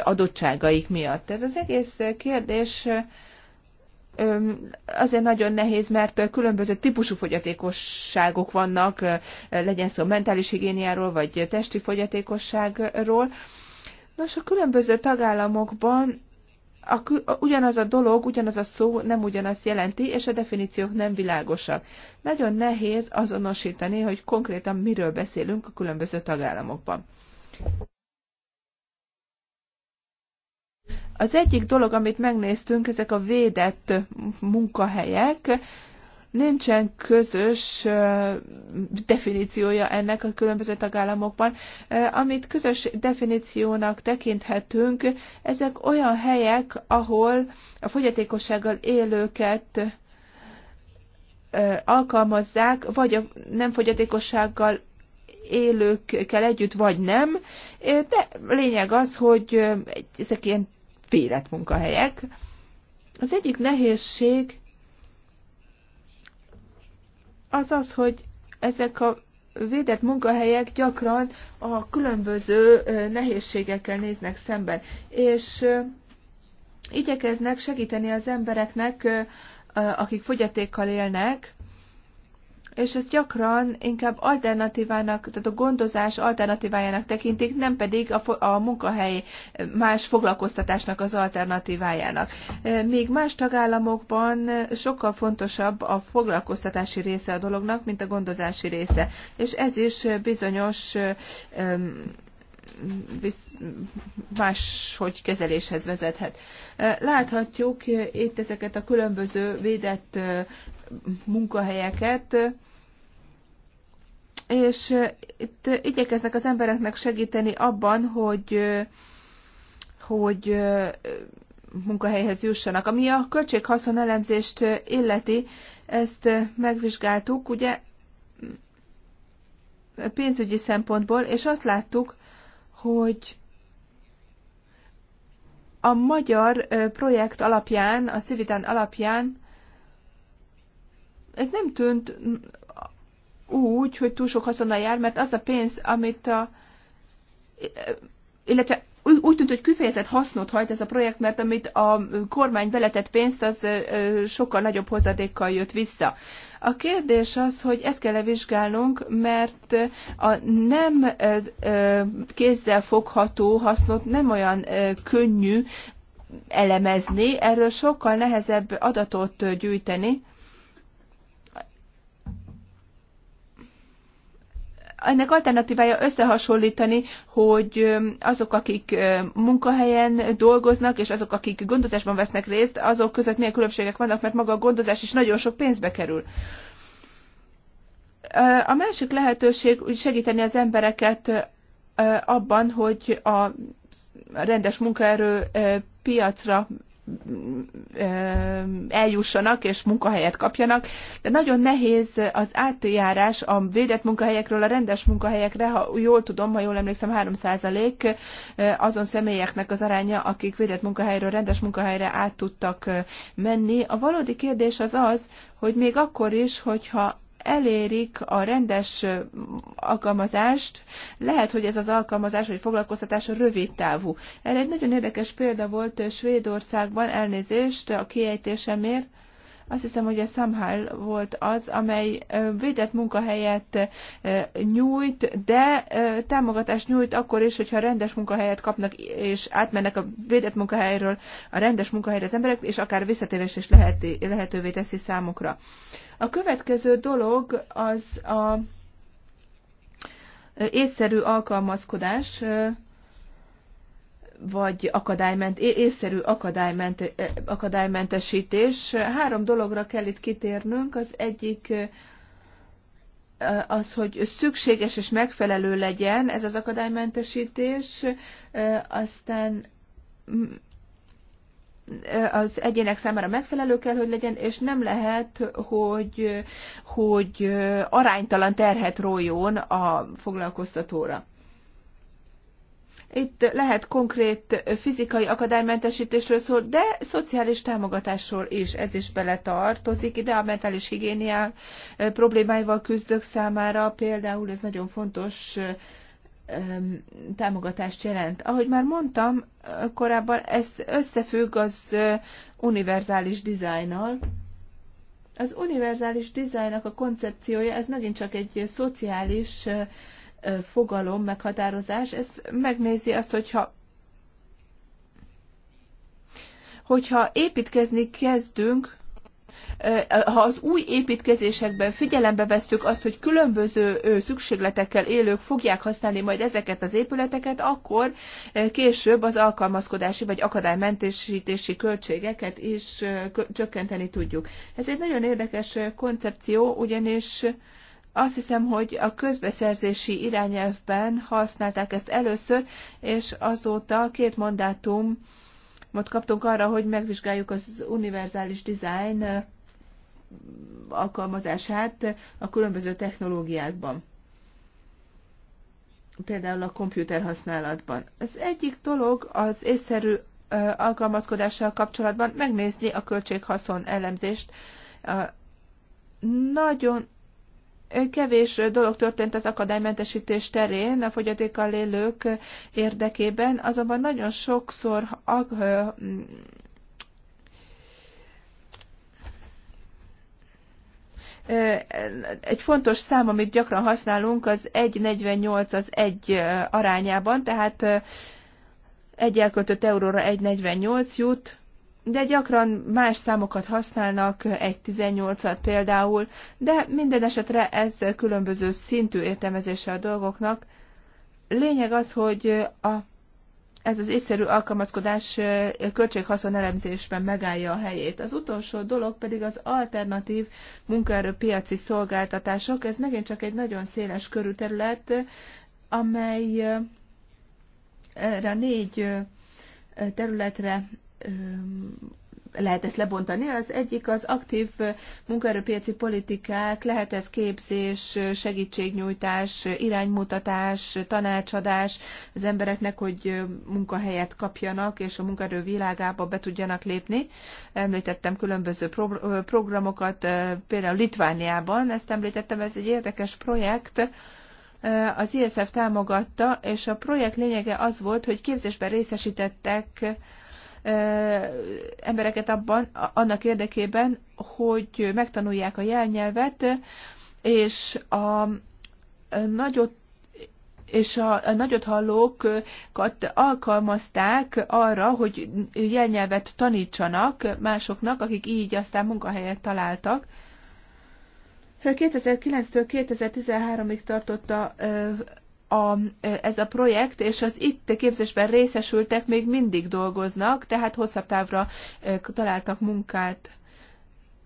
adottságaik miatt. Ez az egész kérdés azért nagyon nehéz, mert különböző típusú fogyatékosságok vannak, legyen szó mentális higiéniáról, vagy testi fogyatékosságról, Nos, a különböző tagállamokban a, ugyanaz a dolog, ugyanaz a szó nem ugyanazt jelenti, és a definíciók nem világosak. Nagyon nehéz azonosítani, hogy konkrétan miről beszélünk a különböző tagállamokban. Az egyik dolog, amit megnéztünk, ezek a védett munkahelyek, nincsen közös definíciója ennek a különböző tagállamokban. Amit közös definíciónak tekinthetünk, ezek olyan helyek, ahol a fogyatékossággal élőket alkalmazzák, vagy a nem fogyatékossággal élőkkel együtt, vagy nem. De lényeg az, hogy ezek ilyen munkahelyek. Az egyik nehézség, az az, hogy ezek a védett munkahelyek gyakran a különböző nehézségekkel néznek szemben, és igyekeznek segíteni az embereknek, akik fogyatékkal élnek, és ezt gyakran inkább alternatívának, tehát a gondozás alternatívájának tekintik, nem pedig a, a munkahely más foglalkoztatásnak az alternatívájának. E, még más tagállamokban sokkal fontosabb a foglalkoztatási része a dolognak, mint a gondozási része, és ez is bizonyos e, máshogy kezeléshez vezethet. E, láthatjuk itt ezeket a különböző védett munkahelyeket, és itt igyekeznek az embereknek segíteni abban, hogy, hogy munkahelyhez jussanak. Ami a költséghaszon elemzést illeti, ezt megvizsgáltuk, ugye pénzügyi szempontból, és azt láttuk, hogy a magyar projekt alapján, a Civitan alapján ez nem tűnt úgy, hogy túl sok haszonnal jár, mert az a pénz, amit a, illetve úgy tűnt, hogy kifejezett hasznot hajt ez a projekt, mert amit a kormány beletett pénzt, az sokkal nagyobb hozadékkal jött vissza. A kérdés az, hogy ezt kell -e vizsgálnunk, mert a nem kézzel fogható hasznot nem olyan könnyű elemezni, erről sokkal nehezebb adatot gyűjteni ennek alternatívája összehasonlítani, hogy azok, akik munkahelyen dolgoznak, és azok, akik gondozásban vesznek részt, azok között milyen különbségek vannak, mert maga a gondozás is nagyon sok pénzbe kerül. A másik lehetőség úgy segíteni az embereket abban, hogy a rendes munkaerő piacra eljussanak és munkahelyet kapjanak, de nagyon nehéz az átjárás a védett munkahelyekről a rendes munkahelyekre, ha jól tudom, ha jól emlékszem, 3% azon személyeknek az aránya, akik védett munkahelyről rendes munkahelyre át tudtak menni. A valódi kérdés az az, hogy még akkor is, hogyha elérik a rendes alkalmazást, lehet, hogy ez az alkalmazás vagy foglalkoztatás rövid távú. Erre egy nagyon érdekes példa volt Svédországban, elnézést a kiejtésemért, azt hiszem, hogy a Samhall volt az, amely védett munkahelyet nyújt, de támogatást nyújt akkor is, hogyha rendes munkahelyet kapnak, és átmennek a védett munkahelyről a rendes munkahelyre az emberek, és akár visszatérés is lehet, lehetővé teszi számukra. A következő dolog az a észszerű alkalmazkodás, vagy akadályment, észszerű akadályment, akadálymentesítés. Három dologra kell itt kitérnünk. Az egyik az, hogy szükséges és megfelelő legyen ez az akadálymentesítés, aztán az egyének számára megfelelő kell, hogy legyen, és nem lehet, hogy, hogy aránytalan terhet rójon a foglalkoztatóra. Itt lehet konkrét fizikai akadálymentesítésről szól, de szociális támogatásról is ez is beletartozik. Ide a mentális higiénia problémáival küzdők számára például ez nagyon fontos támogatást jelent. Ahogy már mondtam korábban, ez összefügg az univerzális dizájnnal. Az univerzális dizájnnak a koncepciója, ez megint csak egy szociális fogalom, meghatározás. Ez megnézi azt, hogyha hogyha építkezni kezdünk, ha az új építkezésekben figyelembe vesztük azt, hogy különböző szükségletekkel élők fogják használni majd ezeket az épületeket, akkor később az alkalmazkodási vagy akadálymentesítési költségeket is csökkenteni tudjuk. Ez egy nagyon érdekes koncepció, ugyanis azt hiszem, hogy a közbeszerzési irányelvben használták ezt először, és azóta két mandátum most kaptunk arra, hogy megvizsgáljuk az univerzális design alkalmazását a különböző technológiákban. Például a komputer használatban. Az egyik dolog az észszerű alkalmazkodással kapcsolatban megnézni a költséghaszon elemzést. Nagyon kevés dolog történt az akadálymentesítés terén a fogyatékkal élők érdekében, azonban nagyon sokszor Egy fontos szám, amit gyakran használunk, az 1,48 az 1 arányában, tehát egy elköltött euróra 1,48 jut, de gyakran más számokat használnak, 1.18-at például, de minden esetre ez különböző szintű értelmezése a dolgoknak. Lényeg az, hogy a ez az észszerű alkalmazkodás költséghaszon elemzésben megállja a helyét. Az utolsó dolog pedig az alternatív munkaerőpiaci szolgáltatások. Ez megint csak egy nagyon széles körű terület, amely erre a négy területre lehet ezt lebontani. Az egyik az aktív munkaerőpiaci politikák, lehet ez képzés, segítségnyújtás, iránymutatás, tanácsadás az embereknek, hogy munkahelyet kapjanak, és a munkaerő világába be tudjanak lépni. Említettem különböző programokat, például Litvániában, ezt említettem, ez egy érdekes projekt, az ISF támogatta, és a projekt lényege az volt, hogy képzésben részesítettek embereket abban, annak érdekében, hogy megtanulják a jelnyelvet, és a nagyot és a, a nagyot hallókat alkalmazták arra, hogy jelnyelvet tanítsanak másoknak, akik így aztán munkahelyet találtak. 2009-től 2013-ig tartott a a, ez a projekt, és az itt képzésben részesültek még mindig dolgoznak, tehát hosszabb távra találtak munkát.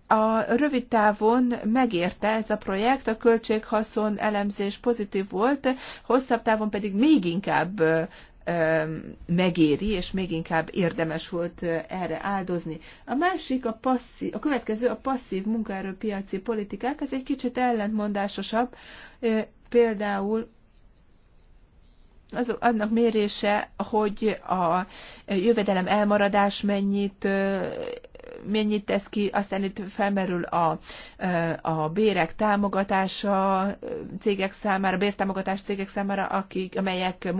A rövid távon megérte ez a projekt, a költséghaszon elemzés pozitív volt, hosszabb távon pedig még inkább megéri, és még inkább érdemes volt erre áldozni. A másik, a, passzív, a következő a passzív munkaerőpiaci politikák, ez egy kicsit ellentmondásosabb, például az, annak mérése, hogy a jövedelem elmaradás mennyit mennyit tesz ki, aztán itt felmerül a, a bérek támogatása cégek számára, bértámogatás cégek számára, akik, amelyek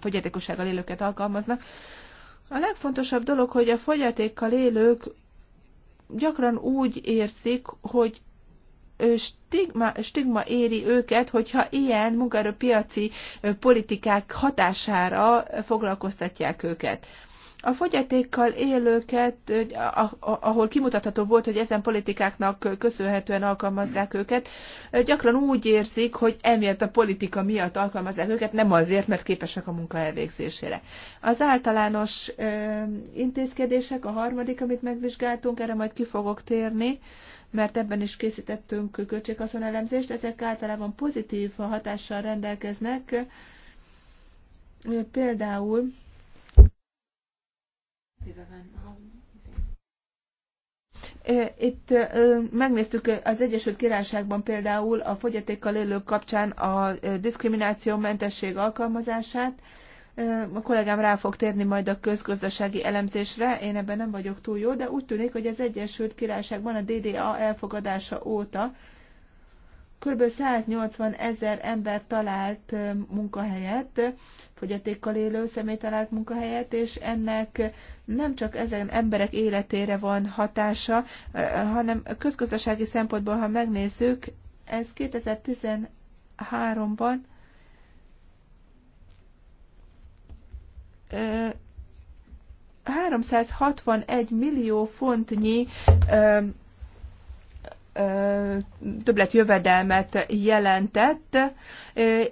fogyatékossággal élőket alkalmaznak. A legfontosabb dolog, hogy a fogyatékkal élők gyakran úgy érzik, hogy stigma, stigma éri őket, hogyha ilyen munkaerőpiaci politikák hatására foglalkoztatják őket. A fogyatékkal élőket, ahol kimutatható volt, hogy ezen politikáknak köszönhetően alkalmazzák őket, gyakran úgy érzik, hogy emiatt a politika miatt alkalmazzák őket, nem azért, mert képesek a munka elvégzésére. Az általános intézkedések, a harmadik, amit megvizsgáltunk, erre majd ki fogok térni, mert ebben is készítettünk elemzést, ezek általában pozitív hatással rendelkeznek, például itt megnéztük az Egyesült Királyságban például a fogyatékkal élők kapcsán a diszkrimináció mentesség alkalmazását, a kollégám rá fog térni majd a közgazdasági elemzésre, én ebben nem vagyok túl jó, de úgy tűnik, hogy az Egyesült Királyságban a DDA elfogadása óta kb. 180 ezer ember talált munkahelyet, fogyatékkal élő személy talált munkahelyet, és ennek nem csak ezen emberek életére van hatása, hanem közgazdasági szempontból, ha megnézzük, ez 2013-ban 361 millió fontnyi többlet jövedelmet jelentett,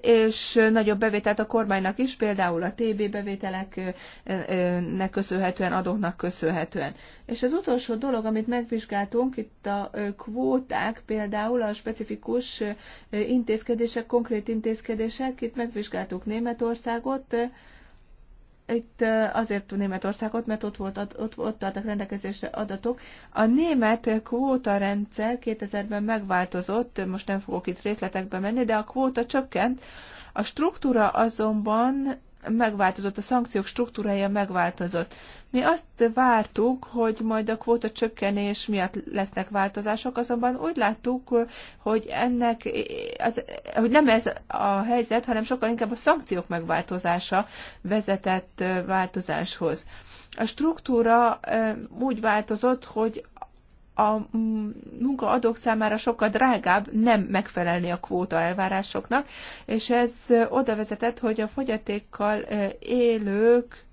és nagyobb bevételt a kormánynak is, például a TB bevételeknek köszönhetően, adóknak köszönhetően. És az utolsó dolog, amit megvizsgáltunk, itt a kvóták, például a specifikus intézkedések, konkrét intézkedések, itt megvizsgáltuk Németországot, itt azért Németországot, mert ott, volt, ott, ott adtak rendelkezésre adatok. A német kvóta rendszer 2000-ben megváltozott, most nem fogok itt részletekbe menni, de a kvóta csökkent. A struktúra azonban megváltozott, a szankciók struktúrája megváltozott. Mi azt vártuk, hogy majd a kvóta csökkenés miatt lesznek változások, azonban úgy láttuk, hogy ennek, az, hogy nem ez a helyzet, hanem sokkal inkább a szankciók megváltozása vezetett változáshoz. A struktúra úgy változott, hogy a munkaadók számára sokkal drágább nem megfelelni a kvóta elvárásoknak, és ez oda vezetett, hogy a fogyatékkal élők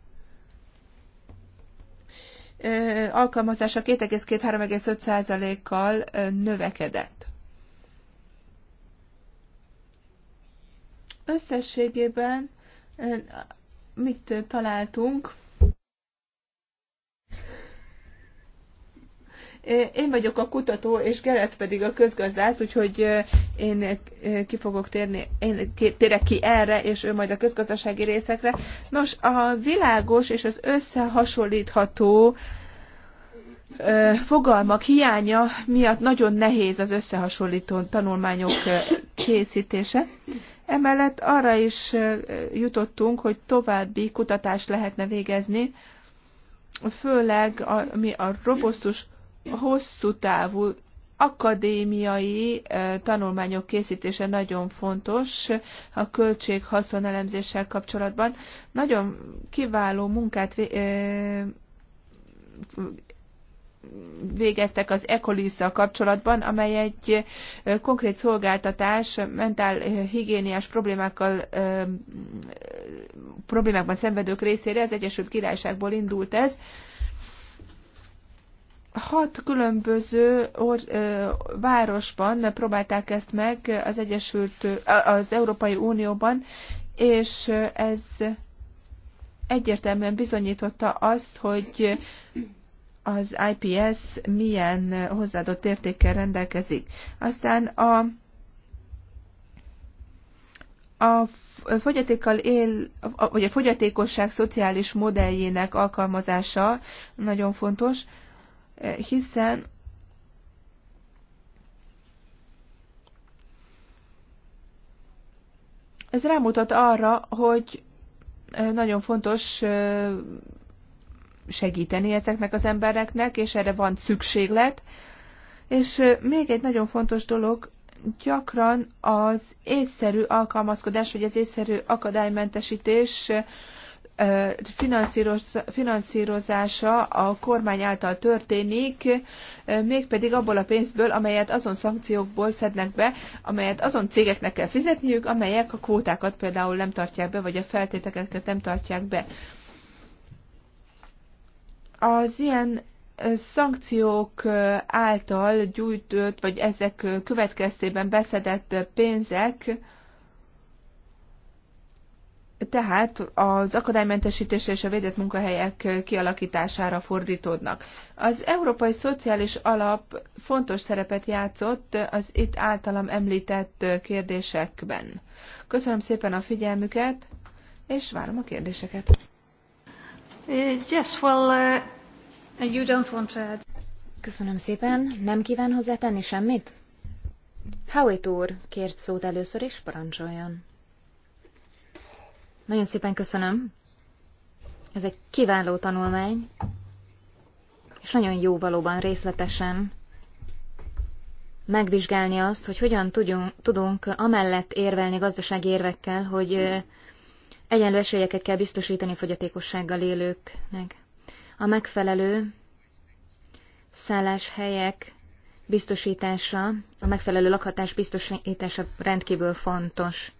alkalmazása 2,2-3,5%-kal növekedett. Összességében mit találtunk? Én vagyok a kutató, és Gerett pedig a közgazdász, úgyhogy én ki fogok térni, én térek ki erre, és ő majd a közgazdasági részekre. Nos, a világos és az összehasonlítható fogalmak hiánya miatt nagyon nehéz az összehasonlító tanulmányok készítése. Emellett arra is jutottunk, hogy további kutatást lehetne végezni, főleg ami a robosztus hosszú távú akadémiai eh, tanulmányok készítése nagyon fontos a költség-haszon elemzéssel kapcsolatban. Nagyon kiváló munkát eh, végeztek az Ecolisszal kapcsolatban, amely egy eh, konkrét szolgáltatás mentál higiéniás problémákkal problémákban szenvedők részére, az Egyesült Királyságból indult ez, hat különböző or, ö, városban próbálták ezt meg az Egyesült, az Európai Unióban, és ez egyértelműen bizonyította azt, hogy az IPS milyen hozzáadott értékkel rendelkezik. Aztán a, a fogyatékkal él, vagy a fogyatékosság szociális modelljének alkalmazása nagyon fontos. Eh, hiszen ez rámutat arra, hogy eh, nagyon fontos eh, segíteni ezeknek az embereknek, és erre van szükséglet. És még egy nagyon fontos dolog, gyakran az észszerű alkalmazkodás, vagy az észszerű akadálymentesítés finanszírozása a kormány által történik, mégpedig abból a pénzből, amelyet azon szankciókból szednek be, amelyet azon cégeknek kell fizetniük, amelyek a kvótákat például nem tartják be, vagy a feltételeket nem tartják be. Az ilyen szankciók által gyújtott, vagy ezek következtében beszedett pénzek, tehát az akadálymentesítésre és a védett munkahelyek kialakítására fordítódnak. Az Európai Szociális Alap fontos szerepet játszott az itt általam említett kérdésekben. Köszönöm szépen a figyelmüket, és várom a kérdéseket.
Eh, yes, well, uh, you don't want to add. Köszönöm szépen. Nem kíván hozzátenni semmit? Howitt úr kért szót először is, parancsoljon. Nagyon szépen köszönöm. Ez egy kiváló tanulmány, és nagyon jó valóban részletesen megvizsgálni azt, hogy hogyan tudjunk, tudunk amellett érvelni gazdasági érvekkel, hogy egyenlő esélyeket kell biztosítani fogyatékossággal élőknek. A megfelelő szálláshelyek biztosítása, a megfelelő lakhatás biztosítása rendkívül fontos.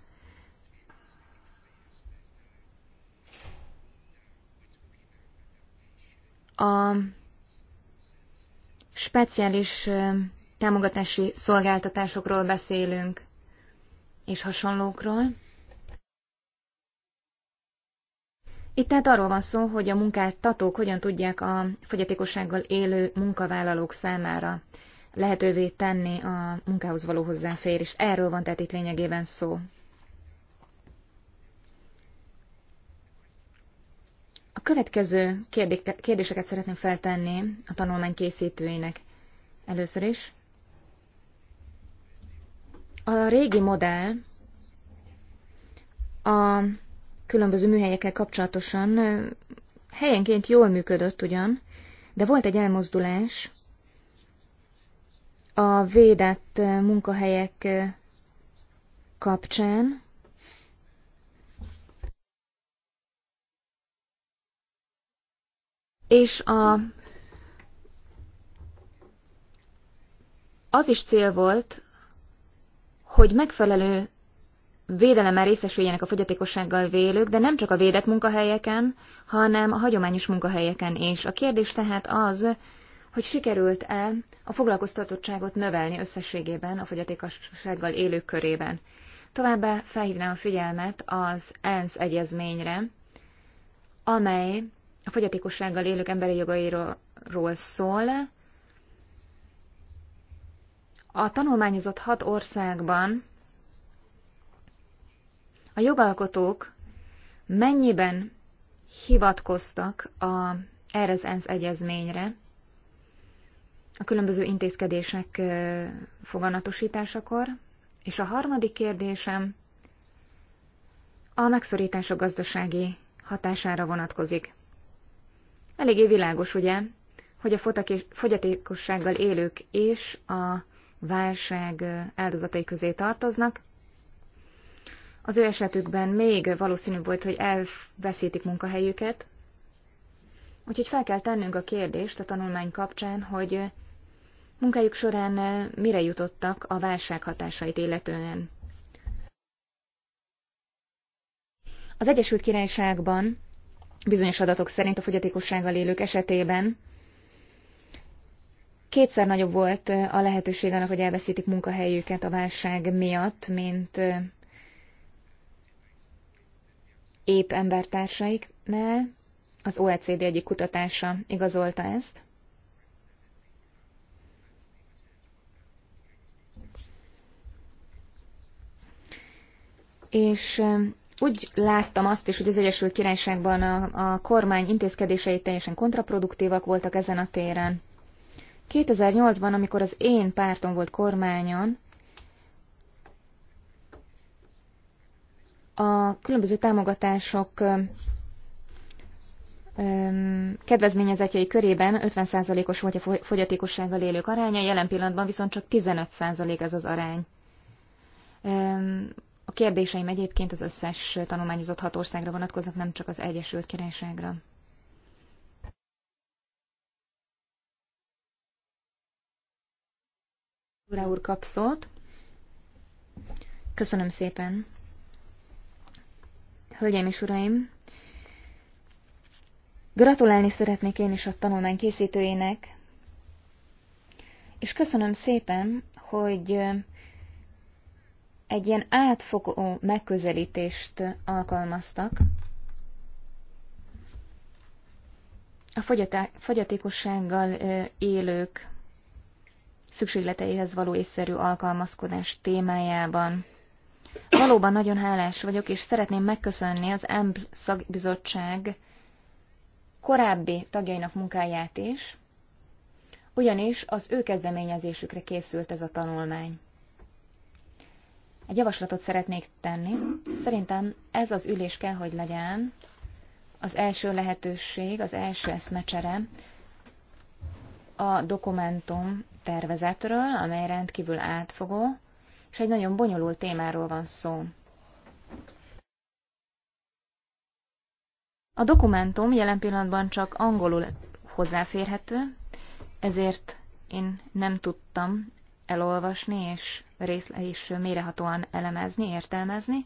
a speciális támogatási szolgáltatásokról beszélünk, és hasonlókról. Itt tehát arról van szó, hogy a munkáltatók hogyan tudják a fogyatékossággal élő munkavállalók számára lehetővé tenni a munkához való hozzáférés. Erről van tehát itt lényegében szó. következő kérdéseket szeretném feltenni a tanulmány készítőinek. Először is. A régi modell a különböző műhelyekkel kapcsolatosan helyenként jól működött ugyan, de volt egy elmozdulás a védett munkahelyek kapcsán, És a, az is cél volt, hogy megfelelő védelemmel részesüljenek a fogyatékossággal vélők, de nem csak a védett munkahelyeken, hanem a hagyományos munkahelyeken is. A kérdés tehát az, hogy sikerült-e a foglalkoztatottságot növelni összességében a fogyatékossággal élők körében. Továbbá felhívnám a figyelmet az ENSZ egyezményre, amely a fogyatékossággal élők emberi jogairól szól. A tanulmányozott hat országban a jogalkotók mennyiben hivatkoztak a, erre az ENSZ egyezményre, a különböző intézkedések foganatosításakor, és a harmadik kérdésem a megszorítások gazdasági hatására vonatkozik. Eléggé világos, ugye, hogy a fogyatékossággal élők és a válság áldozatai közé tartoznak. Az ő esetükben még valószínű volt, hogy elveszítik munkahelyüket, úgyhogy fel kell tennünk a kérdést a tanulmány kapcsán, hogy munkájuk során mire jutottak a válság hatásait illetően. Az Egyesült Királyságban Bizonyos adatok szerint a fogyatékossággal élők esetében kétszer nagyobb volt a lehetőség annak, hogy elveszítik munkahelyüket a válság miatt, mint épp embertársaiknál. Az OECD egyik kutatása igazolta ezt. És úgy láttam azt is, hogy az Egyesült Királyságban a, a kormány intézkedései teljesen kontraproduktívak voltak ezen a téren. 2008-ban, amikor az én pártom volt kormányon, a különböző támogatások kedvezményezetjei körében 50%-os volt a fogyatékossággal élők aránya, jelen pillanatban viszont csak 15% ez az arány. A kérdéseim egyébként az összes tanulmányozott hat országra vonatkoznak, nem csak az Egyesült Királyságra. Ura úr kap szót. Köszönöm szépen. Hölgyeim és uraim, gratulálni szeretnék én is a tanulmány készítőjének, és köszönöm szépen, hogy egy ilyen átfogó megközelítést alkalmaztak. A fogyatékossággal élők szükségleteihez való észszerű alkalmazkodás témájában. Valóban nagyon hálás vagyok, és szeretném megköszönni az EMB szakbizottság korábbi tagjainak munkáját is, ugyanis az ő kezdeményezésükre készült ez a tanulmány. Egy javaslatot szeretnék tenni. Szerintem ez az ülés kell, hogy legyen az első lehetőség, az első eszmecsere a dokumentum tervezetről, amely rendkívül átfogó, és egy nagyon bonyolult témáról van szó. A dokumentum jelen pillanatban csak angolul hozzáférhető, ezért én nem tudtam elolvasni és részle is mérehatóan elemezni, értelmezni,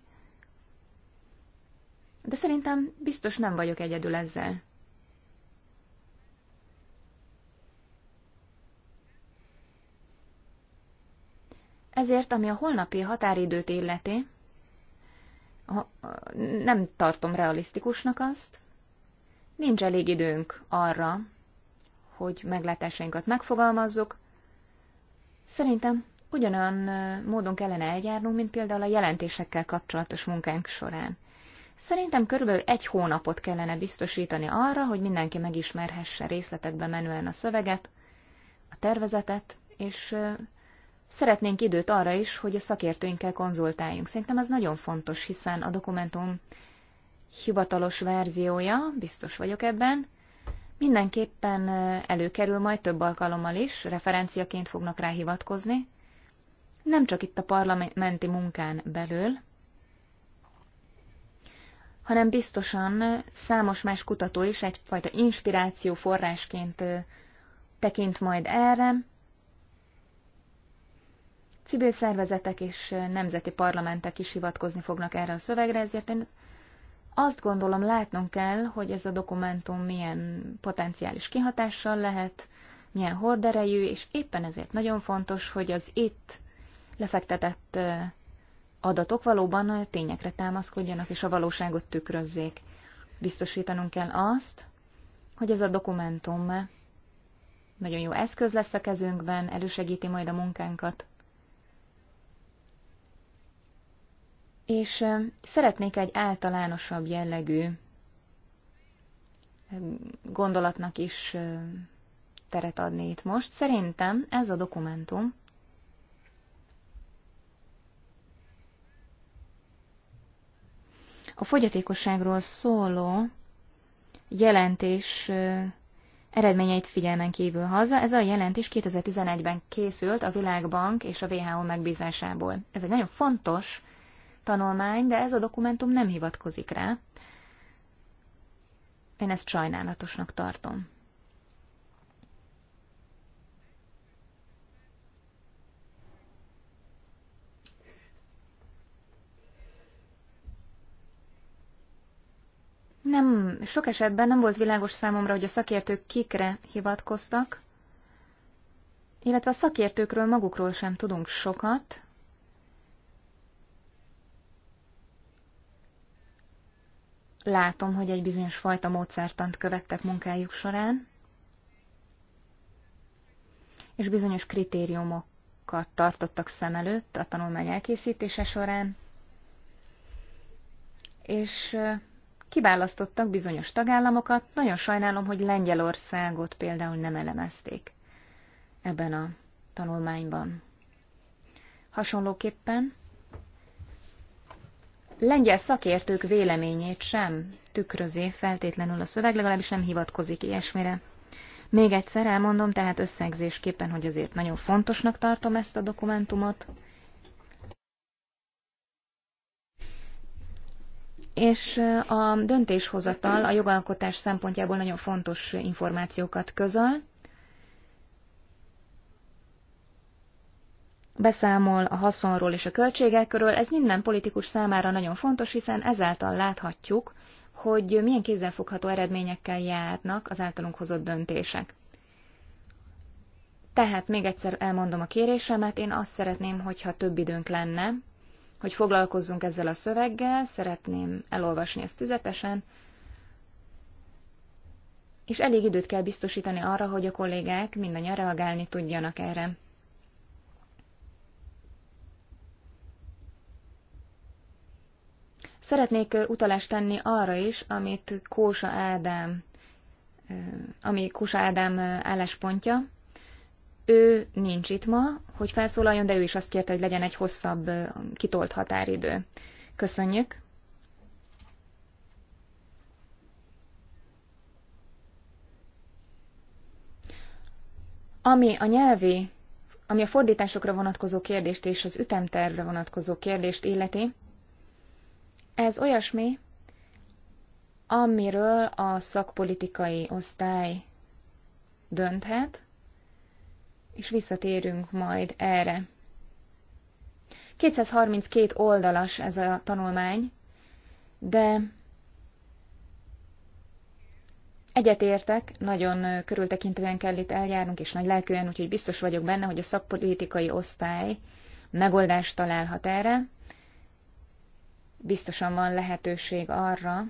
de szerintem biztos nem vagyok egyedül ezzel. Ezért, ami a holnapi határidőt illeti, nem tartom realisztikusnak azt, nincs elég időnk arra, hogy meglátásainkat megfogalmazzuk. Szerintem ugyanolyan módon kellene eljárnunk, mint például a jelentésekkel kapcsolatos munkánk során. Szerintem körülbelül egy hónapot kellene biztosítani arra, hogy mindenki megismerhesse részletekbe menően a szöveget, a tervezetet, és szeretnénk időt arra is, hogy a szakértőinkkel konzultáljunk. Szerintem ez nagyon fontos, hiszen a dokumentum hivatalos verziója, biztos vagyok ebben, mindenképpen előkerül majd több alkalommal is, referenciaként fognak rá hivatkozni, nem csak itt a parlamenti munkán belül, hanem biztosan számos más kutató is egyfajta inspiráció forrásként tekint majd erre. Civil szervezetek és nemzeti parlamentek is hivatkozni fognak erre a szövegre, ezért én azt gondolom látnunk kell, hogy ez a dokumentum milyen potenciális kihatással lehet, milyen horderejű, és éppen ezért nagyon fontos, hogy az itt lefektetett adatok valóban tényekre támaszkodjanak és a valóságot tükrözzék. Biztosítanunk kell azt, hogy ez a dokumentum nagyon jó eszköz lesz a kezünkben, elősegíti majd a munkánkat. És szeretnék egy általánosabb jellegű gondolatnak is teret adni itt most. Szerintem ez a dokumentum A fogyatékosságról szóló jelentés eredményeit figyelmen kívül haza. Ez a jelentés 2011-ben készült a Világbank és a WHO megbízásából. Ez egy nagyon fontos tanulmány, de ez a dokumentum nem hivatkozik rá. Én ezt sajnálatosnak tartom. Nem, sok esetben nem volt világos számomra, hogy a szakértők kikre hivatkoztak, illetve a szakértőkről magukról sem tudunk sokat. Látom, hogy egy bizonyos fajta módszertant követtek munkájuk során, és bizonyos kritériumokat tartottak szem előtt a tanulmány elkészítése során, és kiválasztottak bizonyos tagállamokat, nagyon sajnálom, hogy Lengyelországot például nem elemezték ebben a tanulmányban. Hasonlóképpen lengyel szakértők véleményét sem tükrözi feltétlenül a szöveg, legalábbis nem hivatkozik ilyesmire. Még egyszer elmondom, tehát összegzésképpen, hogy azért nagyon fontosnak tartom ezt a dokumentumot, és a döntéshozatal a jogalkotás szempontjából nagyon fontos információkat közöl. Beszámol a haszonról és a költségekről, ez minden politikus számára nagyon fontos, hiszen ezáltal láthatjuk, hogy milyen kézzelfogható eredményekkel járnak az általunk hozott döntések. Tehát még egyszer elmondom a kérésemet, én azt szeretném, hogyha több időnk lenne, hogy foglalkozzunk ezzel a szöveggel, szeretném elolvasni ezt tüzetesen, és elég időt kell biztosítani arra, hogy a kollégák mindannyian reagálni tudjanak erre. Szeretnék utalást tenni arra is, amit Kósa Ádám, ami Kósa Ádám álláspontja, ő nincs itt ma, hogy felszólaljon, de ő is azt kérte, hogy legyen egy hosszabb, kitolt határidő. Köszönjük! Ami a nyelvi, ami a fordításokra vonatkozó kérdést és az ütemtervre vonatkozó kérdést illeti, ez olyasmi, amiről a szakpolitikai osztály dönthet, és visszatérünk majd erre. 232 oldalas ez a tanulmány, de Egyetértek, nagyon körültekintően kell itt eljárnunk, és nagy lelkűen, úgyhogy biztos vagyok benne, hogy a szakpolitikai osztály megoldást találhat erre. Biztosan van lehetőség arra,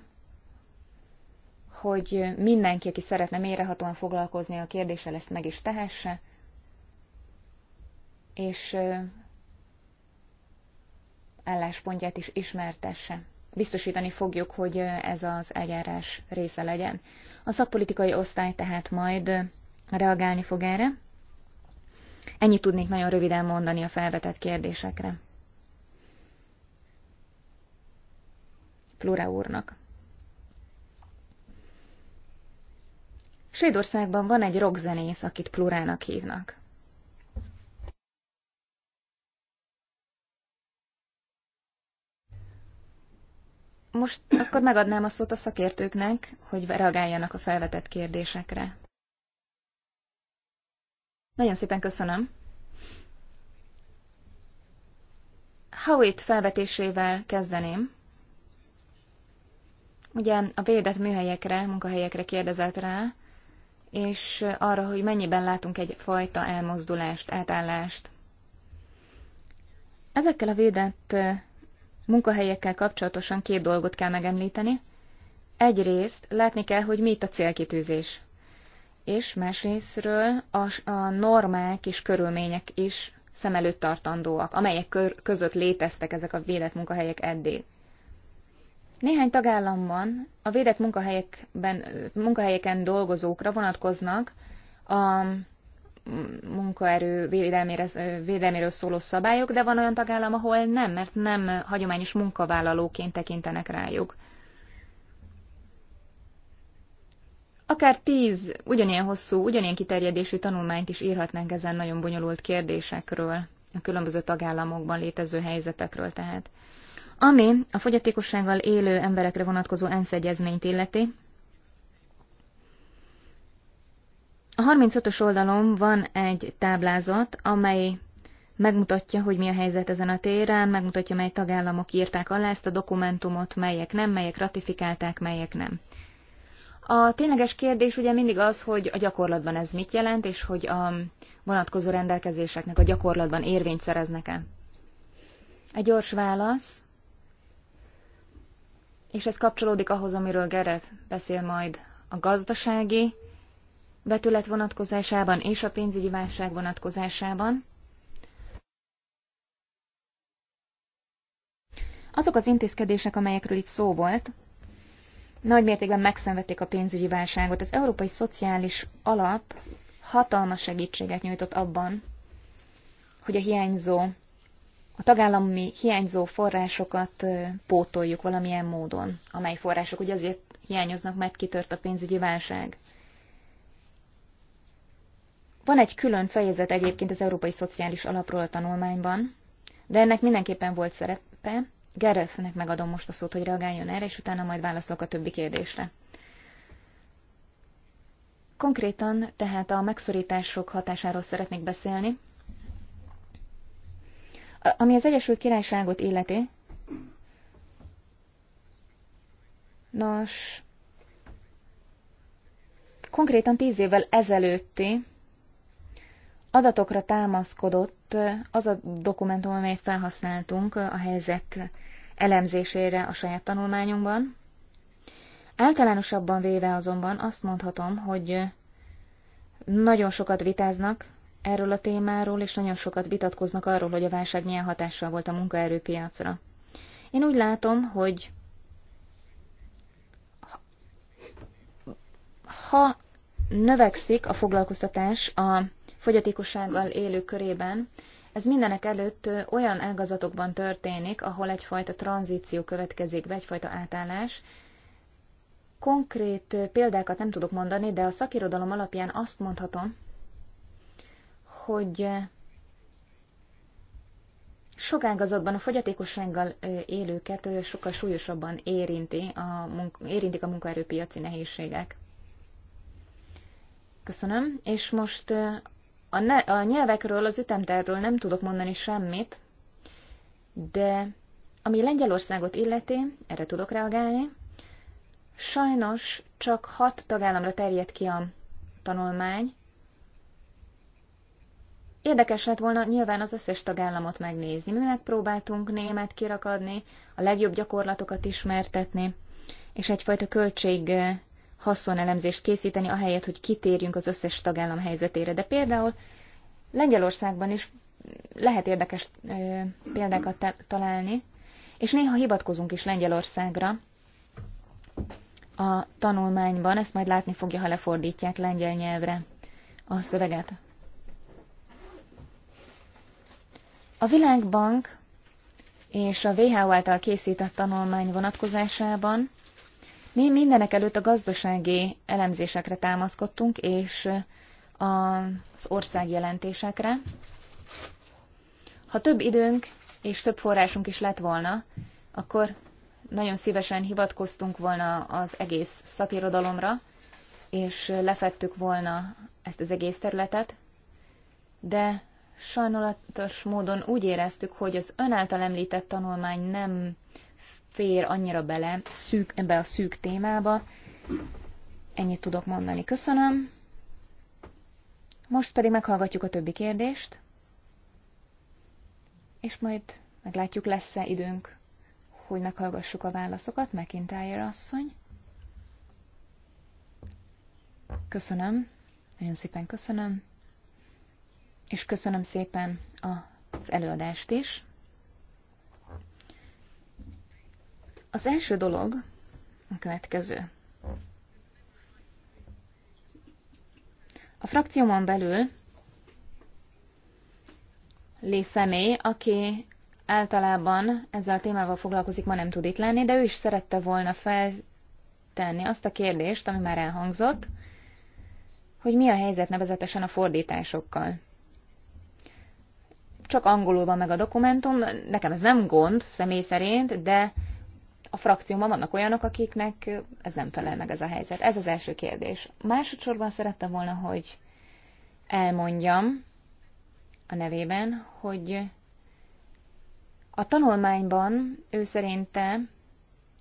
hogy mindenki, aki szeretne mérehatóan foglalkozni a kérdéssel, ezt meg is tehesse és álláspontját is ismertesse. Biztosítani fogjuk, hogy ez az eljárás része legyen. A szakpolitikai osztály tehát majd reagálni fog erre. Ennyit tudnék nagyon röviden mondani a felvetett kérdésekre. Plura úrnak. Svédországban van egy rockzenész, akit Plurának hívnak. Most akkor megadnám a szót a szakértőknek, hogy reagáljanak a felvetett kérdésekre. Nagyon szépen köszönöm. Howitt felvetésével kezdeném. Ugye a védett műhelyekre, munkahelyekre kérdezett rá, és arra, hogy mennyiben látunk egyfajta elmozdulást, átállást. Ezekkel a védett munkahelyekkel kapcsolatosan két dolgot kell megemlíteni. Egyrészt látni kell, hogy mi itt a célkitűzés. És másrésztről a, a normák és körülmények is szem előtt tartandóak, amelyek kör, között léteztek ezek a védett munkahelyek eddig. Néhány tagállamban a védett munkahelyekben, munkahelyeken dolgozókra vonatkoznak a munkaerő védelmére, védelméről szóló szabályok, de van olyan tagállam, ahol nem, mert nem hagyományos munkavállalóként tekintenek rájuk. Akár tíz ugyanilyen hosszú, ugyanilyen kiterjedésű tanulmányt is írhatnánk ezen nagyon bonyolult kérdésekről, a különböző tagállamokban létező helyzetekről tehát. Ami a fogyatékossággal élő emberekre vonatkozó ENSZ egyezményt illeti, A 35-ös oldalon van egy táblázat, amely megmutatja, hogy mi a helyzet ezen a téren, megmutatja, mely tagállamok írták alá ezt a dokumentumot, melyek nem, melyek ratifikálták, melyek nem. A tényleges kérdés ugye mindig az, hogy a gyakorlatban ez mit jelent, és hogy a vonatkozó rendelkezéseknek a gyakorlatban érvényt szereznek-e. Egy gyors válasz, és ez kapcsolódik ahhoz, amiről Gerett beszél majd a gazdasági vetület vonatkozásában és a pénzügyi válság vonatkozásában. Azok az intézkedések, amelyekről itt szó volt, nagy mértékben megszenvedték a pénzügyi válságot. Az Európai Szociális Alap hatalmas segítséget nyújtott abban, hogy a hiányzó, a tagállami hiányzó forrásokat pótoljuk valamilyen módon, amely források ugye azért hiányoznak, mert kitört a pénzügyi válság. Van egy külön fejezet egyébként az Európai Szociális Alapról a tanulmányban, de ennek mindenképpen volt szerepe. Gerethnek megadom most a szót, hogy reagáljon erre, és utána majd válaszolok a többi kérdésre. Konkrétan tehát a megszorítások hatásáról szeretnék beszélni. Ami az Egyesült Királyságot illeti, nos, konkrétan tíz évvel ezelőtti adatokra támaszkodott az a dokumentum, amelyet felhasználtunk a helyzet elemzésére a saját tanulmányunkban. Általánosabban véve azonban azt mondhatom, hogy nagyon sokat vitáznak erről a témáról, és nagyon sokat vitatkoznak arról, hogy a válság milyen hatással volt a munkaerőpiacra. Én úgy látom, hogy ha növekszik a foglalkoztatás a fogyatékossággal élők körében. Ez mindenek előtt olyan ágazatokban történik, ahol egyfajta tranzíció következik vagy egyfajta átállás. Konkrét példákat nem tudok mondani, de a szakirodalom alapján azt mondhatom, hogy sok ágazatban a fogyatékossággal élőket sokkal súlyosabban érinti a munka, érintik a munkaerőpiaci nehézségek. Köszönöm, és most a, ne, a nyelvekről, az ütemtervről nem tudok mondani semmit, de ami Lengyelországot illeti, erre tudok reagálni, sajnos csak hat tagállamra terjed ki a tanulmány. Érdekes lett volna nyilván az összes tagállamot megnézni. Mi megpróbáltunk német kirakadni, a legjobb gyakorlatokat ismertetni, és egyfajta költség haszonelemzést készíteni, ahelyett, hogy kitérjünk az összes tagállam helyzetére. De például Lengyelországban is lehet érdekes ö, példákat találni, és néha hivatkozunk is Lengyelországra a tanulmányban, ezt majd látni fogja, ha lefordítják lengyel nyelvre a szöveget. A Világbank és a WHO által készített tanulmány vonatkozásában mi mindenek előtt a gazdasági elemzésekre támaszkodtunk, és az ország jelentésekre. Ha több időnk és több forrásunk is lett volna, akkor nagyon szívesen hivatkoztunk volna az egész szakirodalomra, és lefettük volna ezt az egész területet, de sajnálatos módon úgy éreztük, hogy az ön által említett tanulmány nem fér annyira bele szűk, ebbe a szűk témába. Ennyit tudok mondani. Köszönöm. Most pedig meghallgatjuk a többi kérdést, és majd meglátjuk, lesz-e időnk, hogy meghallgassuk a válaszokat, McIntyre asszony. Köszönöm, nagyon szépen köszönöm, és köszönöm szépen az előadást is. Az első dolog a következő. A frakciómon belül Lé személy, aki általában ezzel a témával foglalkozik, ma nem tud itt lenni, de ő is szerette volna feltenni azt a kérdést, ami már elhangzott, hogy mi a helyzet nevezetesen a fordításokkal. Csak angolul van meg a dokumentum, nekem ez nem gond személy szerint, de a frakcióban vannak olyanok, akiknek ez nem felel meg ez a helyzet. Ez az első kérdés. Másodszorban szerettem volna, hogy elmondjam a nevében, hogy a tanulmányban ő szerinte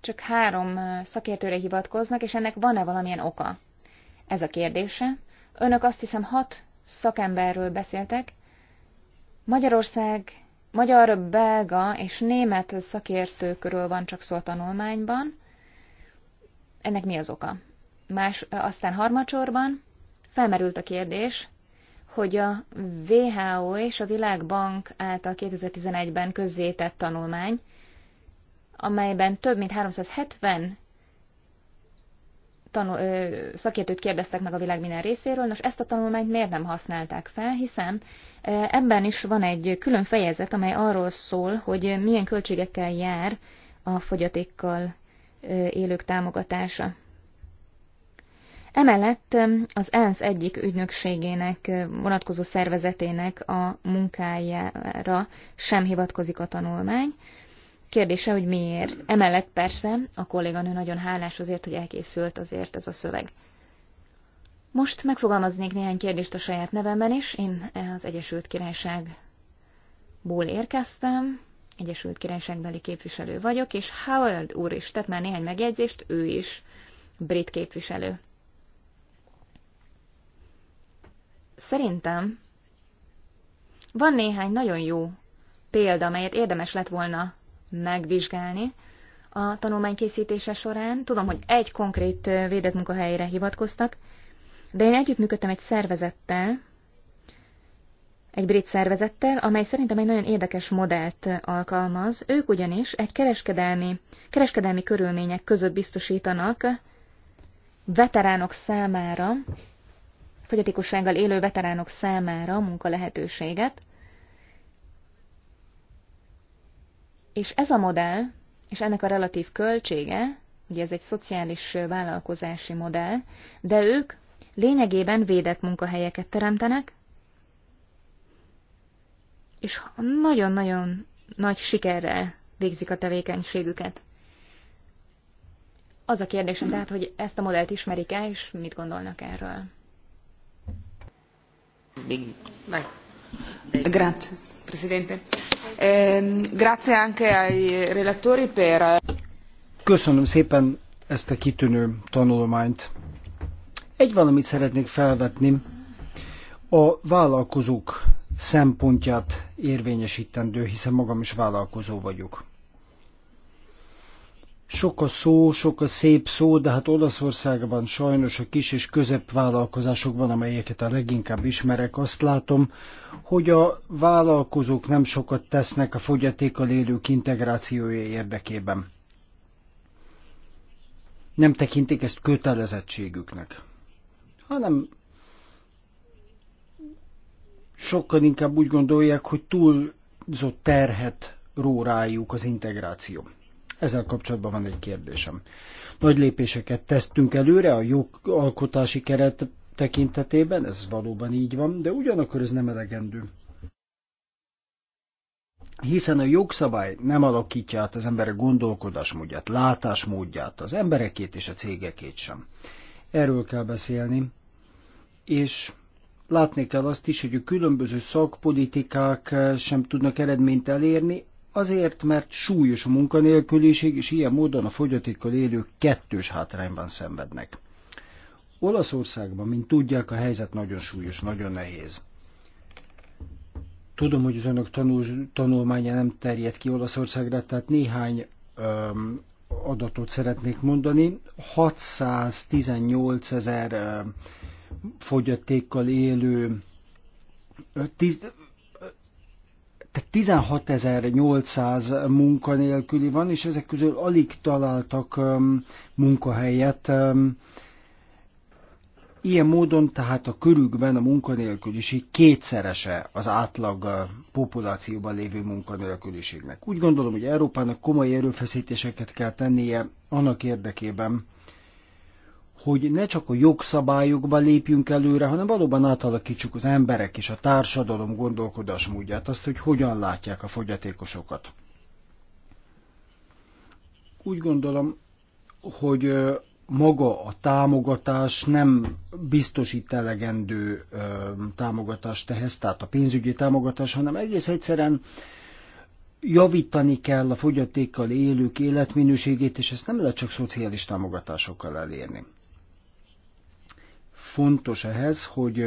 csak három szakértőre hivatkoznak, és ennek van-e valamilyen oka? Ez a kérdése. Önök azt hiszem hat szakemberről beszéltek. Magyarország magyar, belga és német szakértőkről van csak szó a tanulmányban. Ennek mi az oka? Más, aztán harmadsorban felmerült a kérdés, hogy a WHO és a Világbank által 2011-ben közzétett tanulmány, amelyben több mint 370 tanul, ö, szakértőt kérdeztek meg a világ minden részéről, nos ezt a tanulmányt miért nem használták fel, hiszen ebben is van egy külön fejezet, amely arról szól, hogy milyen költségekkel jár a fogyatékkal élők támogatása. Emellett az ENSZ egyik ügynökségének, vonatkozó szervezetének a munkájára sem hivatkozik a tanulmány, Kérdése, hogy miért. Emellett persze a kolléganő nagyon hálás azért, hogy elkészült azért ez a szöveg. Most megfogalmaznék néhány kérdést a saját nevemben is. Én az Egyesült Királyságból érkeztem, Egyesült Királyságbeli képviselő vagyok, és Howard úr is tett már néhány megjegyzést, ő is brit képviselő. Szerintem van néhány nagyon jó példa, amelyet érdemes lett volna megvizsgálni a tanulmány készítése során. Tudom, hogy egy konkrét védett munkahelyre hivatkoztak, de én együttműködtem egy szervezettel, egy brit szervezettel, amely szerintem egy nagyon érdekes modellt alkalmaz. Ők ugyanis egy kereskedelmi, kereskedelmi körülmények között biztosítanak veteránok számára, fogyatékossággal élő veteránok számára munkalehetőséget, És ez a modell, és ennek a relatív költsége, ugye ez egy szociális vállalkozási modell, de ők lényegében védett munkahelyeket teremtenek, és nagyon-nagyon nagy sikerrel végzik a tevékenységüket. Az a kérdésem tehát, hogy ezt a modellt ismerik-e, és mit gondolnak erről?
Grazie. Ehm,
Köszönöm szépen ezt a kitűnő tanulmányt. Egy valamit szeretnék felvetni. A vállalkozók szempontját érvényesítendő, hiszen magam is vállalkozó vagyok. Sok a szó, sok a szép szó, de hát Olaszországban sajnos a kis és középvállalkozásokban, amelyeket a leginkább ismerek, azt látom, hogy a vállalkozók nem sokat tesznek a fogyatékkal élők integrációja érdekében. Nem tekintik ezt kötelezettségüknek, hanem sokkal inkább úgy gondolják, hogy túlzott terhet ró rájuk az integráció. Ezzel kapcsolatban van egy kérdésem. Nagy lépéseket tesztünk előre a jogalkotási keret tekintetében, ez valóban így van, de ugyanakkor ez nem elegendő. Hiszen a jogszabály nem alakítja át az emberek gondolkodásmódját, látásmódját, az emberekét és a cégekét sem. Erről kell beszélni, és látni kell azt is, hogy a különböző szakpolitikák sem tudnak eredményt elérni, Azért, mert súlyos a munkanélküliség, és ilyen módon a fogyatékkal élők kettős hátrányban szenvednek. Olaszországban, mint tudják, a helyzet nagyon súlyos, nagyon nehéz. Tudom, hogy az önök tanul, tanulmánya nem terjed ki Olaszországra, tehát néhány öm, adatot szeretnék mondani. 618 ezer fogyatékkal élő, tehát 16.800 munkanélküli van, és ezek közül alig találtak um, munkahelyet. Um, ilyen módon tehát a körükben a munkanélküliség kétszerese az átlag uh, populációban lévő munkanélküliségnek. Úgy gondolom, hogy Európának komoly erőfeszítéseket kell tennie annak érdekében, hogy ne csak a jogszabályokba lépjünk előre, hanem valóban átalakítsuk az emberek és a társadalom gondolkodásmódját, azt, hogy hogyan látják a fogyatékosokat. Úgy gondolom, hogy maga a támogatás nem biztosít elegendő támogatást ehhez, tehát a pénzügyi támogatás, hanem egész egyszerűen javítani kell a fogyatékkal élők életminőségét, és ezt nem lehet csak szociális támogatásokkal elérni fontos ehhez, hogy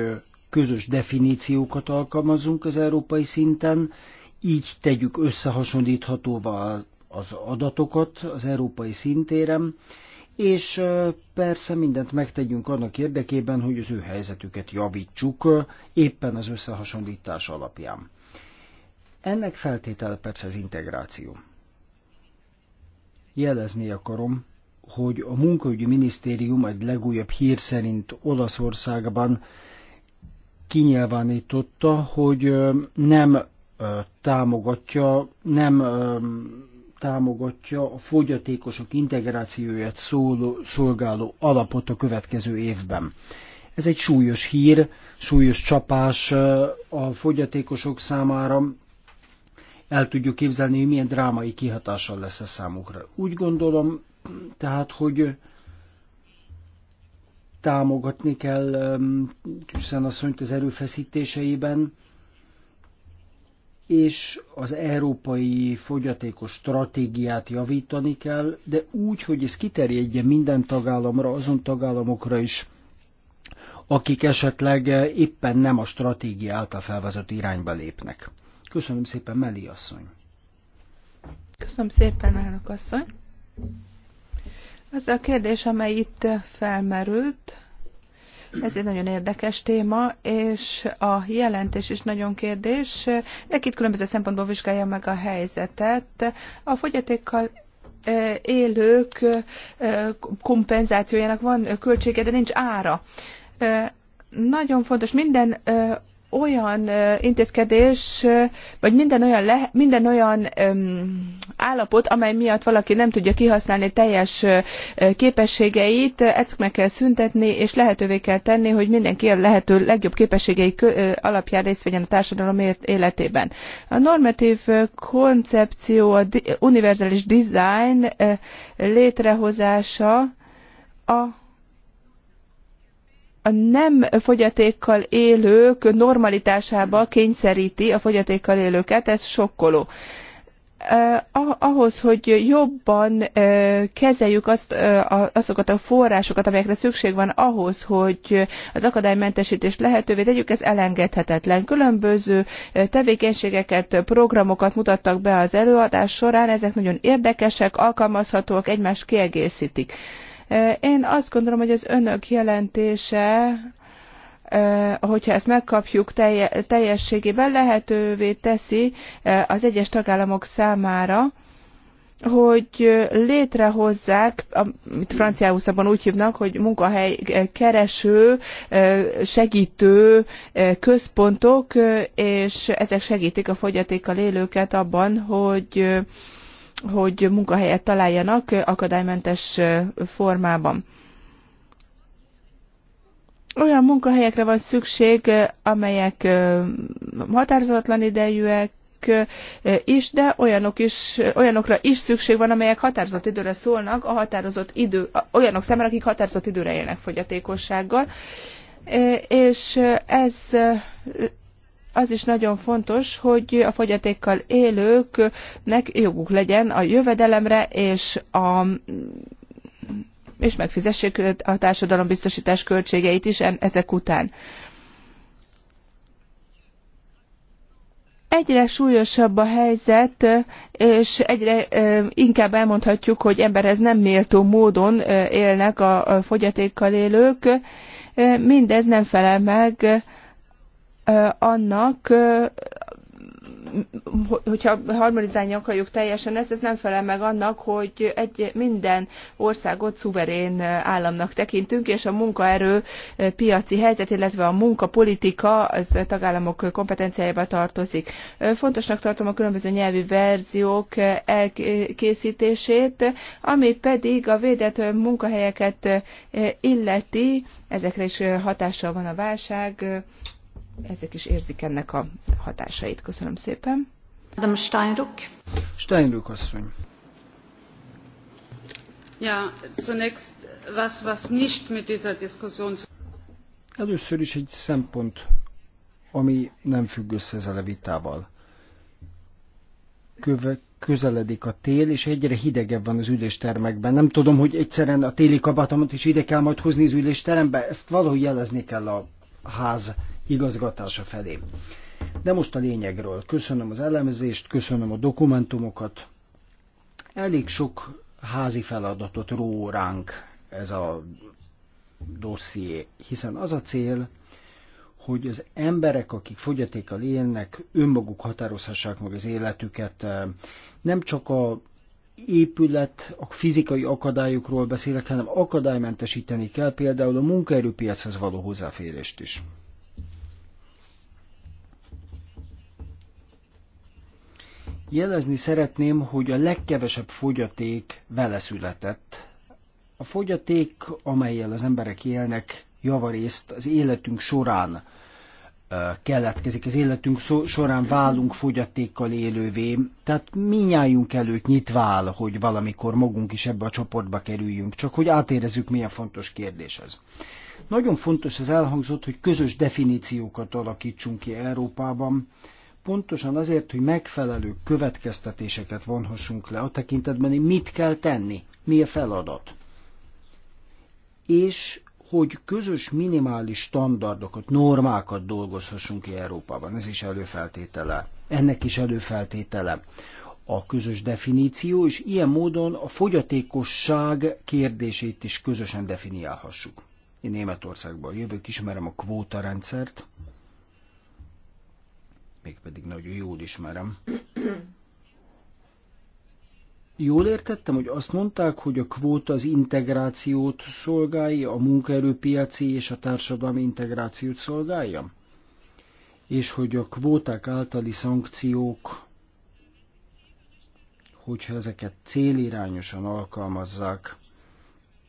közös definíciókat alkalmazunk az európai szinten, így tegyük összehasonlíthatóvá az adatokat az európai szintéren, és persze mindent megtegyünk annak érdekében, hogy az ő helyzetüket javítsuk éppen az összehasonlítás alapján. Ennek feltétele persze az integráció. Jelezni akarom, hogy a munkaügyi minisztérium egy legújabb hír szerint Olaszországban kinyilvánította, hogy nem támogatja, nem támogatja a fogyatékosok integrációját szóló, szolgáló alapot a következő évben. Ez egy súlyos hír, súlyos csapás a fogyatékosok számára. El tudjuk képzelni, hogy milyen drámai kihatással lesz a számukra. Úgy gondolom, tehát hogy támogatni kell um, Tüsszen asszonyt az erőfeszítéseiben, és az európai fogyatékos stratégiát javítani kell, de úgy, hogy ez kiterjedje minden tagállamra, azon tagállamokra is, akik esetleg éppen nem a stratégia által felvezett irányba lépnek. Köszönöm szépen, Meli asszony!
Köszönöm szépen, elnök asszony! Az a kérdés, amely itt felmerült, ez egy nagyon érdekes téma, és a jelentés is nagyon kérdés. De itt különböző szempontból vizsgálja meg a helyzetet. A fogyatékkal élők kompenzációjának van költsége, de nincs ára. Nagyon fontos, minden olyan intézkedés, vagy minden olyan, le, minden olyan öm, állapot, amely miatt valaki nem tudja kihasználni teljes képességeit, ezt meg kell szüntetni, és lehetővé kell tenni, hogy mindenki a lehető legjobb képességei alapján részt vegyen a társadalom életében. A normatív koncepció, a univerzális design létrehozása a a nem fogyatékkal élők normalitásába kényszeríti a fogyatékkal élőket, ez sokkoló. Ahhoz, hogy jobban kezeljük azt, azokat a forrásokat, amelyekre szükség van ahhoz, hogy az akadálymentesítést lehetővé tegyük, ez elengedhetetlen. Különböző tevékenységeket, programokat mutattak be az előadás során, ezek nagyon érdekesek, alkalmazhatóak, egymást kiegészítik. Én azt gondolom, hogy az önök jelentése hogyha ezt megkapjuk teljességében, lehetővé teszi az egyes tagállamok számára, hogy létrehozzák, amit franciául úgy hívnak, hogy munkahely kereső, segítő központok, és ezek segítik a fogyatékkal élőket abban, hogy hogy munkahelyet találjanak akadálymentes formában. Olyan munkahelyekre van szükség, amelyek határozatlan idejűek, is, de olyanok is, olyanokra is szükség van, amelyek határozott időre szólnak, a határozott idő, olyanok számára, akik határozott időre élnek fogyatékossággal és ez az is nagyon fontos, hogy a fogyatékkal élőknek joguk legyen a jövedelemre és a és megfizessék a társadalombiztosítás költségeit is ezek után. Egyre súlyosabb a helyzet, és egyre inkább elmondhatjuk, hogy emberhez nem méltó módon élnek a fogyatékkal élők. Mindez nem felel meg annak, hogyha harmonizálni akarjuk teljesen ezt, ez nem felel meg annak, hogy egy minden országot szuverén államnak tekintünk, és a munkaerő piaci helyzet, illetve a munkapolitika az tagállamok kompetenciájába tartozik. Fontosnak tartom a különböző nyelvi verziók elkészítését, ami pedig a védett munkahelyeket illeti, ezekre is hatással van a válság, ezek is érzik ennek a hatásait. Köszönöm szépen. Adam
Steinruck.
Steinruck asszony.
Ja, zunächst was, was nicht mit dieser Diskussion
Először is egy szempont, ami nem függ össze ezzel a vitával. Köve, közeledik a tél, és egyre hidegebb van az üléstermekben. Nem tudom, hogy egyszerűen a téli kabátomat is ide kell majd hozni az ülésterembe, ezt valahogy jelezni kell a ház igazgatása felé. De most a lényegről. Köszönöm az elemzést, köszönöm a dokumentumokat. Elég sok házi feladatot ró ránk ez a dosszié, hiszen az a cél, hogy az emberek, akik fogyatékkal élnek, önmaguk határozhassák meg az életüket. Nem csak a épület, a fizikai akadályokról beszélek, hanem akadálymentesíteni kell például a munkaerőpiachoz való hozzáférést is. Jelezni szeretném, hogy a legkevesebb fogyaték vele született. A fogyaték, amelyel az emberek élnek, javarészt az életünk során keletkezik, az életünk során válunk fogyatékkal élővé, tehát minnyájunk előtt áll, hogy valamikor magunk is ebbe a csoportba kerüljünk, csak hogy átérezzük, milyen fontos kérdés ez. Nagyon fontos az elhangzott, hogy közös definíciókat alakítsunk ki Európában, pontosan azért, hogy megfelelő következtetéseket vonhassunk le a tekintetben, hogy mit kell tenni, mi a feladat. És hogy közös minimális standardokat, normákat dolgozhassunk ki Európában. Ez is előfeltétele. Ennek is előfeltétele a közös definíció, és ilyen módon a fogyatékosság kérdését is közösen definiálhassuk. Én Németországban jövök, ismerem a rendszert mégpedig nagyon jól ismerem. Jól értettem, hogy azt mondták, hogy a kvóta az integrációt szolgálja, a munkaerőpiaci és a társadalmi integrációt szolgálja? És hogy a kvóták általi szankciók, hogyha ezeket célirányosan alkalmazzák,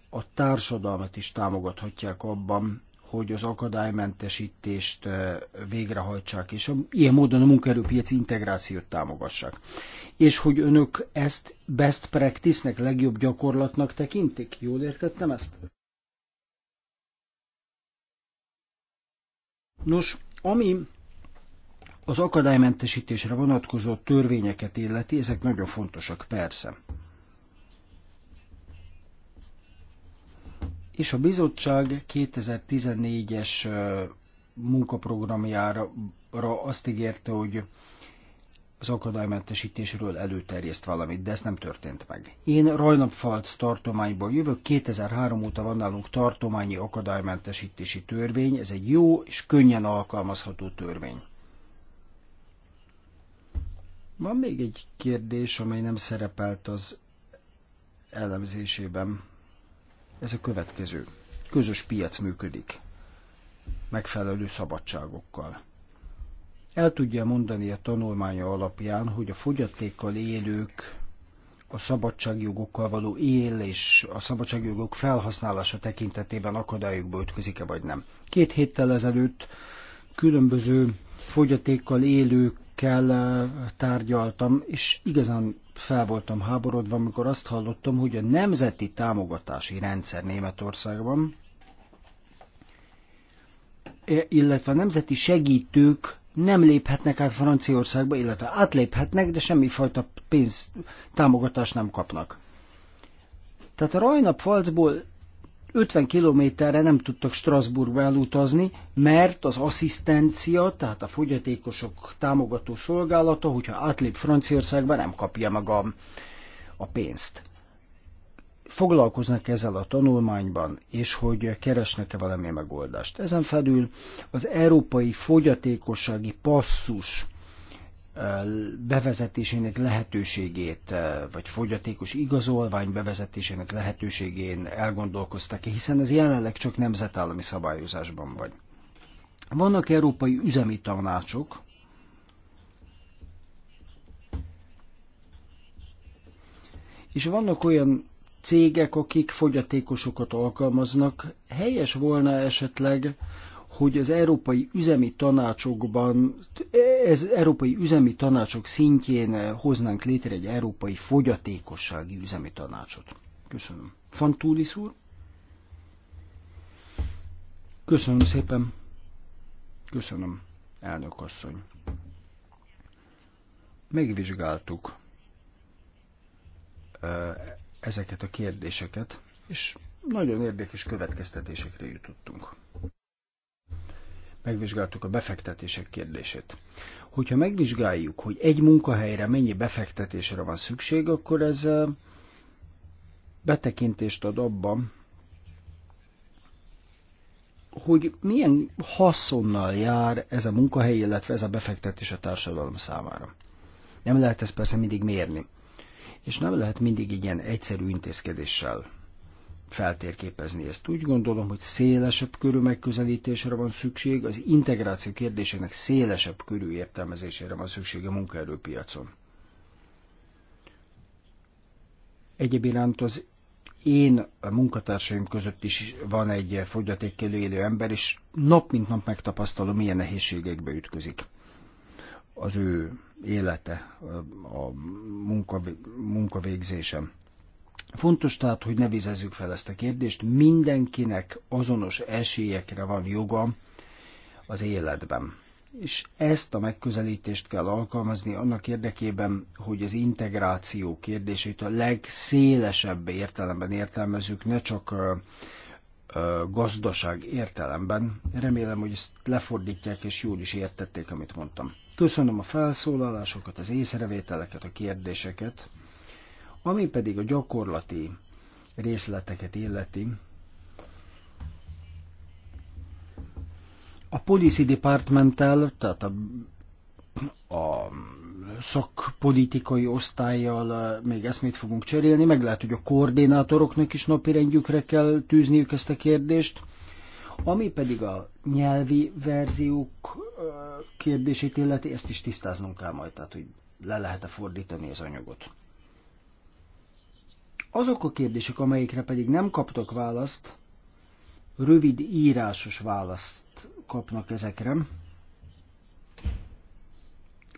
a társadalmat is támogathatják abban, hogy az akadálymentesítést végrehajtsák, és ilyen módon a munkaerőpiaci integrációt támogassák. És hogy önök ezt best practice-nek, legjobb gyakorlatnak tekintik? Jól értettem ezt? Nos, ami az akadálymentesítésre vonatkozó törvényeket illeti, ezek nagyon fontosak, persze. és a bizottság 2014-es munkaprogramjára azt ígérte, hogy az akadálymentesítésről előterjeszt valamit, de ez nem történt meg. Én Rajnapfalc tartományból jövök, 2003 óta van nálunk tartományi akadálymentesítési törvény, ez egy jó és könnyen alkalmazható törvény. Van még egy kérdés, amely nem szerepelt az elemzésében ez a következő. Közös piac működik, megfelelő szabadságokkal. El tudja mondani a tanulmánya alapján, hogy a fogyatékkal élők a szabadságjogokkal való él és a szabadságjogok felhasználása tekintetében akadályokba ütközik-e vagy nem. Két héttel ezelőtt különböző fogyatékkal élőkkel eh, tárgyaltam, és igazán fel voltam háborodva, amikor azt hallottam, hogy a nemzeti támogatási rendszer Németországban, e, illetve a nemzeti segítők nem léphetnek át Franciaországba, illetve átléphetnek, de semmifajta pénz támogatást nem kapnak. Tehát a Rajnap falcból 50 kilométerre nem tudtak Strasbourgba elutazni, mert az asszisztencia, tehát a fogyatékosok támogató szolgálata, hogyha átlép Franciaországba, nem kapja meg a, a pénzt. Foglalkoznak ezzel a tanulmányban, és hogy keresnek-e valami megoldást. Ezen felül az európai fogyatékossági passzus bevezetésének lehetőségét, vagy fogyatékos igazolvány bevezetésének lehetőségén elgondolkoztak-e, hiszen ez jelenleg csak nemzetállami szabályozásban vagy. Vannak európai üzemi tanácsok, és vannak olyan cégek, akik fogyatékosokat alkalmaznak. Helyes volna esetleg, hogy az európai üzemi tanácsokban, ez európai üzemi tanácsok szintjén hoznánk létre egy európai fogyatékossági üzemi tanácsot. Köszönöm. Fantúlis úr? Köszönöm szépen. Köszönöm, elnök asszony. Megvizsgáltuk ezeket a kérdéseket, és nagyon érdekes következtetésekre jutottunk megvizsgáltuk a befektetések kérdését. Hogyha megvizsgáljuk, hogy egy munkahelyre mennyi befektetésre van szükség, akkor ez betekintést ad abban, hogy milyen haszonnal jár ez a munkahely, illetve ez a befektetés a társadalom számára. Nem lehet ezt persze mindig mérni, és nem lehet mindig ilyen egyszerű intézkedéssel feltérképezni ezt. Úgy gondolom, hogy szélesebb körű megközelítésre van szükség, az integráció kérdésének szélesebb körű értelmezésére van szükség a munkaerőpiacon. Egyéb iránt az én a munkatársaim között is van egy fogyatékkel élő ember, és nap mint nap megtapasztalom, milyen nehézségekbe ütközik az ő élete, a munka, munkavégzésem. Fontos tehát, hogy ne vizezzük fel ezt a kérdést, mindenkinek azonos esélyekre van joga az életben. És ezt a megközelítést kell alkalmazni annak érdekében, hogy az integráció kérdését a legszélesebb értelemben értelmezzük, ne csak gazdaság értelemben. Remélem, hogy ezt lefordítják, és jól is értették, amit mondtam. Köszönöm a felszólalásokat, az észrevételeket, a kérdéseket. Ami pedig a gyakorlati részleteket illeti, a Policy Departmenttel, tehát a, a szakpolitikai osztályjal még eszmét fogunk cserélni, meg lehet, hogy a koordinátoroknak is napirendjükre kell tűzniük ezt a kérdést, ami pedig a nyelvi verziók kérdését illeti, ezt is tisztáznunk kell majd, tehát hogy le lehet-e fordítani az anyagot. Azok a kérdések, amelyekre pedig nem kaptak választ, rövid írásos választ kapnak ezekre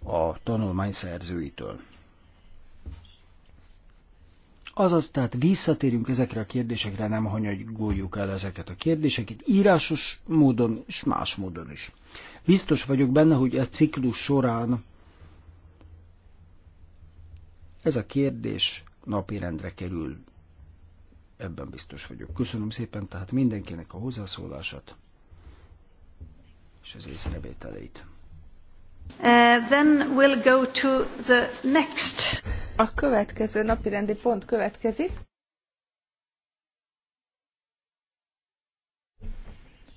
a tanulmány szerzőitől. Azaz, tehát visszatérünk ezekre a kérdésekre, nem hanyagoljuk el ezeket a kérdéseket, írásos módon és más módon is. Biztos vagyok benne, hogy a e ciklus során ez a kérdés napirendre kerül. Ebben biztos vagyok. Köszönöm szépen tehát mindenkinek a hozzászólását és az észrevételeit.
Uh, then we'll go to the next. A következő napirendi pont következik.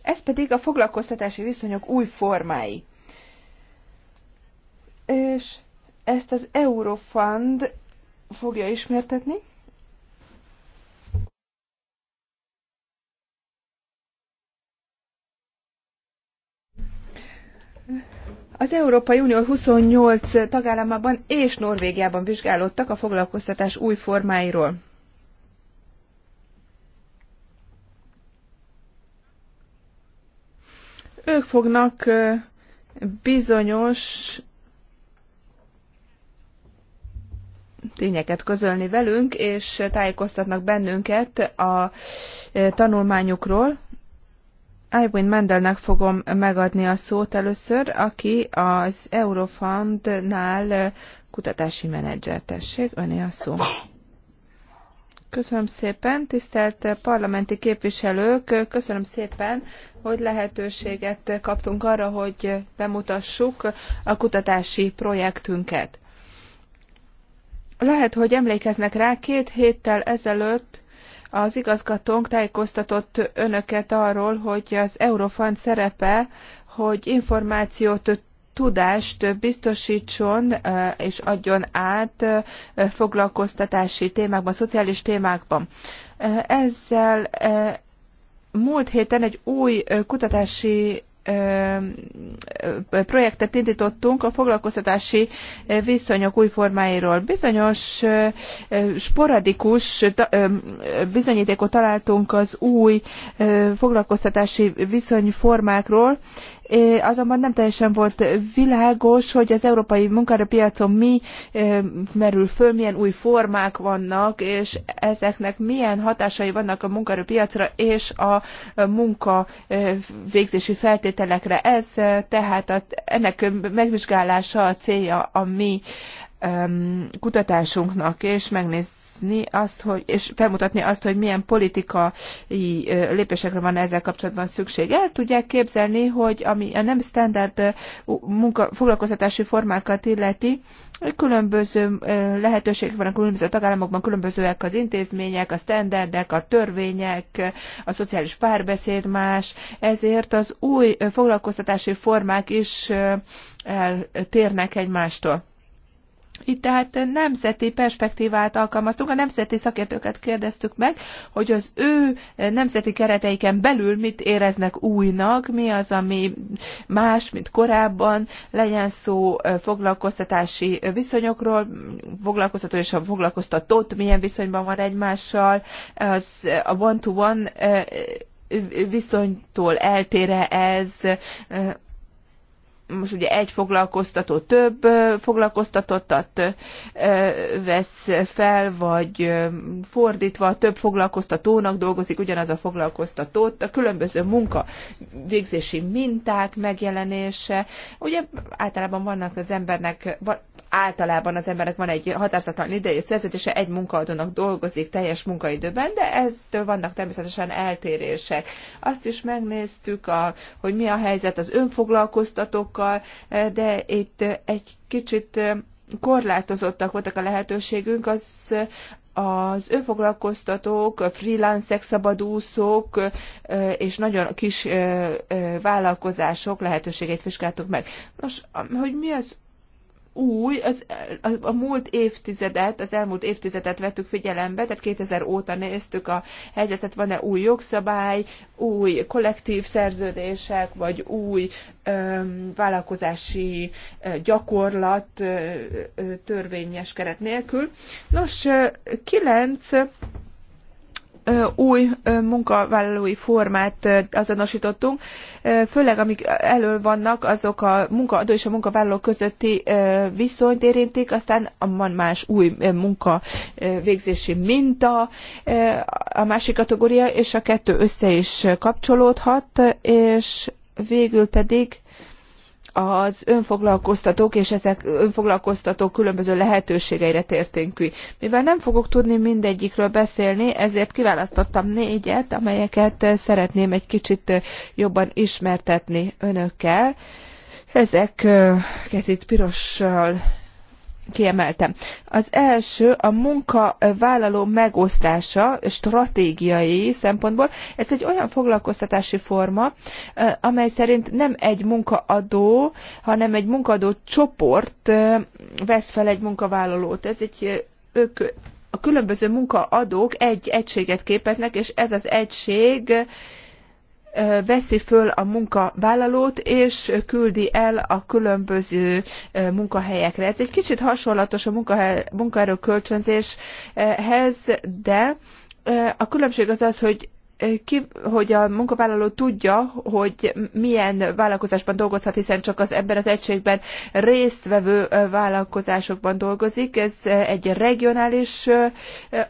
Ez pedig a foglalkoztatási viszonyok új formái. És ezt az Eurofund fogja ismertetni. Az Európai Unió 28 tagállamában és Norvégiában vizsgálódtak a foglalkoztatás új formáiról. Ők fognak bizonyos tényeket közölni velünk, és tájékoztatnak bennünket a e, tanulmányukról. Iwin Mendelnek fogom megadni a szót először, aki az Eurofundnál kutatási menedzser. Tessék, öné a szó. Köszönöm szépen, tisztelt parlamenti képviselők, köszönöm szépen, hogy lehetőséget kaptunk arra, hogy bemutassuk a kutatási projektünket. Lehet, hogy emlékeznek rá, két héttel ezelőtt az igazgatónk tájékoztatott önöket arról, hogy az Eurofund szerepe, hogy információt tudást biztosítson és adjon át foglalkoztatási témákban, szociális témákban. Ezzel múlt héten egy új kutatási projektet indítottunk a foglalkoztatási viszonyok új formáiról. Bizonyos sporadikus bizonyítékot találtunk az új foglalkoztatási viszonyformákról, azonban nem teljesen volt világos, hogy az európai munkaerőpiacon mi merül föl, milyen új formák vannak, és ezeknek milyen hatásai vannak a munkaerőpiacra és a munka végzési feltételekre. Ez tehát a, ennek megvizsgálása a célja a mi kutatásunknak, és megnéz, megnézni azt, hogy, és felmutatni azt, hogy milyen politikai lépésekre van ezzel kapcsolatban szükség. El tudják képzelni, hogy ami a nem standard munka, foglalkoztatási formákat illeti, különböző lehetőségek vannak különböző tagállamokban, különbözőek az intézmények, a standardek, a törvények, a szociális párbeszéd más, ezért az új foglalkoztatási formák is eltérnek egymástól. Itt tehát nemzeti perspektívát alkalmaztunk, a nemzeti szakértőket kérdeztük meg, hogy az ő nemzeti kereteiken belül mit éreznek újnak, mi az, ami más, mint korábban, legyen szó foglalkoztatási viszonyokról, foglalkoztató és a foglalkoztatott milyen viszonyban van egymással, az a one-to-one -one viszonytól eltére ez, most ugye egy foglalkoztató több foglalkoztatottat vesz fel, vagy fordítva több foglalkoztatónak dolgozik ugyanaz a foglalkoztatót, a különböző munka végzési minták megjelenése. Ugye általában vannak az embernek, általában az embernek van egy határozatlan idejű szerződése, egy munkaadónak dolgozik teljes munkaidőben, de eztől vannak természetesen eltérések. Azt is megnéztük, a, hogy mi a helyzet az önfoglalkoztatók tagállamokkal, eh, de itt eh, egy kicsit eh, korlátozottak voltak a lehetőségünk, az az önfoglalkoztatók, freelancek, szabadúszók és nagyon kis vállalkozások lehetőségét vizsgáltuk meg. Nos, hogy mi az új, az, a, a múlt évtizedet, az elmúlt évtizedet vettük figyelembe, tehát 2000 óta néztük a helyzetet, van-e új jogszabály, új kollektív szerződések, vagy új öm, vállalkozási ö, gyakorlat ö, ö, törvényes keret nélkül. Nos, ö, kilenc új munkavállalói formát azonosítottunk, főleg amik elől vannak, azok a munkaadó és a munkavállaló közötti viszonyt érintik, aztán van más új munka végzési minta, a másik kategória, és a kettő össze is kapcsolódhat, és végül pedig az önfoglalkoztatók és ezek önfoglalkoztatók különböző lehetőségeire tértünk ki. Mivel nem fogok tudni mindegyikről beszélni, ezért kiválasztottam négyet, amelyeket szeretném egy kicsit jobban ismertetni önökkel. Ezeket eh, itt pirossal kiemeltem. Az első a munkavállaló megosztása stratégiai szempontból. Ez egy olyan foglalkoztatási forma, amely szerint nem egy munkaadó, hanem egy munkaadó csoport vesz fel egy munkavállalót. Ez egy ők a különböző munkaadók egy egységet képeznek, és ez az egység veszi föl a munkavállalót, és küldi el a különböző munkahelyekre. Ez egy kicsit hasonlatos a munkaerő kölcsönzéshez, de a különbség az az, hogy ki, hogy a munkavállaló tudja, hogy milyen vállalkozásban dolgozhat, hiszen csak az ebben az egységben résztvevő vállalkozásokban dolgozik. Ez egy regionális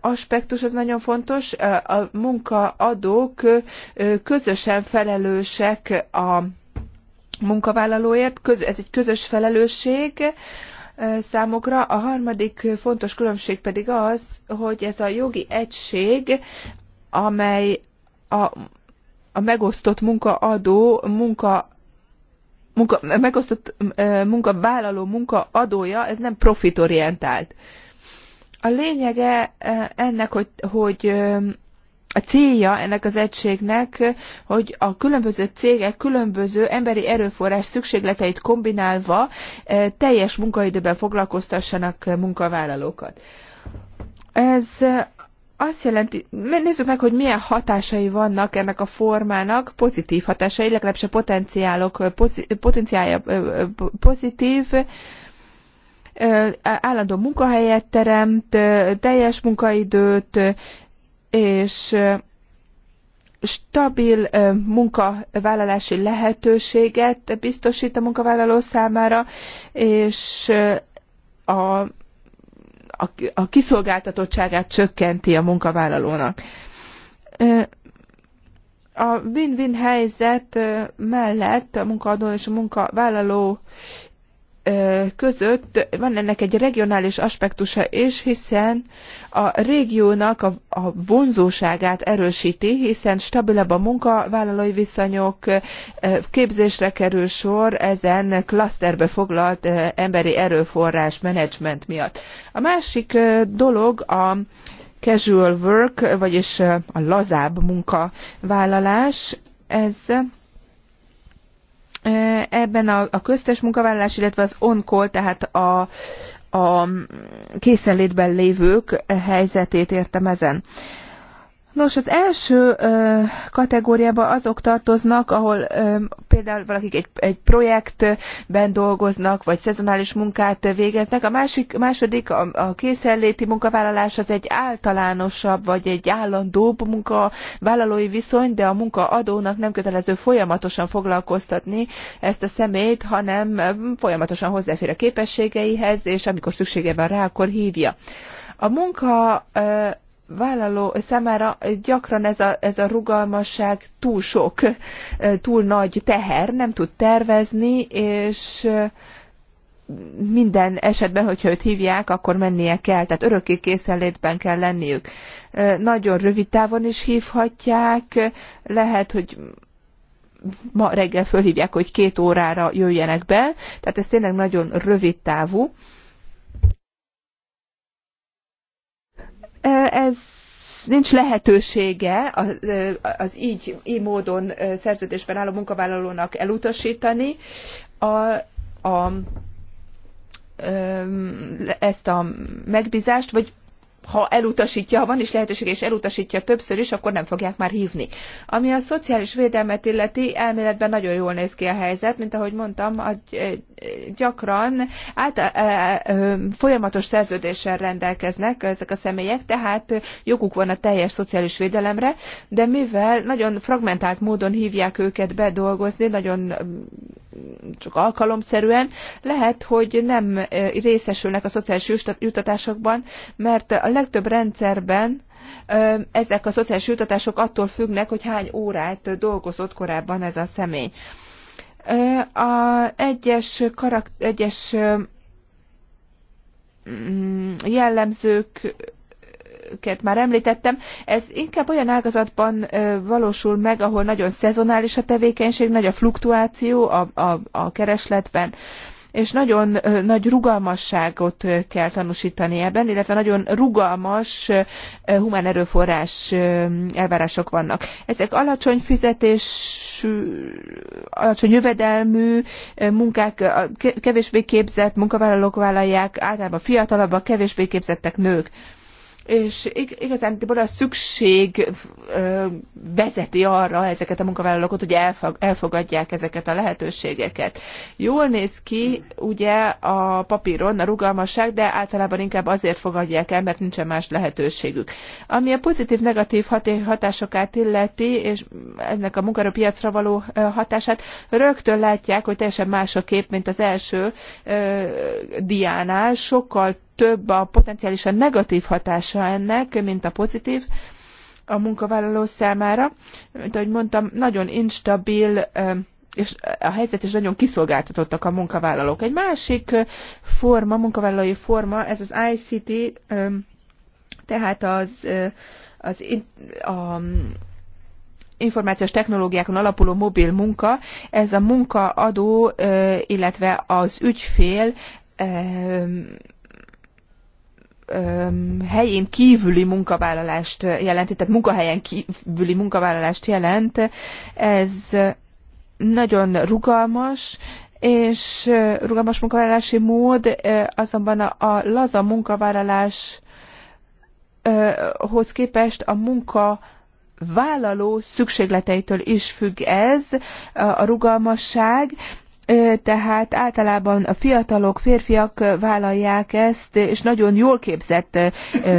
aspektus, az nagyon fontos. A munkaadók közösen felelősek a munkavállalóért, ez egy közös felelősség, számokra. A harmadik fontos különbség pedig az, hogy ez a jogi egység, amely a, a megosztott munkaadó, munka munka, megosztott munkavállaló munkaadója, ez nem profitorientált. A lényege ennek, hogy, hogy a célja ennek az egységnek, hogy a különböző cégek különböző emberi erőforrás szükségleteit kombinálva teljes munkaidőben foglalkoztassanak munkavállalókat. Ez azt jelenti, nézzük meg, hogy milyen hatásai vannak ennek a formának, pozitív hatásai, legalábbis a potenciálok, potenciálja pozitív, állandó munkahelyet teremt, teljes munkaidőt, és stabil munkavállalási lehetőséget biztosít a munkavállaló számára, és a a kiszolgáltatottságát csökkenti a munkavállalónak. A win-win helyzet mellett a munkaadó és a munkavállaló között van ennek egy regionális aspektusa is, hiszen a régiónak a, a vonzóságát erősíti, hiszen stabilabb a munkavállalói viszonyok, képzésre kerül sor ezen klaszterbe foglalt emberi erőforrás menedzsment miatt. A másik dolog a casual work, vagyis a lazább munkavállalás, ez Ebben a, a köztes munkavállalás, illetve az on-call, tehát a, a készenlétben lévők helyzetét értem ezen. Nos, az első ö, kategóriába azok tartoznak, ahol ö, például valakik egy, egy projektben dolgoznak, vagy szezonális munkát végeznek. A másik, második, a, a készenléti munkavállalás az egy általánosabb, vagy egy állandóbb munkavállalói viszony, de a munkaadónak nem kötelező folyamatosan foglalkoztatni ezt a szemét, hanem folyamatosan hozzáfér a képességeihez, és amikor szüksége van rá, akkor hívja. A munka ö, vállaló számára gyakran ez a, ez a rugalmasság túl sok, túl nagy teher, nem tud tervezni, és minden esetben, hogyha őt hívják, akkor mennie kell, tehát örökké készenlétben kell lenniük. Nagyon rövid távon is hívhatják, lehet, hogy ma reggel fölhívják, hogy két órára jöjjenek be, tehát ez tényleg nagyon rövid távú ez nincs lehetősége az, az így, így módon szerződésben álló munkavállalónak elutasítani a, a, ezt a megbízást, vagy ha elutasítja, ha van is lehetőség, és elutasítja többször is, akkor nem fogják már hívni. Ami a szociális védelmet illeti, elméletben nagyon jól néz ki a helyzet, mint ahogy mondtam, a, gyakran át, a, a, folyamatos szerződéssel rendelkeznek ezek a személyek, tehát joguk van a teljes szociális védelemre, de mivel nagyon fragmentált módon hívják őket bedolgozni, nagyon csak alkalomszerűen, lehet, hogy nem részesülnek a szociális juttatásokban, mert a legtöbb rendszerben ezek a szociális jutatások attól függnek, hogy hány órát dolgozott korábban ez a személy. A egyes, karakt, egyes mm, jellemzőket már említettem, ez inkább olyan ágazatban valósul meg, ahol nagyon szezonális a tevékenység, nagy a fluktuáció a, a, a keresletben és nagyon nagy rugalmasságot kell tanúsítani ebben, illetve nagyon rugalmas humán erőforrás elvárások vannak. Ezek alacsony fizetés, alacsony jövedelmű munkák, kevésbé képzett munkavállalók vállalják, általában fiatalabbak, kevésbé képzettek nők és igazán a szükség vezeti arra ezeket a munkavállalókat, hogy elfogadják ezeket a lehetőségeket. Jól néz ki ugye a papíron a rugalmasság, de általában inkább azért fogadják el, mert nincsen más lehetőségük. Ami a pozitív-negatív hatásokát illeti, és ennek a munkaerőpiacra való hatását, rögtön látják, hogy teljesen más a kép, mint az első diánál, sokkal több a potenciálisan negatív hatása ennek, mint a pozitív a munkavállaló számára. Mint ahogy mondtam, nagyon instabil és a helyzet is nagyon kiszolgáltatottak a munkavállalók. Egy másik forma, munkavállalói forma, ez az ICT, tehát az, az a, információs technológiákon alapuló mobil munka, ez a munkaadó, illetve az ügyfél helyén kívüli munkavállalást jelenti, tehát munkahelyen kívüli munkavállalást jelent. Ez nagyon rugalmas, és rugalmas munkavállalási mód, azonban a laza munkavállaláshoz képest a munka vállaló szükségleteitől is függ ez, a rugalmasság tehát általában a fiatalok, férfiak vállalják ezt, és nagyon jól képzett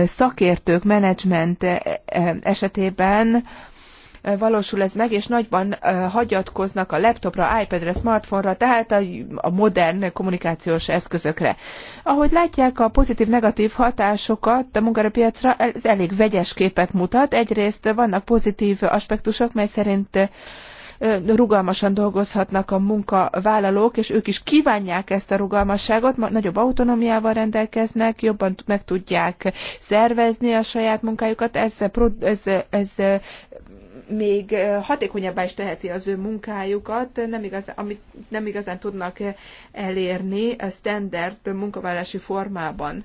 szakértők, menedzsment esetében valósul ez meg, és nagyban hagyatkoznak a laptopra, iPadre, smartphone-ra, tehát a, modern kommunikációs eszközökre. Ahogy látják, a pozitív-negatív hatásokat a munkaerőpiacra ez elég vegyes képet mutat. Egyrészt vannak pozitív aspektusok, mely szerint rugalmasan dolgozhatnak a munkavállalók, és ők is kívánják ezt a rugalmasságot, nagyobb autonómiával rendelkeznek, jobban meg tudják szervezni a saját munkájukat, ez, ez, ez még hatékonyabbá is teheti az ő munkájukat, nem igazán, amit nem igazán tudnak elérni a standard munkavállalási formában,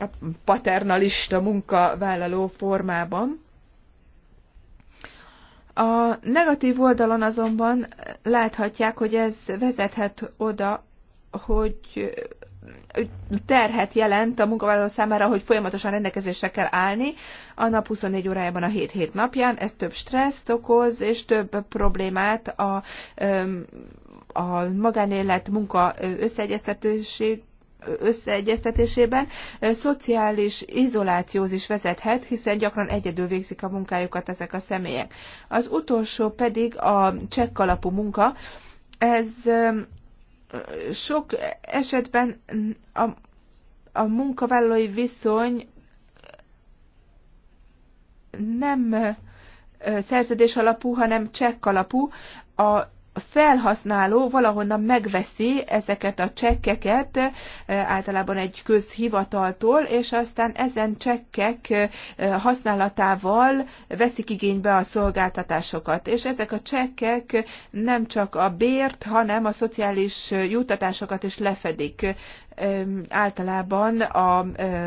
a paternalista munkavállaló formában. A negatív oldalon azonban láthatják, hogy ez vezethet oda, hogy terhet jelent a munkavállaló számára, hogy folyamatosan rendelkezésre kell állni a nap 24 órájában a 7-7 napján. Ez több stresszt okoz, és több problémát a, a magánélet munka összeegyeztetőség összeegyeztetésében szociális izolációz is vezethet, hiszen gyakran egyedül végzik a munkájukat ezek a személyek. Az utolsó pedig a csekkalapú munka. Ez sok esetben a, a munkavállalói viszony nem szerződés alapú, hanem csekk alapú. A felhasználó valahonnan megveszi ezeket a csekkeket, eh, általában egy közhivataltól, és aztán ezen csekkek eh, használatával veszik igénybe a szolgáltatásokat. És ezek a csekkek nem csak a bért, hanem a szociális eh, juttatásokat is lefedik általában a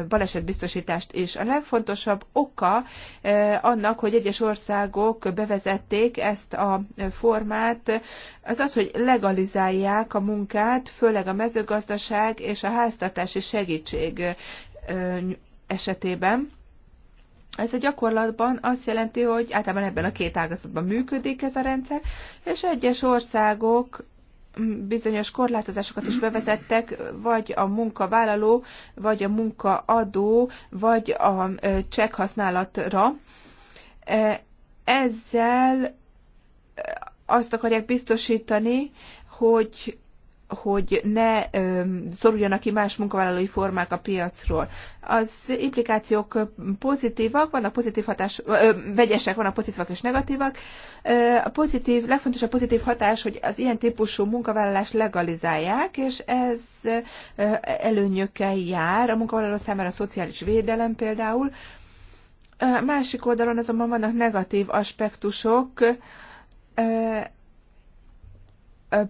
balesetbiztosítást is. A legfontosabb oka annak, hogy egyes országok bevezették ezt a formát, az az, hogy legalizálják a munkát, főleg a mezőgazdaság és a háztartási segítség esetében. Ez a gyakorlatban azt jelenti, hogy általában ebben a két ágazatban működik ez a rendszer, és egyes országok bizonyos korlátozásokat is bevezettek, vagy a munkavállaló, vagy a munkaadó, vagy a csekk használatra. Ezzel azt akarják biztosítani, hogy hogy ne szoruljanak ki más munkavállalói formák a piacról. Az implikációk pozitívak, vannak pozitív hatás, ö, vegyesek, vannak pozitívak és negatívak. A pozitív, legfontosabb pozitív hatás, hogy az ilyen típusú munkavállalást legalizálják, és ez előnyökkel jár a munkavállaló számára a szociális védelem például. A másik oldalon azonban vannak negatív aspektusok,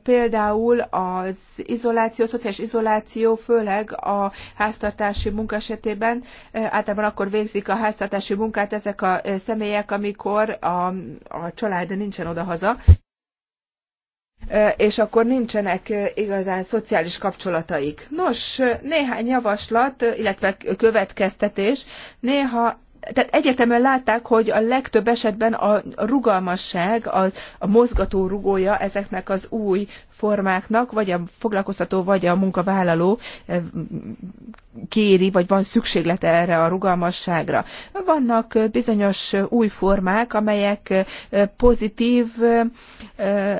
például az izoláció, szociális izoláció, főleg a háztartási munka esetében, eh, általában akkor végzik a háztartási munkát ezek a eh, személyek, amikor a, a család nincsen odahaza, eh, és akkor nincsenek igazán szociális kapcsolataik. Nos, néhány javaslat, illetve következtetés, néha tehát egyértelműen látták, hogy a legtöbb esetben a rugalmasság, a, a mozgató rugója ezeknek az új formáknak, vagy a foglalkoztató, vagy a munkavállaló eh, kéri, vagy van szükséglete erre a rugalmasságra. Vannak eh, bizonyos eh, új formák, amelyek pozitív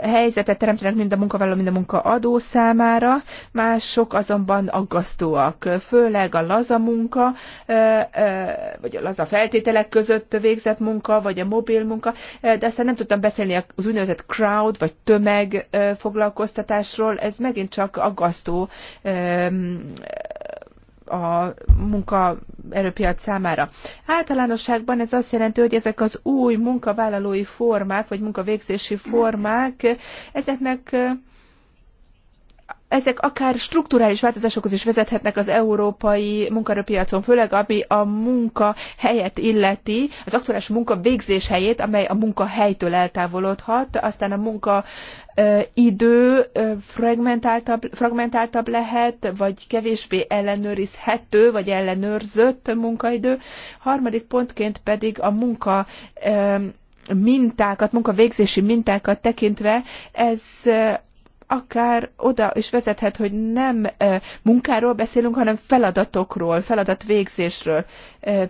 helyzetet teremtenek mind a munkavállaló, mind a munkaadó számára, mások azonban aggasztóak, főleg a laza munka, vagy a laza feltételek között végzett munka, vagy a mobil munka, de aztán nem tudtam beszélni az úgynevezett crowd, vagy tömeg foglalkoztatásról, foglalkoztatásról, ez megint csak aggasztó a munkaerőpiac számára. Általánosságban ez azt jelenti, hogy ezek az új munkavállalói formák, vagy munkavégzési formák, ezeknek ezek akár strukturális változásokhoz is vezethetnek az európai munkaerőpiacon, főleg ami a munka helyet illeti, az aktuális munka végzés helyét, amely a munkahelytől eltávolodhat, aztán a munka idő fragmentáltabb, fragmentáltabb lehet, vagy kevésbé ellenőrizhető, vagy ellenőrzött munkaidő. Harmadik pontként pedig a munka mintákat, munkavégzési mintákat tekintve, ez akár oda is vezethet, hogy nem munkáról beszélünk, hanem feladatokról, feladatvégzésről.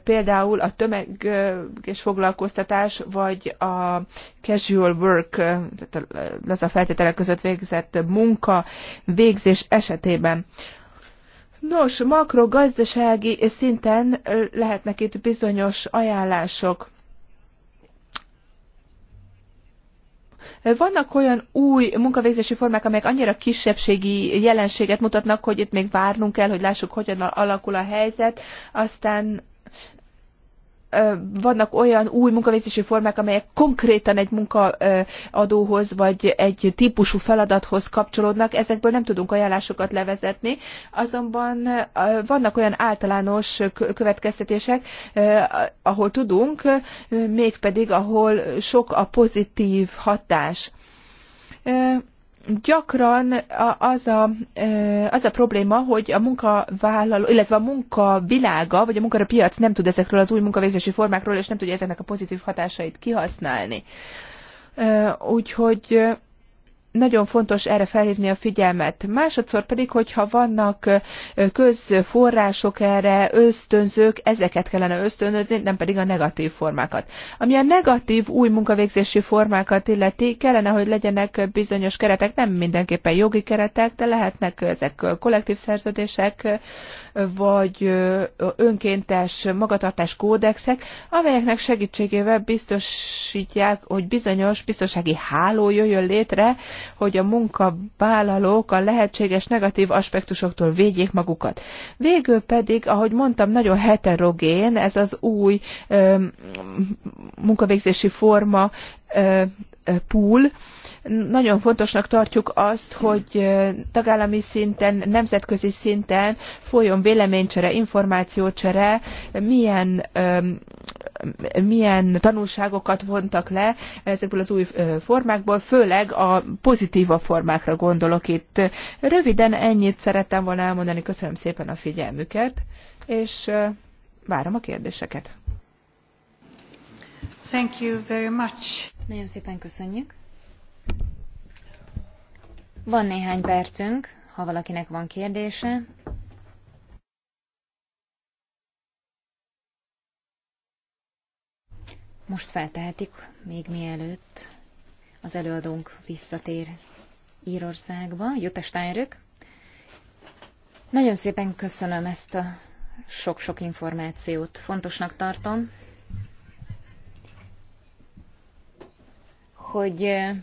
Például a tömeges foglalkoztatás, vagy a casual work, tehát az a feltételek között végzett munka végzés esetében. Nos, makrogazdasági szinten lehetnek itt bizonyos ajánlások Vannak olyan új munkavégzési formák, amelyek annyira kisebbségi jelenséget mutatnak, hogy itt még várnunk kell, hogy lássuk, hogyan alakul a helyzet, aztán vannak olyan új munkavégzési formák, amelyek konkrétan egy munkaadóhoz vagy egy típusú feladathoz kapcsolódnak, ezekből nem tudunk ajánlásokat levezetni, azonban vannak olyan általános következtetések, ahol tudunk, mégpedig ahol sok a pozitív hatás gyakran az a, az a probléma, hogy a munkavállaló, illetve a munkavilága, vagy a munkapiac nem tud ezekről az új munkavégzési formákról, és nem tudja ezeknek a pozitív hatásait kihasználni. Úgyhogy nagyon fontos erre felhívni a figyelmet. Másodszor pedig, hogyha vannak közforrások erre, ösztönzők, ezeket kellene ösztönözni, nem pedig a negatív formákat. Ami a negatív új munkavégzési formákat illeti, kellene, hogy legyenek bizonyos keretek, nem mindenképpen jogi keretek, de lehetnek ezek kollektív szerződések, vagy önkéntes magatartás kódexek, amelyeknek segítségével biztosítják, hogy bizonyos biztonsági háló jöjjön létre, hogy a munkavállalók a lehetséges negatív aspektusoktól védjék magukat. Végül pedig, ahogy mondtam, nagyon heterogén ez az új munkavégzési forma pool, nagyon fontosnak tartjuk azt, hogy tagállami szinten, nemzetközi szinten folyjon véleménycsere, információcsere, milyen, milyen tanulságokat vontak le ezekből az új formákból, főleg a pozitíva formákra gondolok itt. Röviden ennyit szerettem volna elmondani, köszönöm szépen a figyelmüket, és várom a kérdéseket.
Thank you
very much. Nagyon szépen köszönjük. Van néhány percünk, ha valakinek van kérdése. Most feltehetik, még mielőtt az előadónk visszatér Írországba, Jutta Steinrück. Nagyon szépen köszönöm ezt a sok-sok információt. Fontosnak tartom, hogy eh,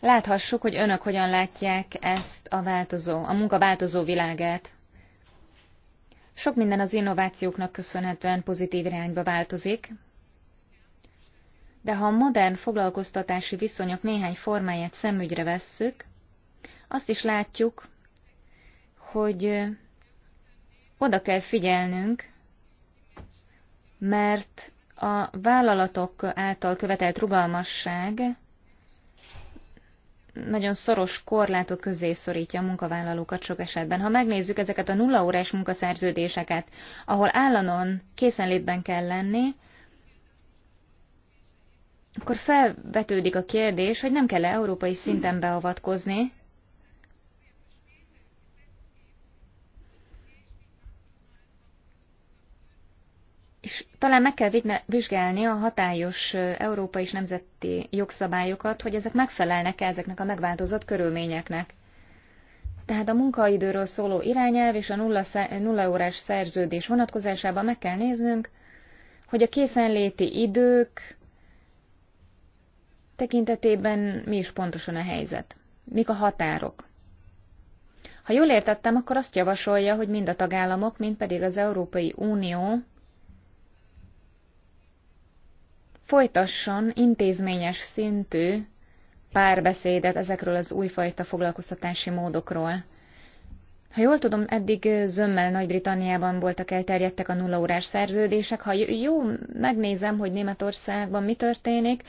láthassuk, hogy önök hogyan látják ezt a változó, a munka változó világát. Sok minden az innovációknak köszönhetően pozitív irányba változik, de ha a modern foglalkoztatási viszonyok néhány formáját szemügyre vesszük, azt is látjuk, hogy oda kell figyelnünk, mert a vállalatok által követelt rugalmasság nagyon szoros korlátok közé szorítja a munkavállalókat sok esetben. Ha megnézzük ezeket a nullaórás munkaszerződéseket, ahol állandóan készenlétben kell lenni, akkor felvetődik a kérdés, hogy nem kell -e európai szinten beavatkozni, és talán meg kell vizsgálni a hatályos európai és nemzeti jogszabályokat, hogy ezek megfelelnek-e ezeknek a megváltozott körülményeknek. Tehát a munkaidőről szóló irányelv és a nulla, nulla órás szerződés vonatkozásában meg kell néznünk, hogy a készenléti idők tekintetében mi is pontosan a helyzet. Mik a határok? Ha jól értettem, akkor azt javasolja, hogy mind a tagállamok, mind pedig az Európai Unió folytasson intézményes szintű párbeszédet ezekről az újfajta foglalkoztatási módokról. Ha jól tudom, eddig zömmel Nagy-Britanniában voltak elterjedtek a nullaórás szerződések. Ha jó, megnézem, hogy Németországban mi történik,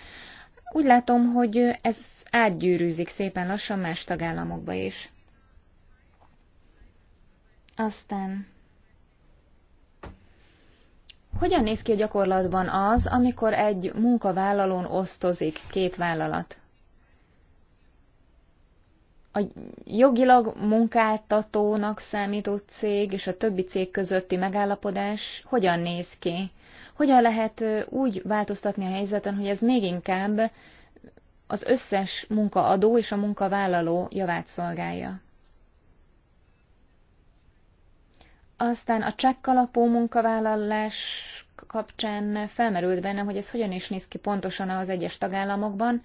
úgy látom, hogy ez átgyűrűzik szépen lassan más tagállamokba is. Aztán hogyan néz ki a gyakorlatban az, amikor egy munkavállalón osztozik két vállalat? A jogilag munkáltatónak számító cég és a többi cég közötti megállapodás hogyan néz ki? Hogyan lehet úgy változtatni a helyzeten, hogy ez még inkább az összes munkaadó és a munkavállaló javát szolgálja? Aztán a csekkalapú munkavállalás kapcsán felmerült bennem, hogy ez hogyan is néz ki pontosan az egyes tagállamokban,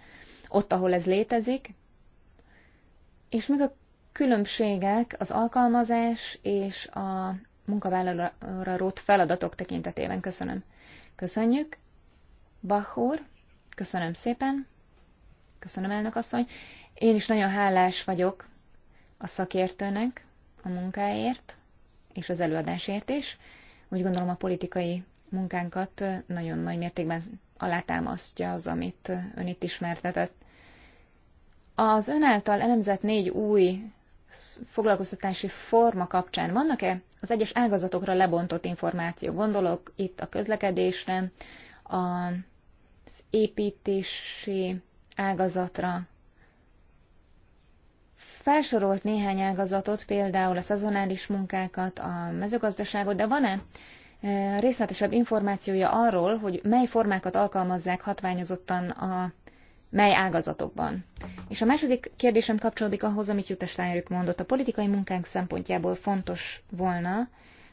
ott, ahol ez létezik, és meg a különbségek az alkalmazás és a munkavállalóra rót feladatok tekintetében. Köszönöm. Köszönjük. Bach úr, köszönöm szépen. Köszönöm, elnök asszony. Én is nagyon hálás vagyok a szakértőnek a munkáért és az előadásért is. Úgy gondolom a politikai munkánkat nagyon nagy mértékben alátámasztja az, amit ön itt ismertetett. Az ön által elemzett négy új foglalkoztatási forma kapcsán vannak-e az egyes ágazatokra lebontott információ? Gondolok itt a közlekedésre, az építési ágazatra, Felsorolt néhány ágazatot, például a szezonális munkákat, a mezőgazdaságot, de van-e részletesebb információja arról, hogy mely formákat alkalmazzák hatványozottan a mely ágazatokban. És a második kérdésem kapcsolódik ahhoz, amit Jutta Steinrück mondott. A politikai munkánk szempontjából fontos volna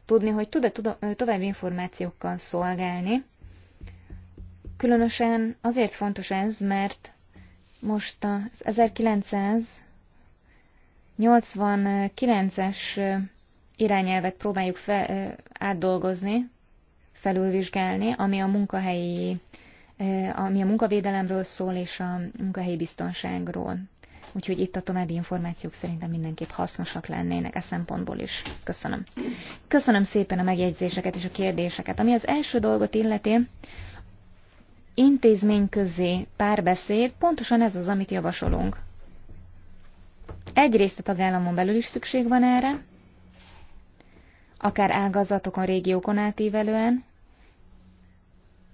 tudni, hogy tud-e további információkkal szolgálni. Különösen azért fontos ez, mert most az 1900 89-es irányelvet próbáljuk fe, átdolgozni, felülvizsgálni, ami a munkahelyi, ami a munkavédelemről szól és a munkahelyi biztonságról. Úgyhogy itt a további információk szerintem mindenképp hasznosak lennének e szempontból is. Köszönöm. Köszönöm szépen a megjegyzéseket és a kérdéseket. Ami az első dolgot illeti, intézmény közé párbeszéd, pontosan ez az, amit javasolunk. Egyrészt a tagállamon belül is szükség van erre, akár ágazatokon, régiókon átívelően,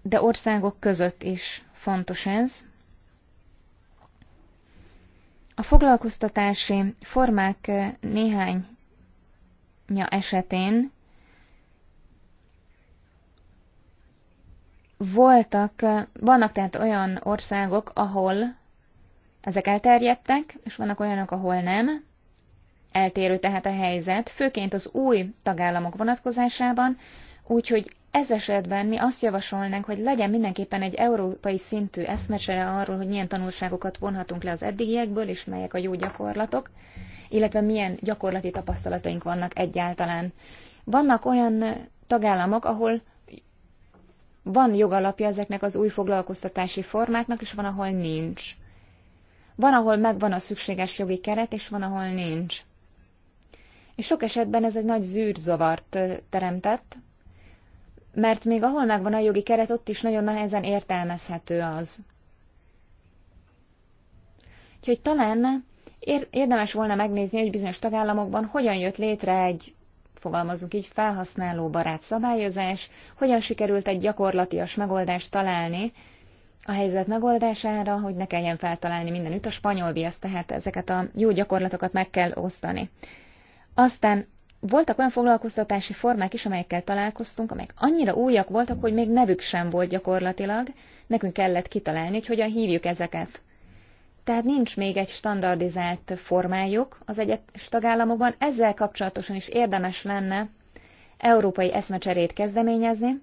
de országok között is fontos ez. A foglalkoztatási formák eh, néhányja esetén voltak, eh, vannak tehát olyan országok, ahol ezek elterjedtek, és vannak olyanok, ahol nem. Eltérő tehát a helyzet, főként az új tagállamok vonatkozásában, úgyhogy ez esetben mi azt javasolnánk, hogy legyen mindenképpen egy európai szintű eszmecsere arról, hogy milyen tanulságokat vonhatunk le az eddigiekből, és melyek a jó gyakorlatok, illetve milyen gyakorlati tapasztalataink vannak egyáltalán. Vannak olyan tagállamok, ahol van jogalapja ezeknek az új foglalkoztatási formáknak, és van, ahol nincs. Van, ahol megvan a szükséges jogi keret, és van, ahol nincs. És sok esetben ez egy nagy zűrzavart teremtett, mert még ahol megvan a jogi keret, ott is nagyon nehezen értelmezhető az. Úgyhogy talán érdemes volna megnézni, hogy bizonyos tagállamokban hogyan jött létre egy, fogalmazunk így, felhasználó barát szabályozás, hogyan sikerült egy gyakorlatias megoldást találni a helyzet megoldására, hogy ne kelljen feltalálni mindenütt a spanyol viasz, tehát ezeket a jó gyakorlatokat meg kell osztani. Aztán voltak olyan foglalkoztatási formák is, amelyekkel találkoztunk, amelyek annyira újak voltak, hogy még nevük sem volt gyakorlatilag, nekünk kellett kitalálni, hogy hogyan hívjuk ezeket. Tehát nincs még egy standardizált formájuk az egyes tagállamokban, ezzel kapcsolatosan is érdemes lenne európai eszmecserét kezdeményezni,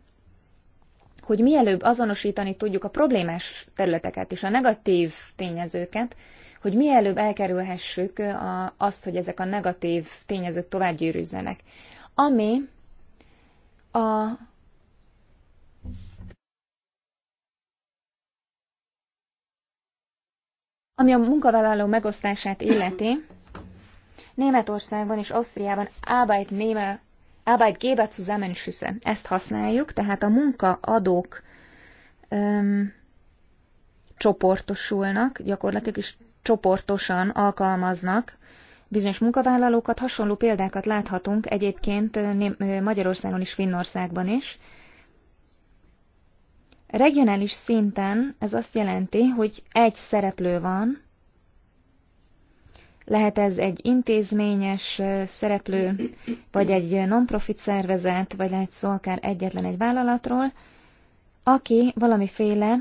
hogy mielőbb azonosítani tudjuk a problémás területeket és a negatív tényezőket, hogy mielőbb elkerülhessük a, azt, hogy ezek a negatív tényezők tovább gyűrűzzenek. Ami a ami a munkavállaló megosztását illeti, Németországban és Ausztriában Arbeit Arbeitgeber Zusammenschüsse. Ezt használjuk, tehát a munkaadók öm, csoportosulnak, gyakorlatilag is csoportosan alkalmaznak bizonyos munkavállalókat. Hasonló példákat láthatunk egyébként Magyarországon is, Finnországban is. Regionális szinten ez azt jelenti, hogy egy szereplő van, lehet ez egy intézményes szereplő, vagy egy non-profit szervezet, vagy lehet szó akár egyetlen egy vállalatról, aki valamiféle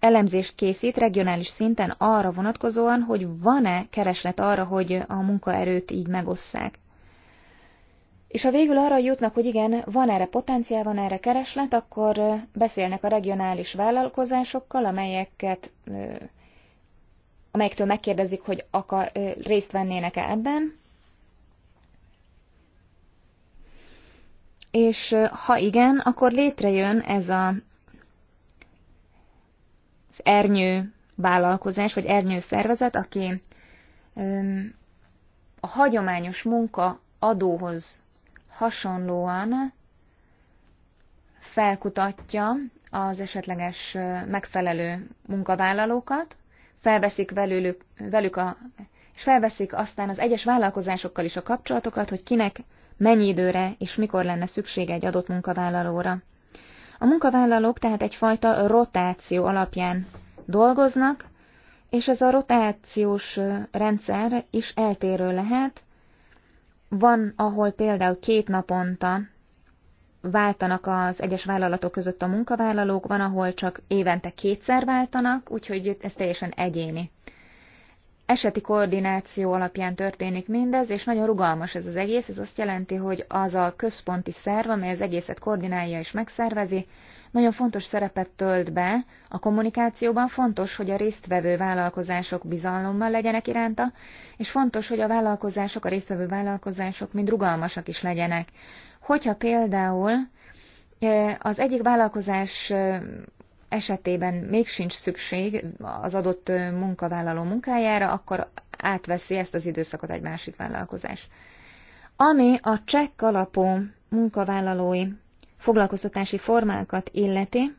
elemzést készít regionális szinten arra vonatkozóan, hogy van-e kereslet arra, hogy a munkaerőt így megosszák. És ha végül arra jutnak, hogy igen, van erre potenciál, van erre kereslet, akkor beszélnek a regionális vállalkozásokkal, amelyeket amelyektől megkérdezik, hogy akar, részt vennének-e ebben. És ha igen, akkor létrejön ez a, az ernyő vállalkozás, vagy ernyő szervezet, aki a hagyományos munka adóhoz hasonlóan felkutatja az esetleges megfelelő munkavállalókat, felveszik velük, velük a, és felveszik aztán az egyes vállalkozásokkal is a kapcsolatokat, hogy kinek mennyi időre és mikor lenne szüksége egy adott munkavállalóra. A munkavállalók tehát egyfajta rotáció alapján dolgoznak, és ez a rotációs rendszer is eltérő lehet. Van, ahol például két naponta váltanak az egyes vállalatok között a munkavállalók, van, ahol csak évente kétszer váltanak, úgyhogy ez teljesen egyéni. Eseti koordináció alapján történik mindez, és nagyon rugalmas ez az egész, ez azt jelenti, hogy az a központi szerv, amely az egészet koordinálja és megszervezi, nagyon fontos szerepet tölt be a kommunikációban, fontos, hogy a résztvevő vállalkozások bizalommal legyenek iránta, és fontos, hogy a vállalkozások, a résztvevő vállalkozások mind rugalmasak is legyenek. Hogyha például az egyik vállalkozás esetében még sincs szükség az adott munkavállaló munkájára, akkor átveszi ezt az időszakot egy másik vállalkozás. Ami a csekk alapú munkavállalói foglalkoztatási formákat illeti,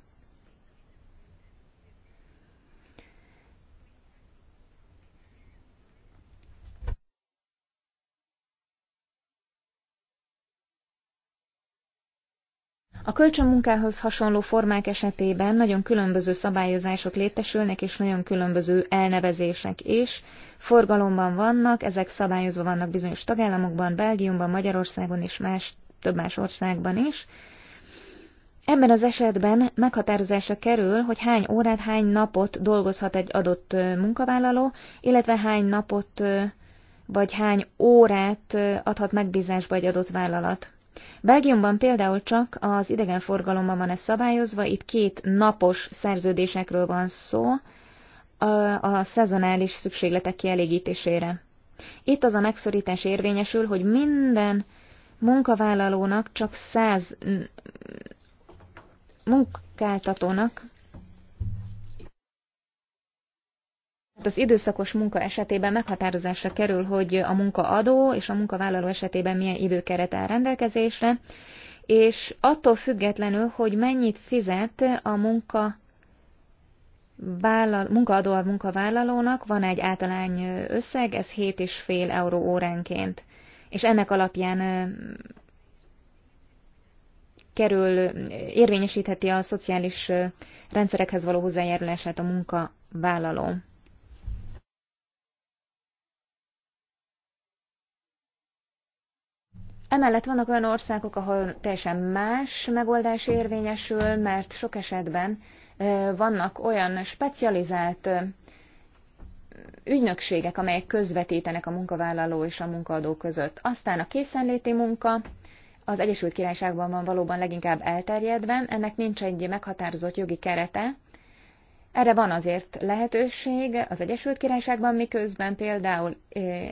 A kölcsönmunkához hasonló formák esetében nagyon különböző szabályozások létesülnek, és nagyon különböző elnevezések is. Forgalomban vannak, ezek szabályozva vannak bizonyos tagállamokban, Belgiumban, Magyarországon és más, több más országban is. Ebben az esetben meghatározása kerül, hogy hány órát, hány napot dolgozhat egy adott munkavállaló, illetve hány napot vagy hány órát adhat megbízásba egy adott vállalat. Belgiumban például csak az idegenforgalomban van ez szabályozva, itt két napos szerződésekről van szó a, a szezonális szükségletek kielégítésére. Itt az a megszorítás érvényesül, hogy minden munkavállalónak csak 100 munkáltatónak Az időszakos munka esetében meghatározásra kerül, hogy a munkaadó és a munkavállaló esetében milyen időkeret áll rendelkezésre, és attól függetlenül, hogy mennyit fizet a munka vállal, munkaadó a munkavállalónak, van egy általány összeg, ez 7,5 euró óránként. És ennek alapján kerül, érvényesítheti a szociális rendszerekhez való hozzájárulását a munkavállaló. Emellett vannak olyan országok, ahol teljesen más megoldás érvényesül, mert sok esetben vannak olyan specializált ügynökségek, amelyek közvetítenek a munkavállaló és a munkaadó között. Aztán a készenléti munka, az Egyesült Királyságban van valóban leginkább elterjedve, ennek nincs egy meghatározott jogi kerete, erre van azért lehetőség az Egyesült Királyságban, miközben például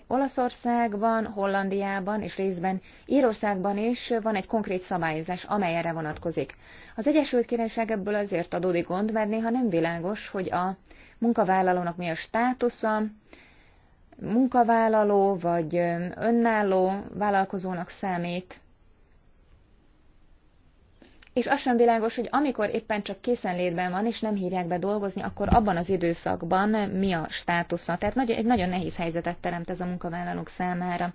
Olaszországban, Hollandiában és részben Írországban is van egy konkrét szabályozás, amely erre vonatkozik. Az Egyesült Királyság ebből azért adódik gond, mert néha nem világos, hogy a munkavállalónak mi a státusza, munkavállaló vagy önálló vállalkozónak számít, és az sem világos, hogy amikor éppen csak készenlétben van, és nem hívják be dolgozni, akkor abban az időszakban mi a státusza. Tehát nagy, egy nagyon nehéz helyzetet teremt ez a munkavállalók számára.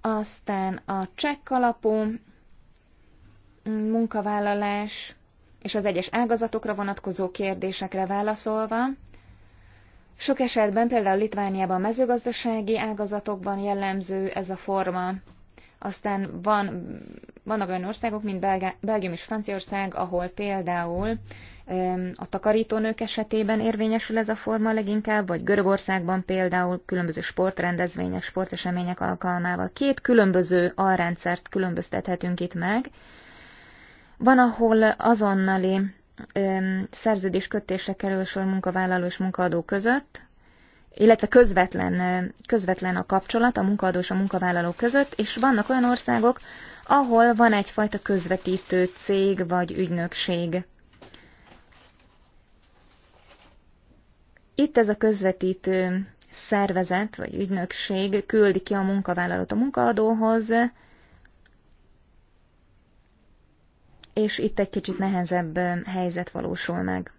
Aztán a csekk alapú munkavállalás és az egyes ágazatokra vonatkozó kérdésekre válaszolva, sok esetben például Litvániában mezőgazdasági ágazatokban jellemző ez a forma, aztán van vannak olyan országok, mint Belgium és Franciaország, ahol például a takarítónők esetében érvényesül ez a forma leginkább, vagy Görögországban például különböző sportrendezvények, sportesemények alkalmával. Két különböző alrendszert különböztethetünk itt meg. Van, ahol azonnali kötése kerül sor munkavállaló és munkaadó között, illetve közvetlen, közvetlen a kapcsolat a munkaadó és a munkavállaló között, és vannak olyan országok, ahol van egyfajta közvetítő cég vagy ügynökség. Itt ez a közvetítő szervezet vagy ügynökség küldi ki a munkavállalót a munkaadóhoz, és itt egy kicsit nehezebb helyzet valósul meg.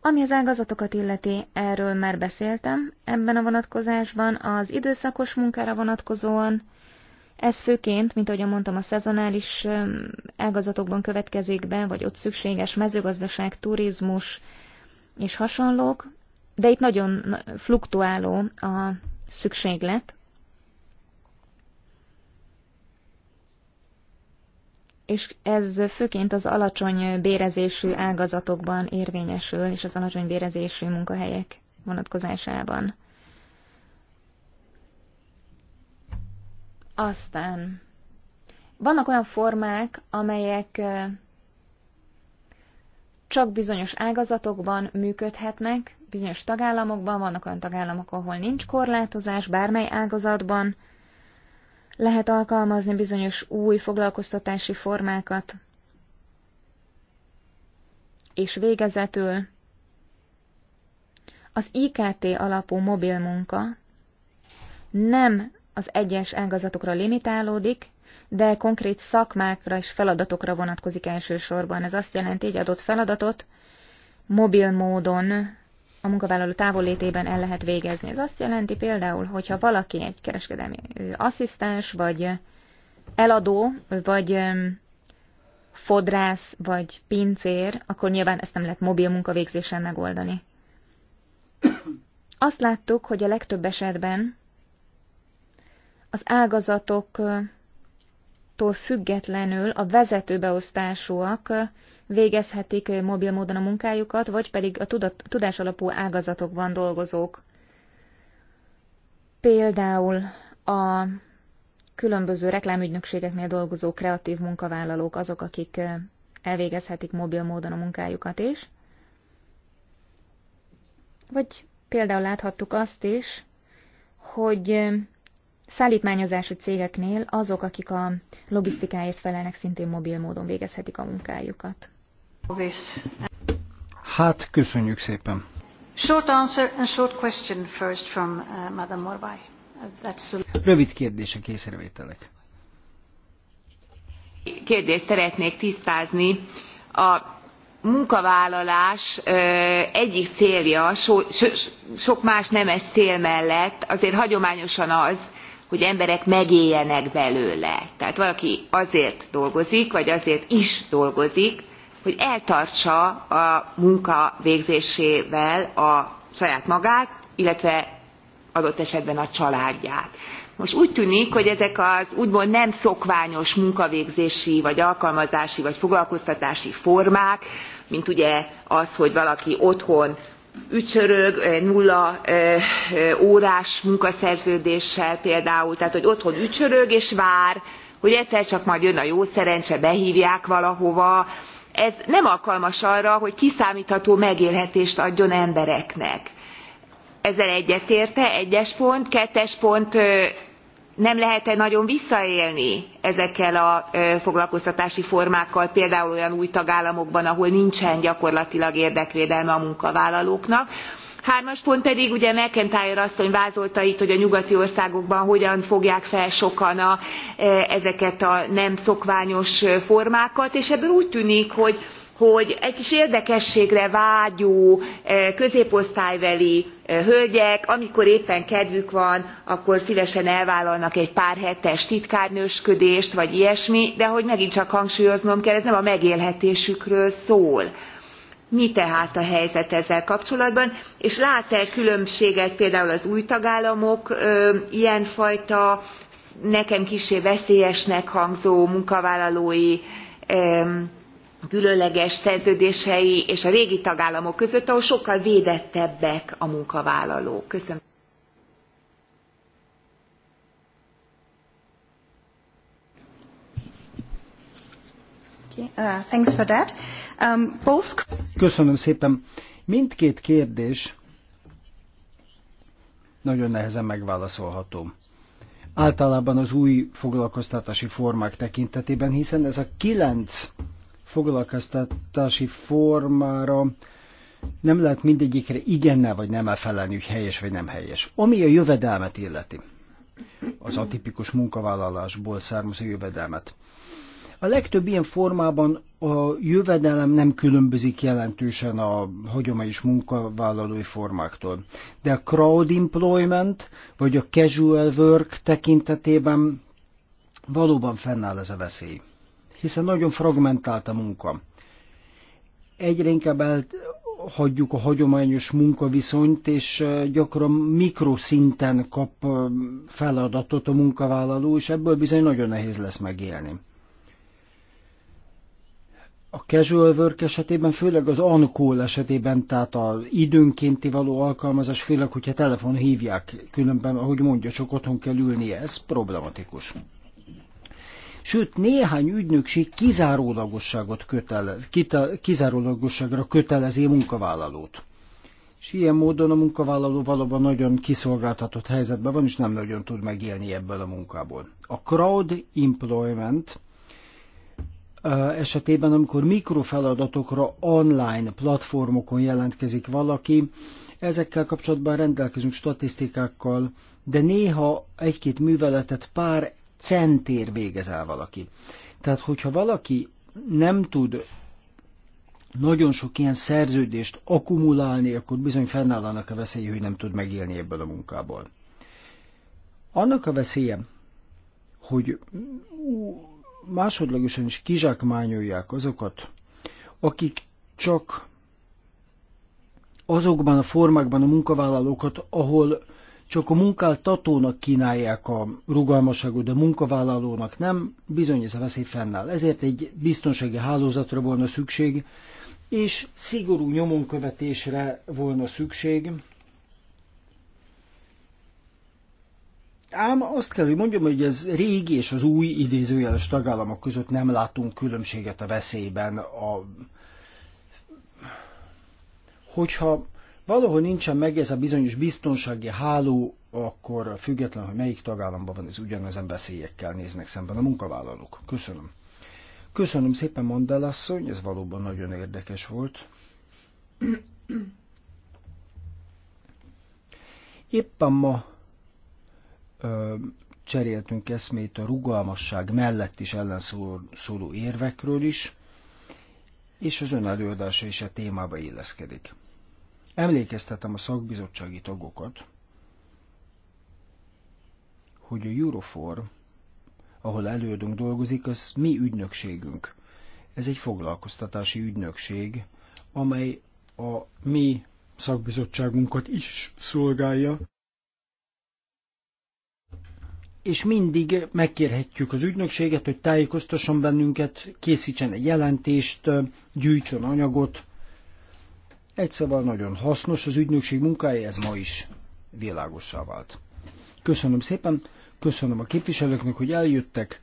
Ami az ágazatokat illeti, erről már beszéltem ebben a vonatkozásban, az időszakos munkára vonatkozóan ez főként, mint ahogy mondtam, a szezonális ágazatokban következik be, vagy ott szükséges mezőgazdaság, turizmus és hasonlók, de itt nagyon fluktuáló a szükséglet. És ez főként az alacsony bérezésű ágazatokban érvényesül, és az alacsony bérezésű munkahelyek vonatkozásában. Aztán vannak olyan formák, amelyek csak bizonyos ágazatokban működhetnek, bizonyos tagállamokban, vannak olyan tagállamok, ahol nincs korlátozás, bármely ágazatban lehet alkalmazni bizonyos új foglalkoztatási formákat, és végezetül az IKT alapú mobilmunka nem az egyes ágazatokra limitálódik, de konkrét szakmákra és feladatokra vonatkozik elsősorban. Ez azt jelenti, hogy adott feladatot mobil módon a munkavállaló távollétében el lehet végezni. Ez azt jelenti például, hogyha valaki egy kereskedelmi asszisztens, vagy eladó, vagy fodrász, vagy pincér, akkor nyilván ezt nem lehet mobil munkavégzéssel megoldani. Azt láttuk, hogy a legtöbb esetben az ágazatoktól függetlenül a vezetőbeosztásúak végezhetik mobil módon a munkájukat, vagy pedig a tudás alapú ágazatokban dolgozók. Például a különböző reklámügynökségeknél dolgozó kreatív munkavállalók azok, akik elvégezhetik mobil módon a munkájukat is. Vagy például láthattuk azt is, hogy szállítmányozási cégeknél azok, akik a logisztikáért felelnek, szintén mobil módon végezhetik a munkájukat.
Hát, köszönjük szépen.
Short answer and
short question first from uh, Madame
Morvai. That's
the... Rövid kérdések, észrevételek.
Kérdést szeretnék tisztázni. A munkavállalás egyik célja sok más nemes cél mellett azért hagyományosan az hogy emberek megéljenek belőle. Tehát valaki azért dolgozik, vagy azért is dolgozik, hogy eltartsa a munka végzésével a saját magát, illetve adott esetben a családját. Most úgy tűnik, hogy ezek az úgymond nem szokványos munkavégzési, vagy alkalmazási, vagy foglalkoztatási formák, mint ugye az, hogy valaki otthon ücsörög nulla órás munkaszerződéssel például tehát hogy otthon ücsörög és vár hogy egyszer csak majd jön a jó szerencse behvják valahova ez nem alkalmas arra hogy kiszámtható megélhetést adjon embereknek. ezzel egyetért e? egyes pont. kettes pont nem lehet e nagyon visszaélni ezekkel a foglalkoztatási formákkal például olyan új tagállamokban ahol nincsen gyakorlatilag érdekvédelme a munkavállalóknak? hármas pont pedig ugye mcintyre asszony vázolta itt hogy a nyugati országokban hogyan fogják fel sokan a, ezeket a nem szokványos formákat és ebből úgy tűnik hogy hogy egy kis érdekességre vágyó eh, középosztálybeli eh, hölgyek amikor éppen kedvük van akkor szvesen elvállalnak egy pár hetes titkárnősködést vagy ilyesmi de hogy megint csak hangsúlyoznom kell ez nem a megélhetésükről szól. mi tehát a helyzet ezzel kapcsolatban és lát e különbséget például az új tagállamok ilyenfajta nekem kissé veszélyesnek hangzó munkavállalói különleges szerződései és a régi tagállamok között ahol sokkal védettebbek a munkavállalók. köszönöm.
Uh, um, köszönöm szépen. Mindkét kérdés nagyon nehezen megválaszolható. Általában az új foglalkoztatási formák tekintetében, hiszen ez a kilenc foglalkoztatási formára nem lehet mindegyikre igennel vagy nem felelni, hogy helyes vagy nem helyes. Ami a jövedelmet illeti, az atipikus munkavállalásból származó jövedelmet. A legtöbb ilyen formában a jövedelem nem különbözik jelentősen a hagyományos munkavállalói formáktól. De a crowd employment vagy a casual work tekintetében valóban fennáll ez a veszély hiszen nagyon fragmentált a munka. Egyre inkább elhagyjuk a hagyományos munkaviszonyt, és gyakran mikroszinten kap feladatot a munkavállaló, és ebből bizony nagyon nehéz lesz megélni. A casual work esetében, főleg az on esetében, tehát az időnkénti való alkalmazás, főleg, hogyha telefon hívják, különben, ahogy mondja, csak otthon kell ülnie, ez problematikus sőt néhány ügynökség kizárólagosságot kötelez, kita, kizárólagosságra kötelezi a munkavállalót. És ilyen módon a munkavállaló valóban nagyon kiszolgáltatott helyzetben van, és nem nagyon tud megélni ebből a munkából. A crowd employment esetében, amikor mikrofeladatokra online platformokon jelentkezik valaki, ezekkel kapcsolatban rendelkezünk statisztikákkal, de néha egy-két műveletet pár centér végez el valaki. Tehát, hogyha valaki nem tud nagyon sok ilyen szerződést akkumulálni, akkor bizony fennáll annak a veszélye, hogy nem tud megélni ebből a munkából. Annak a veszélye, hogy másodlagosan is kizsákmányolják azokat, akik csak azokban a formákban a munkavállalókat, ahol csak a munkáltatónak kínálják a rugalmasságot, de a munkavállalónak nem, bizony ez a veszély fennáll. Ezért egy biztonsági hálózatra volna szükség, és szigorú nyomonkövetésre volna szükség. Ám azt kell, hogy mondjam, hogy ez régi és az új idézőjeles tagállamok között nem látunk különbséget a veszélyben. A... Hogyha valahol nincsen meg ez a bizonyos biztonsági háló, akkor független, hogy melyik tagállamban van, ez ugyanezen veszélyekkel néznek szemben a munkavállalók. Köszönöm. Köszönöm szépen, Mandel asszony, ez valóban nagyon érdekes volt. Éppen ma ö, cseréltünk eszmét a rugalmasság mellett is ellenszóló érvekről is, és az ön előadása is a e témába illeszkedik. Emlékeztetem a szakbizottsági tagokat, hogy a Eurofor, ahol elődünk dolgozik, az mi ügynökségünk. Ez egy foglalkoztatási ügynökség, amely a mi szakbizottságunkat is szolgálja, és mindig megkérhetjük az ügynökséget, hogy tájékoztasson bennünket, készítsen egy jelentést, gyűjtsön anyagot, egy szóval nagyon hasznos az ügynökség munkája, ez ma is világosá vált. Köszönöm szépen, köszönöm a képviselőknek, hogy eljöttek.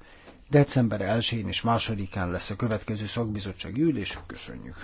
December 1-én és 2-án lesz a következő szakbizottsági ülés. Köszönjük!